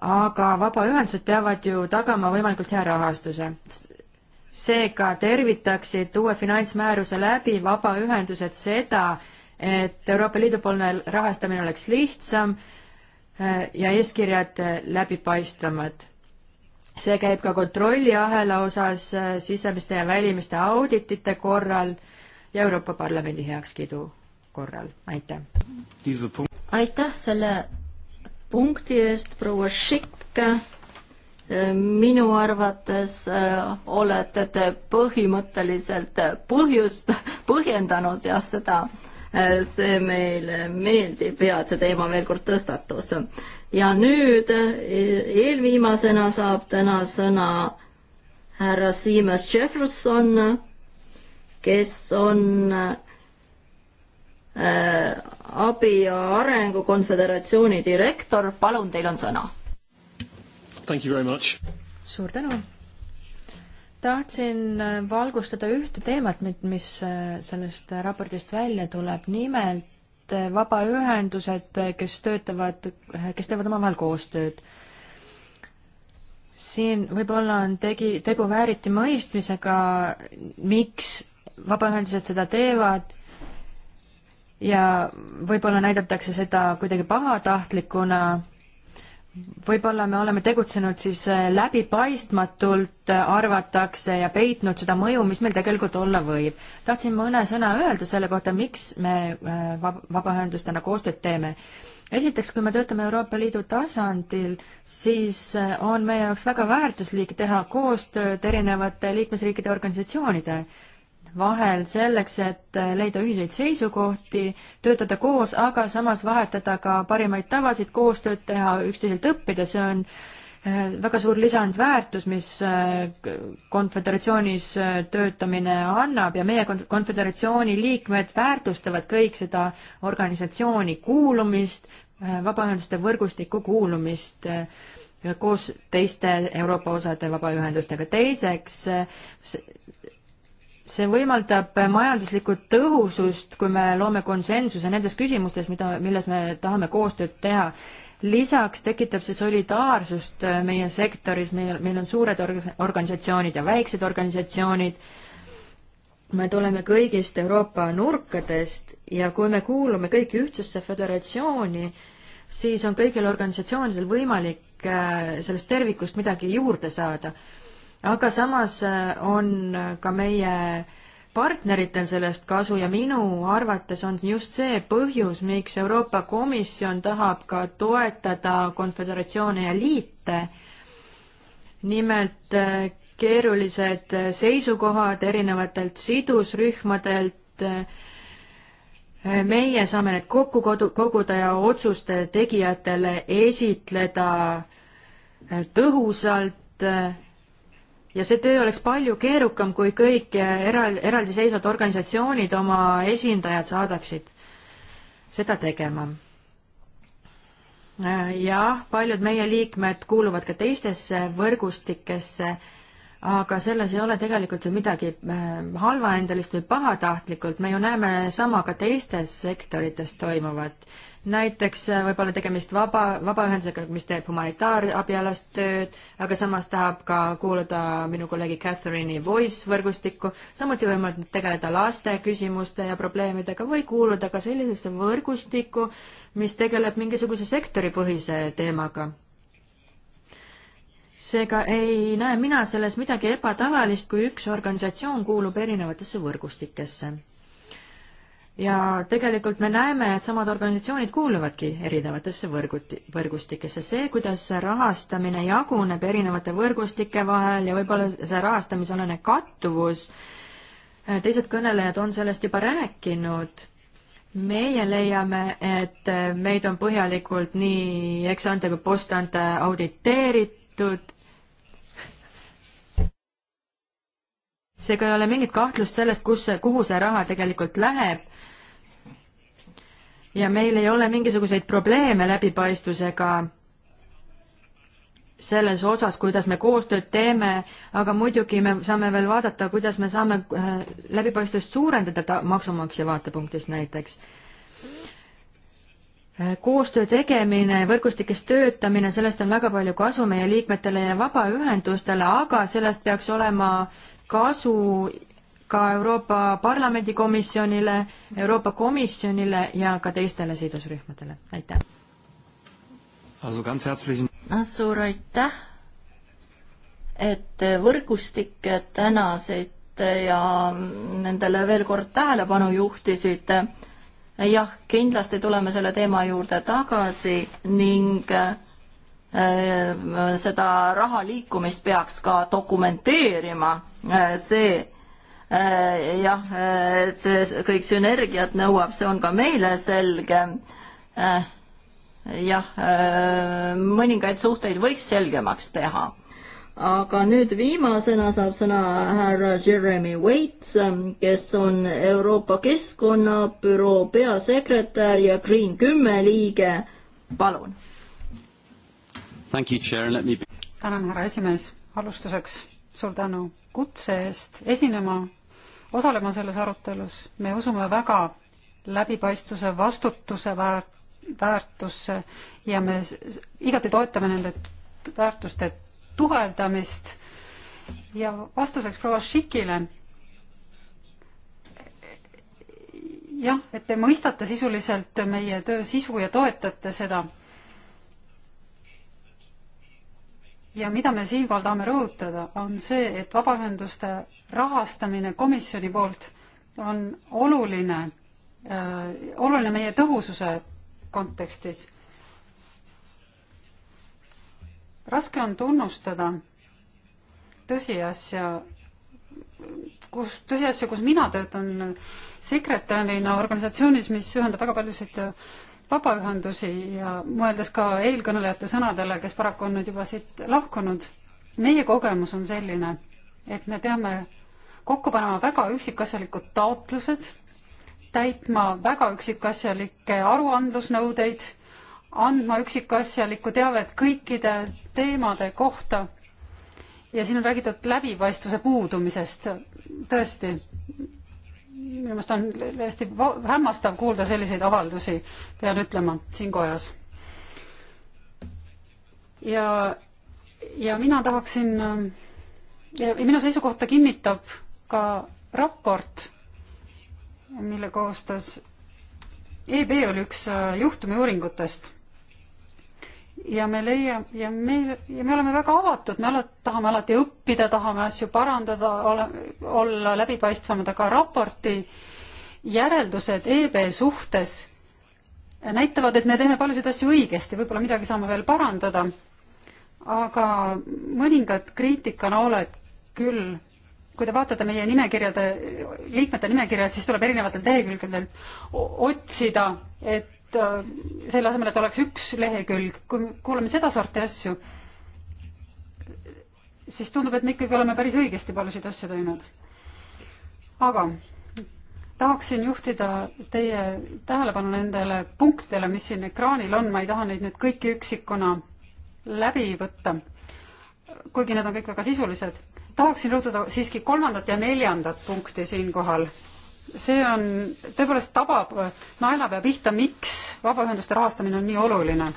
aga vabaühendused peavad ju tagama võimalikult hea rahastuse. seega tervitaksid uue finantsmääruse läbi vabaühendused seda, et Euroopa Liidu poolne rahastamine oleks lihtsam ja eeskirjad läbipaistvamad see käib ka kontrolliahela osas äh, sisemiste ja välimiste auditite korral ja Euroopa Parlamendi heakskiidu korral, aitäh. aitäh selle punkti eest, proua Šikk. Äh, minu arvates äh, olete te põhimõtteliselt põhjust, põhjendanud jah, seda see meile meeldib ja et see teema veel kord tõstatus ja nüüd eh, eelviimasena saab täna sõna härra Seamus Jefferson, kes on äh, abi ja arengu konföderatsiooni direktor, palun, teil on sõna. suur tänu. tahtsin eh, valgustada ühte teemat, mis sellest raportist välja tuleb, nimelt et vabaühendused, kes töötavad, kes teevad omavahel koostööd. siin võib-olla on tegi, tegu vääritimõistmisega, miks vabaühendused seda teevad ja võib-olla näidatakse seda kuidagi pahatahtlikuna võib-olla me oleme tegutsenud siis äh, läbipaistmatult, äh, arvatakse, ja peitnud seda mõju, mis meil tegelikult olla võib. tahtsin mõne sõna öelda selle kohta, miks me äh, vab-, vabaühendustena koostööd teeme. esiteks, kui me töötame Euroopa Liidu tasandil, siis on meie jaoks väga väärtuslik teha koostööd erinevate liikmesriikide organisatsioonide vahel selleks, et leida ühiseid seisukohti, töötada koos, aga samas vahetada ka parimaid tavasid, koostööd teha, üksteiselt õppida, see on eh, väga suur lisandväärtus, mis eh, konföderatsioonis eh, töötamine annab ja meie konföderatsiooni liikmed väärtustavad kõik seda organisatsiooni kuulumist, vabaühenduste võrgustikku kuulumist koos teiste Euroopa osade vabaühendustega. teiseks, see võimaldab majanduslikku tõhusust, kui me loome konsensuse nendes küsimustes, mida, milles me tahame koostööd teha. lisaks tekitab see solidaarsust meie sektoris, meil, meil on suured org-, organisatsioonid ja väiksed organisatsioonid, me tuleme kõigist Euroopa nurkadest ja kui me kuulume kõik ühtsesse föderatsiooni, siis on kõigil organisatsioonidel võimalik äh, sellest tervikust midagi juurde saada aga samas äh, on äh, ka meie partneritel sellest kasu ja minu arvates on just see põhjus, miks Euroopa Komisjon tahab ka toetada konföderatsioone ja liite. nimelt äh, keerulised seisukohad erinevatelt sidusrühmadelt, meie saame need kokku koguda ja otsuste tegijatele esitleda tõhusalt ja see töö oleks palju keerukam, kui kõik eral-, eraldiseisvad organisatsioonid oma esindajad saadaksid seda tegema. Äh, jah, paljud meie liikmed kuuluvad ka teistesse võrgustikesse aga selles ei ole tegelikult ju midagi äh, halvaendelist või pahatahtlikult, me ju näeme sama ka teistes sektorites toimuvat. näiteks äh, võib-olla tegemist vaba, vabaühendusega, mis teeb humanitaarabialast tööd, aga samas tahab ka kuuluda minu kolleegi Catherine'i Voice võrgustikku, samuti võimalik tegeleda laste küsimuste ja probleemidega või kuuluda ka sellisesse võrgustikku, mis tegeleb mingisuguse sektoripõhise teemaga seega ei näe mina selles midagi ebatavalist, kui üks organisatsioon kuulub erinevatesse võrgustikesse. ja tegelikult me näeme, et samad organisatsioonid kuuluvadki erinevatesse võrguti, võrgustikesse. see, kuidas rahastamine jaguneb erinevate võrgustike vahel ja võib-olla see rahastamisalane kattuvus, äh, teised kõnelejad on sellest juba rääkinud meie leiame, et äh, meid on põhjalikult nii eksante kui postante auditeeritud, võetud. seega ei ole mingit kahtlust sellest, kus see, kuhu see raha tegelikult läheb. ja meil ei ole mingisuguseid probleeme läbipaistvusega selles osas, kuidas me koostööd teeme, aga muidugi me saame veel vaadata, kuidas me saame äh, läbipaistvust suurendada maksumaksja vaatepunktist näiteks Äh, koostöö tegemine, võrgustikes töötamine, sellest on väga palju kasu meie liikmetele ja vabaühendustele, aga sellest peaks olema kasu ka Euroopa Parlamendi komisjonile, Euroopa Komisjonile ja ka teistele sidusrühmadele, aitäh. suur aitäh, et võrgustik tänasite ja nendele veel kord tähelepanu juhtisite jah, kindlasti tuleme selle teema juurde tagasi ning äh, äh, seda raha liikumist peaks ka dokumenteerima, äh, see jah, et see kõik sünergiat nõuab, see on ka meile selge. jah, mõningaid suhteid võiks selgemaks teha aga nüüd viimasena saab sõna härra Jeremy Waits, ähm, kes on Euroopa Keskkonnabüroo peasekretär ja Green kümme liige. palun. Be... tänan, härra esimees. alustuseks suur tänu kutse eest esinema, osalema selles arutelus. me usume väga läbipaistvuse, vastutuse väär-, väärtusse ja me igati toetame nende väärtuste tuheldamist ja vastuseks proua Šikile. jah, et te mõistate sisuliselt meie töö sisu ja toetate seda. ja mida me siinkohal tahame rõhutada, on see, et vabaühenduste rahastamine komisjoni poolt on oluline, äh, oluline meie tõhususe kontekstis raske on tunnustada tõsiasja, kus, tõsiasja, kus mina töötan sekretärina organisatsioonis, mis ühendab väga paljusid vabaühendusi ja mõeldes ka eelkõnelejate sõnadele, kes paraku on nüüd juba siit lahkunud, meie kogemus on selline, et me peame kokku panema väga üksikasjalikud taotlused, täitma väga üksikasjalikke aruandlusnõudeid andma üksikasjalikku teavet kõikide teemade kohta. ja siin on räägitud läbipaistvuse puudumisest. tõesti, minu meelest on hästi hämmastav kuulda selliseid avaldusi, pean ütlema, siin kojas. ja, ja mina tahaksin ja minu seisukohta kinnitab ka raport, mille koostas EB oli üks äh, juhtumiuuringutest ja me leiame ja meil ja me oleme väga avatud, me alati tahame alati õppida, tahame asju parandada, ole, olla läbipaistvamad, aga raporti järeldused EB suhtes näitavad, et me teeme paljusid asju õigesti, võib-olla midagi saame veel parandada. aga mõningad kriitikanooled küll, kui te vaatate meie nimekirjade, liikmete nimekirjad, siis tuleb erinevatel lehekülgedel otsida, et Äh, selle asemel, et oleks üks lehekülg, kui kuulame sedasorti asju, siis tundub, et me ikkagi oleme päris õigesti paljusid asju teinud. aga tahaksin juhtida teie tähelepanu nendele punktidele, mis siin ekraanil on, ma ei taha neid nüüd kõiki üksikuna läbi võtta, kuigi need on kõik väga sisulised. tahaksin rõhutada siiski kolmandat ja neljandat punkti siinkohal see on, tõepoolest tabab naelapea pihta, miks vabaühenduste rahastamine on nii oluline.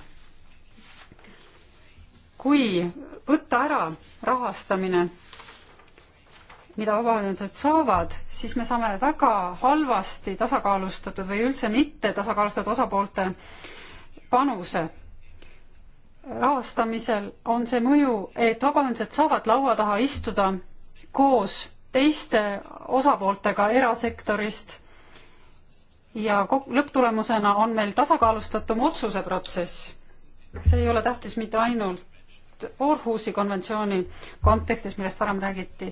kui võtta ära rahastamine, mida vabaühendused saavad, siis me saame väga halvasti tasakaalustatud või üldse mitte tasakaalustatud osapoolte panuse. rahastamisel on see mõju, et vabaühendused saavad laua taha istuda koos teiste osapooltega erasektorist ja lõpptulemusena on meil tasakaalustatum otsuse protsess. see ei ole tähtis mitte ainult Orhusi konventsiooni kontekstis, millest varem räägiti,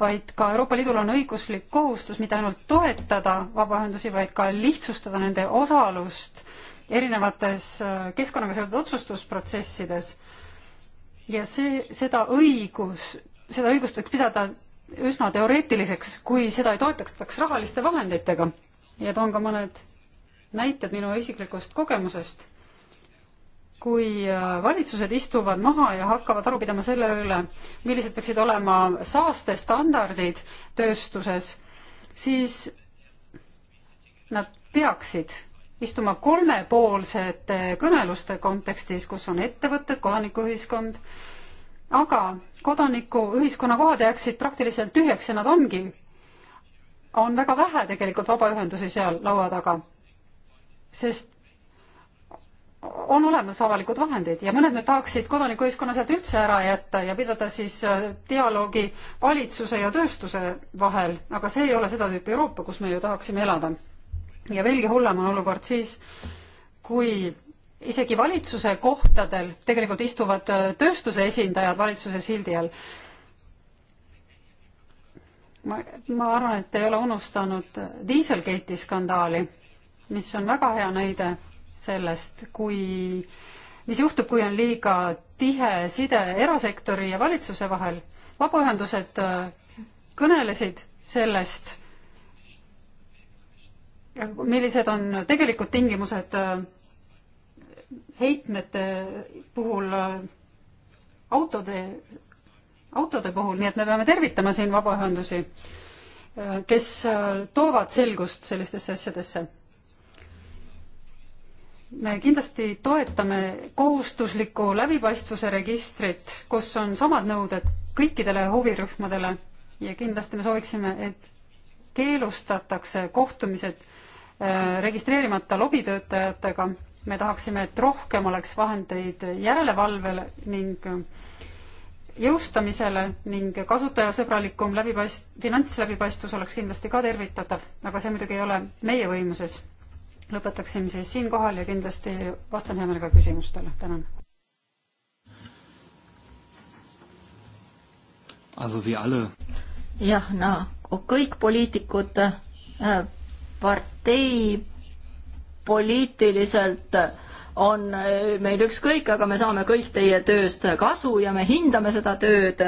vaid ka Euroopa Liidul on õiguslik kohustus mitte ainult toetada vabaühendusi, vaid ka lihtsustada nende osalust erinevates äh, keskkonnaga seotud otsustusprotsessides. ja see, seda õigus, seda õigust võiks pidada üsna teoreetiliseks, kui seda ei toetataks rahaliste vahenditega. ja toon ka mõned näited minu isiklikust kogemusest. kui äh, valitsused istuvad maha ja hakkavad aru pidama selle üle, millised peaksid olema saastestandardid tööstuses, siis nad peaksid istuma kolmepoolsete kõneluste kontekstis, kus on ettevõtted, kodanikuühiskond, aga kodanikuühiskonna kohad jääksid praktiliselt tühjaks ja nad ongi, on väga vähe tegelikult vabaühendusi seal laua taga, sest on olemas avalikud vahendid ja mõned nüüd tahaksid kodanikuühiskonna sealt üldse ära jätta ja pidada siis äh, dialoogi valitsuse ja tööstuse vahel, aga see ei ole seda tüüpi Euroopa, kus me ju tahaksime elada. ja veelgi hullem on olukord siis, kui isegi valitsuse kohtadel tegelikult istuvad äh, tööstuse esindajad valitsuse sildi all. ma, ma arvan, et ei ole unustanud äh, Dieselgate'i skandaali, mis on väga hea näide sellest, kui, mis juhtub, kui on liiga tihe side erasektori ja valitsuse vahel. vabaühendused äh, kõnelesid sellest, millised on tegelikud tingimused heitmete puhul autode, autode puhul, nii et me peame tervitama siin vabaühendusi, kes äh, toovad selgust sellistesse asjadesse. me kindlasti toetame kohustuslikku läbipaistvuse registrit, kus on samad nõuded kõikidele huvirühmadele ja kindlasti me sooviksime, et keelustatakse kohtumised äh, registreerimata lobitöötajatega me tahaksime, et rohkem oleks vahendeid järelevalvele ning jõustamisele ning kasutajasõbralikum läbipaist-, finantsläbipaistvus oleks kindlasti ka tervitatav, aga see muidugi ei ole meie võimuses. lõpetaksin siis siinkohal ja kindlasti vastan hea meelega küsimustele, tänan. jah, no kõik poliitikud, äh, partei poliitiliselt on meil ükskõik, aga me saame kõik teie tööst kasu ja me hindame seda tööd.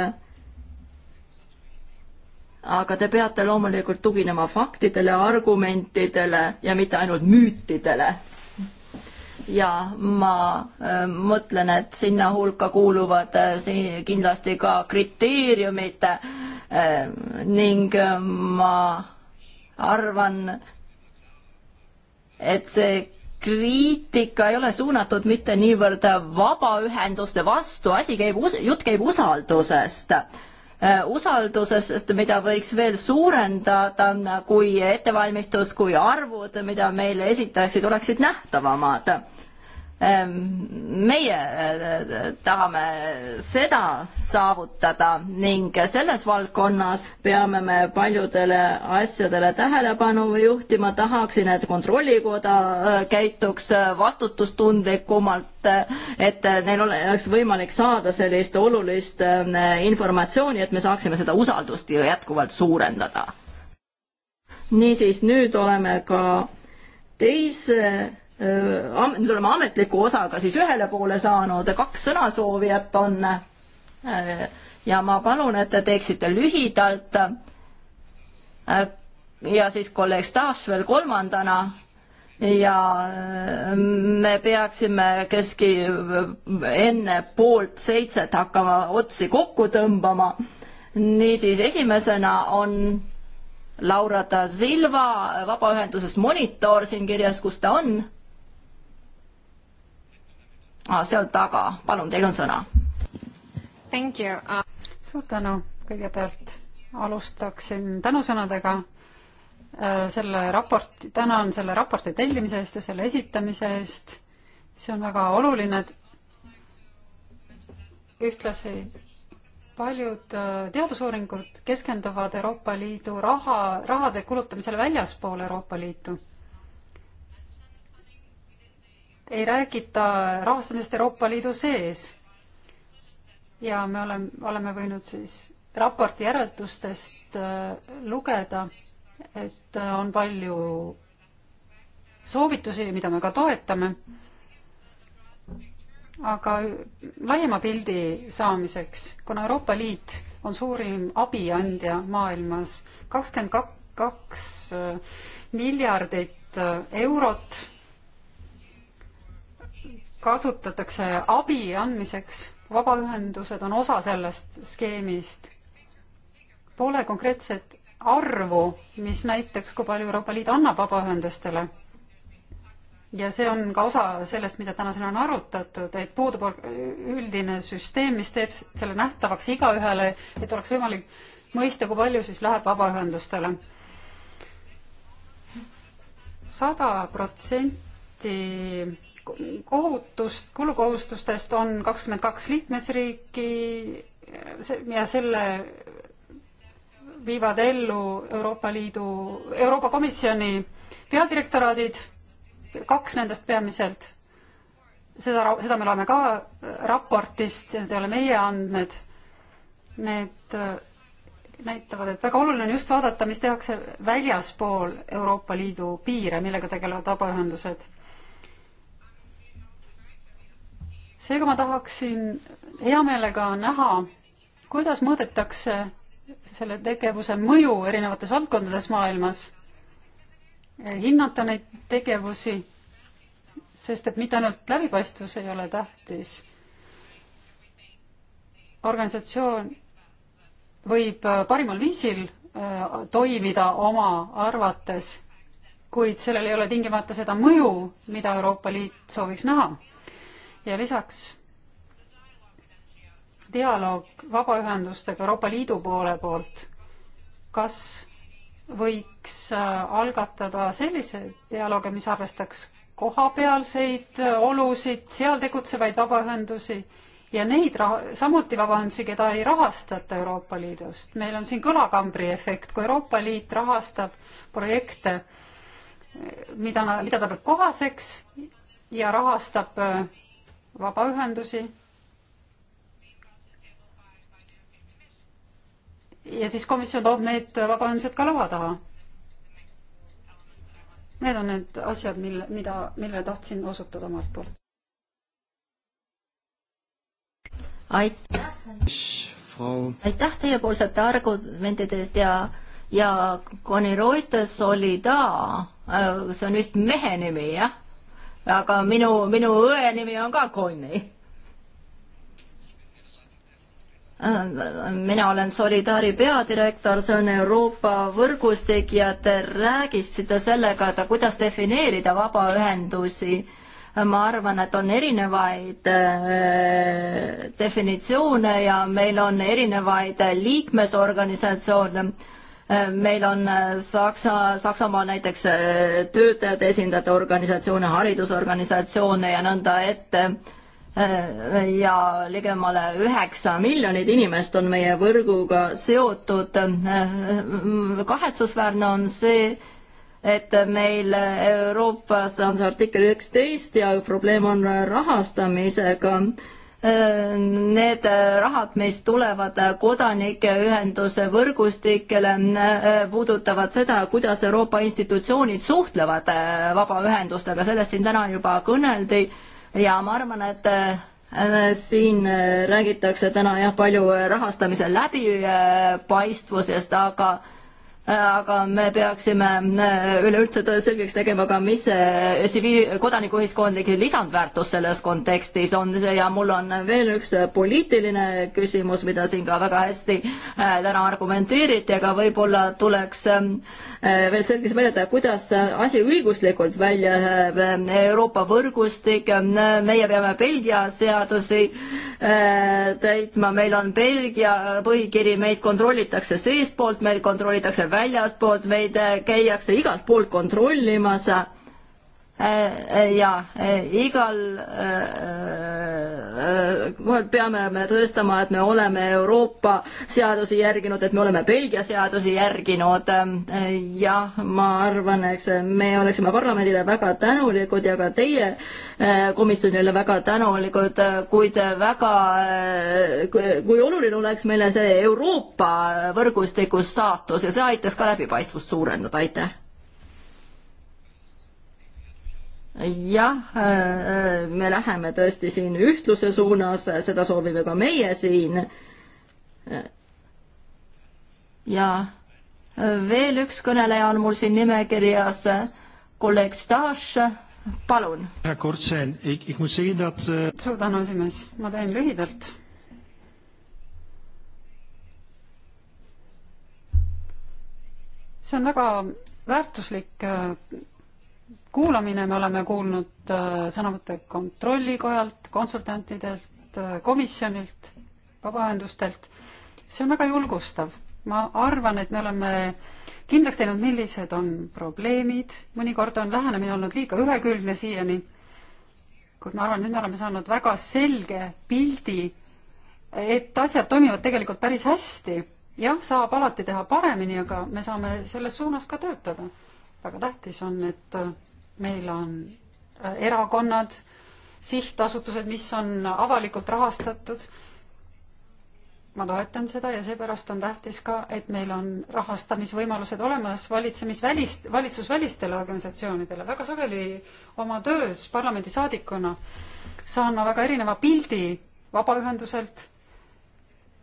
aga te peate loomulikult tuginema faktidele, argumentidele ja mitte ainult müütidele. ja ma äh, mõtlen, et sinna hulka kuuluvad äh, kindlasti ka kriteeriumid äh, ning ma arvan, et see kriitika ei ole suunatud mitte niivõrd vabaühenduste vastu, asi käib, jutt käib usaldusest. Äh, usaldusest, mida võiks veel suurendada, kui ettevalmistus, kui arvud, mida meile esitasid, oleksid nähtavamad Ehm, meie äh, tahame seda saavutada ning selles valdkonnas peame me paljudele asjadele tähelepanu juhtima, tahaksin, et Kontrollikoda äh, käituks äh, vastutustundlikumalt, et neil oleks võimalik saada sellist olulist informatsiooni, et me saaksime seda usaldust ju jätkuvalt suurendada. niisiis, nüüd oleme ka teise Äh, nüüd oleme ametliku osaga siis ühele poole saanud, kaks sõnasoovijat on. Äh, ja ma palun, et te teeksite lühidalt. Äh, ja siis kolleeg Stas veel kolmandana. ja me peaksime keski enne poolt seitset hakkama otsi kokku tõmbama. niisiis, esimesena on Laura da Silva vabaühendusest Monitor siin kirjas, kus ta on. Ah, seal taga. palun, teil on sõna. Thank you uh.... suur tänu, kõigepealt alustaksin tänusõnadega äh, selle raporti, tänan selle raporti tellimise eest ja selle esitamise eest. see on väga oluline, et ühtlasi paljud äh, teadusuuringud keskenduvad Euroopa Liidu raha, rahade kulutamisele väljaspool Euroopa Liitu ei räägita rahastamisest Euroopa Liidu sees. ja me oleme, oleme võinud siis raporti järeldustest äh, lugeda, et äh, on palju soovitusi, mida me ka toetame, aga laiema pildi saamiseks, kuna Euroopa Liit on suurim abiandja maailmas, kakskümmend kaks äh, miljardit eurot kasutatakse abi andmiseks, vabaühendused on osa sellest skeemist. Pole konkreetset arvu, mis näiteks, kui palju Euroopa Liit annab vabaühendustele. ja see on ka osa sellest, mida täna siin on arutatud, et puudub üldine süsteem, mis teeb selle nähtavaks igaühele, et oleks võimalik mõista, kui palju siis läheb vabaühendustele. sada protsenti kohutust, kulukohustustest on kakskümmend kaks liikmesriiki ja selle viivad ellu Euroopa Liidu, Euroopa Komisjoni peadirektoraadid, kaks nendest peamiselt. seda, seda me loeme ka raportist, need ei ole meie andmed. Need äh, näitavad, et väga oluline on just vaadata, mis tehakse väljaspool Euroopa Liidu piire, millega tegelevad vabaühendused seega ma tahaksin hea meelega näha, kuidas mõõdetakse selle tegevuse mõju erinevates valdkondades maailmas, hinnata neid tegevusi, sest et mitte ainult läbipaistvus ei ole tähtis. organisatsioon võib parimal viisil äh, toimida oma arvates, kuid sellel ei ole tingimata seda mõju, mida Euroopa Liit sooviks näha ja lisaks dialoog vabaühendustega Euroopa Liidu poole poolt, kas võiks äh, algatada selliseid dialoogi, mis arvestaks kohapealseid äh, olusid, seal tegutsevaid vabaühendusi ja neid raha, samuti vabaühendusi, keda ei rahastata Euroopa Liidust. meil on siin kõlakambri efekt, kui Euroopa Liit rahastab projekte, äh, mida, mida ta peab kohaseks ja rahastab vabaühendusi. ja siis komisjon toob need vabaühendused ka laua taha. Need on need asjad, mille, mida, millele tahtsin osutada omalt poolt. aitäh. aitäh teiepoolsete argumentide eest ja, ja Conny Reuters oli ta, äh, see on vist mehe nimi, jah aga minu, minu õe nimi on ka Conny. Äh, mina olen Solidaari peadirektor, see on Euroopa võrgustik ja te räägiksite sellega, et kuidas defineerida vabaühendusi. ma arvan, et on erinevaid äh, definitsioone ja meil on erinevaid liikmesorganisatsioone meil on äh, Saksa, Saksamaal näiteks äh, töötajate esindajate organisatsioone, haridusorganisatsioone ja nõnda ette äh, ja ligemale üheksa miljonit inimest on meie võrguga seotud. kahetsusväärne on see, et meil Euroopas on see artikkel üksteist ja probleem on rahastamisega Äh, need äh, rahad, mis tulevad äh, kodanikeühenduse võrgustikele, puudutavad seda, kuidas Euroopa institutsioonid suhtlevad vabaühendustega, sellest siin täna juba kõneldi ja ma arvan, et siin räägitakse täna jah, palju rahastamise läbipaistvusest, aga aga me peaksime äh, üleüldse selgeks tegema ka, mis see tsiviil, äh, kodanikuühiskondlik lisandväärtus selles kontekstis on ja mul on veel üks äh, poliitiline küsimus, mida siin ka väga hästi täna argumenteeriti, aga võib-olla tuleks äh, Äh, veel selgeks meelde, kuidas asi õiguslikult välja näeb, Euroopa võrgustik, meie peame Belgia seadusi äh, täitma, meil on Belgia põhikiri, meid kontrollitakse seestpoolt, meid kontrollitakse väljaspoolt, meid äh, käiakse igalt poolt kontrollimas Äh, äh, ja äh, igal kohal peame me tõestama, et me oleme Euroopa seadusi järginud, et me oleme Belgia seadusi järginud. jah, ma arvan, eks me oleksime parlamendile väga tänulikud ja ka teie komisjonile väga tänulikud, kuid väga, kui oluline oleks meile see Euroopa võrgustiku saatus ja see aitaks ka läbipaistvust suurendada, aitäh jah, äh, äh, me läheme tõesti siin ühtluse suunas, äh, seda soovime ka meie siin. ja veel üks kõneleja on mul siin nimekirjas, kolleeg Staš, palun. suur tänu, esimees, ma teen lühidalt. see on väga väärtuslik kuulamine, me oleme kuulnud äh, sõnavõtte kontrollikojalt, konsultantidelt, äh, komisjonilt, vabaühendustelt. see on väga julgustav. ma arvan, et me oleme kindlaks teinud, millised on probleemid, mõnikord on lähenemine olnud liiga ühekülgne siiani, kuid ma arvan, nüüd me oleme saanud väga selge pildi, et asjad toimivad tegelikult päris hästi. jah, saab alati teha paremini, aga me saame selles suunas ka töötada. väga tähtis on, et äh, meil on äh, erakonnad, sihtasutused, mis on avalikult rahastatud. ma toetan seda ja seepärast on tähtis ka, et meil on rahastamisvõimalused olemas valitsemisvälist, valitsusvälistele organisatsioonidele. väga sageli oma töös parlamendisaadikuna saan ma väga erineva pildi vabaühenduselt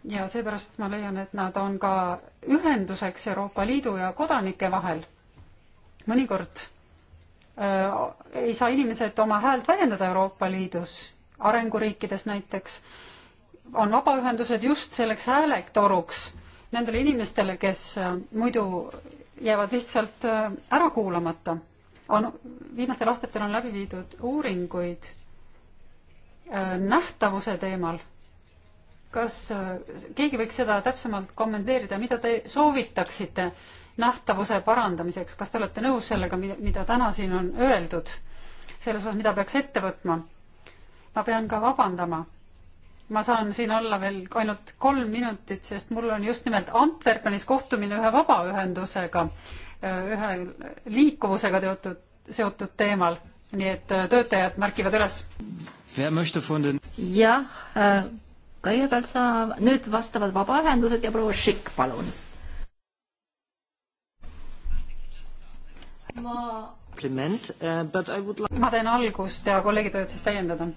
ja seepärast ma leian, et nad on ka ühenduseks Euroopa Liidu ja kodanike vahel. mõnikord Äh, ei saa inimesed oma häält väljendada Euroopa Liidus, arenguriikides näiteks, on vabaühendused just selleks häälektoruks nendele inimestele, kes äh, muidu jäävad lihtsalt äh, ära kuulamata. on, viimastel aastatel on läbi viidud uuringuid nähtavuse teemal. kas keegi võiks seda täpsemalt kommenteerida, mida te soovitaksite äh, nähtavuse parandamiseks. kas te olete nõus sellega, mida täna siin on öeldud, selles osas, mida peaks ette võtma? ma pean ka vabandama. ma saan siin olla veel ainult kolm minutit, sest mul on just nimelt Antwerpenis kohtumine ühe vabaühendusega, ühe liikuvusega teotud, seotud teemal, nii et äh, töötajad märkivad üles. jah äh,, kõigepealt sa, nüüd vastavad vabaühendused ja proua Šikk, palun ma uh, ma teen algust ja kolleegid võivad siis täiendada.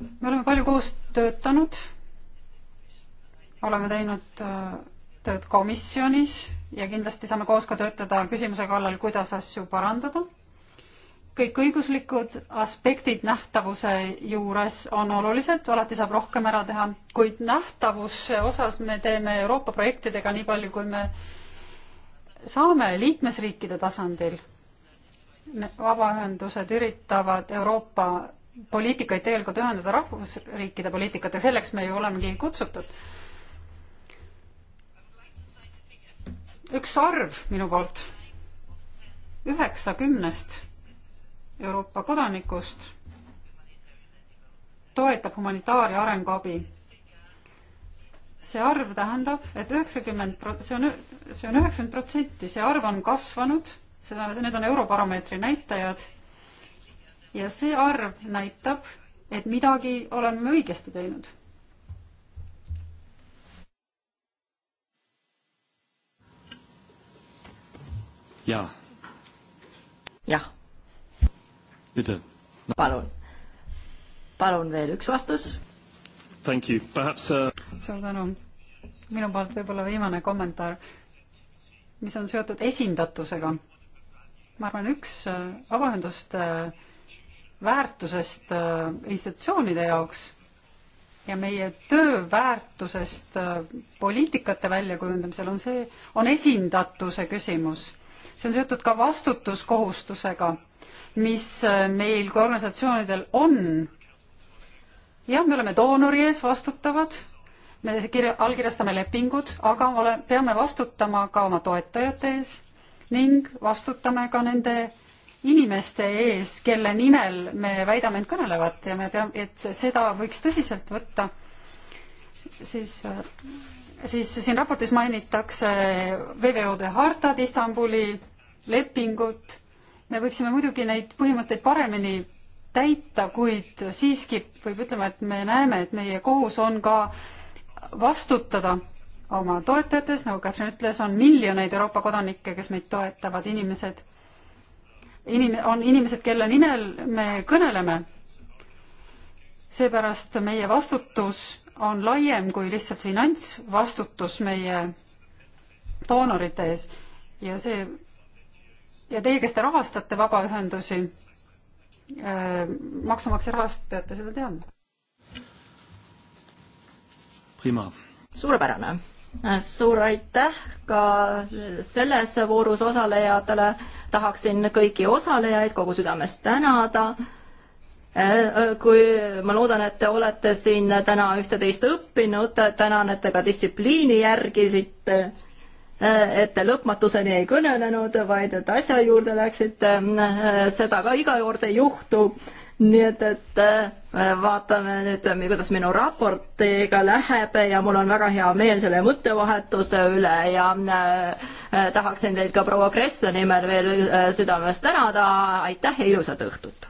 me oleme palju koos töötanud, oleme teinud uh, tööd komisjonis ja kindlasti saame koos ka töötada küsimuse kallal, kuidas asju parandada. kõik õiguslikud aspektid nähtavuse juures on olulised, alati saab rohkem ära teha, kuid nähtavuse osas me teeme Euroopa projektidega nii palju, kui me saame liikmesriikide tasandil, vabaühendused üritavad Euroopa poliitikaid tegelikult ühendada rahvusriikide poliitikat ja selleks me ju olemegi kutsutud. üks arv minu poolt, üheksa kümnest Euroopa kodanikust toetab humanitaar- ja arenguabi see arv tähendab et, et üheksakümmend prot-, see on, see on üheksakümmend protsenti, see arv on kasvanud, seda, need on Eurobaromeetri näitajad, ja see arv näitab, et midagi oleme õigesti teinud. jaa. jah. palun, palun veel üks vastus Thank you. Perhaps uh... suur tänu. minu poolt võib-olla viimane kommentaar, mis on seotud esindatusega. ma arvan, üks äh, vabaühenduste äh, väärtusest äh, institutsioonide jaoks ja meie töö väärtusest poliitikate väljakujundamisel on see, on esindatuse küsimus. see on seotud ka vastutuskohustusega, mis meil kui organisatsioonidel on jah, me oleme doonori ees vastutavad, me kirja, allkirjastame lepingud, aga ole, peame vastutama ka oma toetajate ees ning vastutame ka nende inimeste ees, kelle nimel me väidame end kõnelevat ja me teame, et seda võiks tõsiselt võtta, siis siis siin raportis mainitakse WWOD hartad, Istanbuli lepingut, me võiksime muidugi neid põhimõtteid paremini täita, kuid siiski võib ütlema, et me näeme, et meie kohus on ka vastutada oma toetajates, nagu Katrin ütles, on miljoneid Euroopa kodanikke, kes meid toetavad, inimesed, inim-, on inimesed, kelle nimel me kõneleme. seepärast meie vastutus on laiem kui lihtsalt finantsvastutus meie doonorite ees ja see ja teie, kes te rahastate vabaühendusi, Äh, maksumaksja rahast peate seda teadma. prima. suurepärane. suur aitäh ka selles voorus osalejatele. tahaksin kõiki osalejaid kogu südamest tänada äh, äh, kui ma loodan, et te olete siin täna üht-teist õppinud, tänan, et te ka distsipliini järgisite Äh, et te lõpmatuseni ei kõnelenud, vaid et asja juurde läksite, äh, seda ka iga kord ei juhtu. nii et, et äh, vaatame nüüd, kuidas minu raportiga läheb ja mul on väga hea meel selle mõttevahetuse üle ja tahaksin teid ka proua Kressle nimel veel südamest tänada, aitäh ja ilusat õhtut!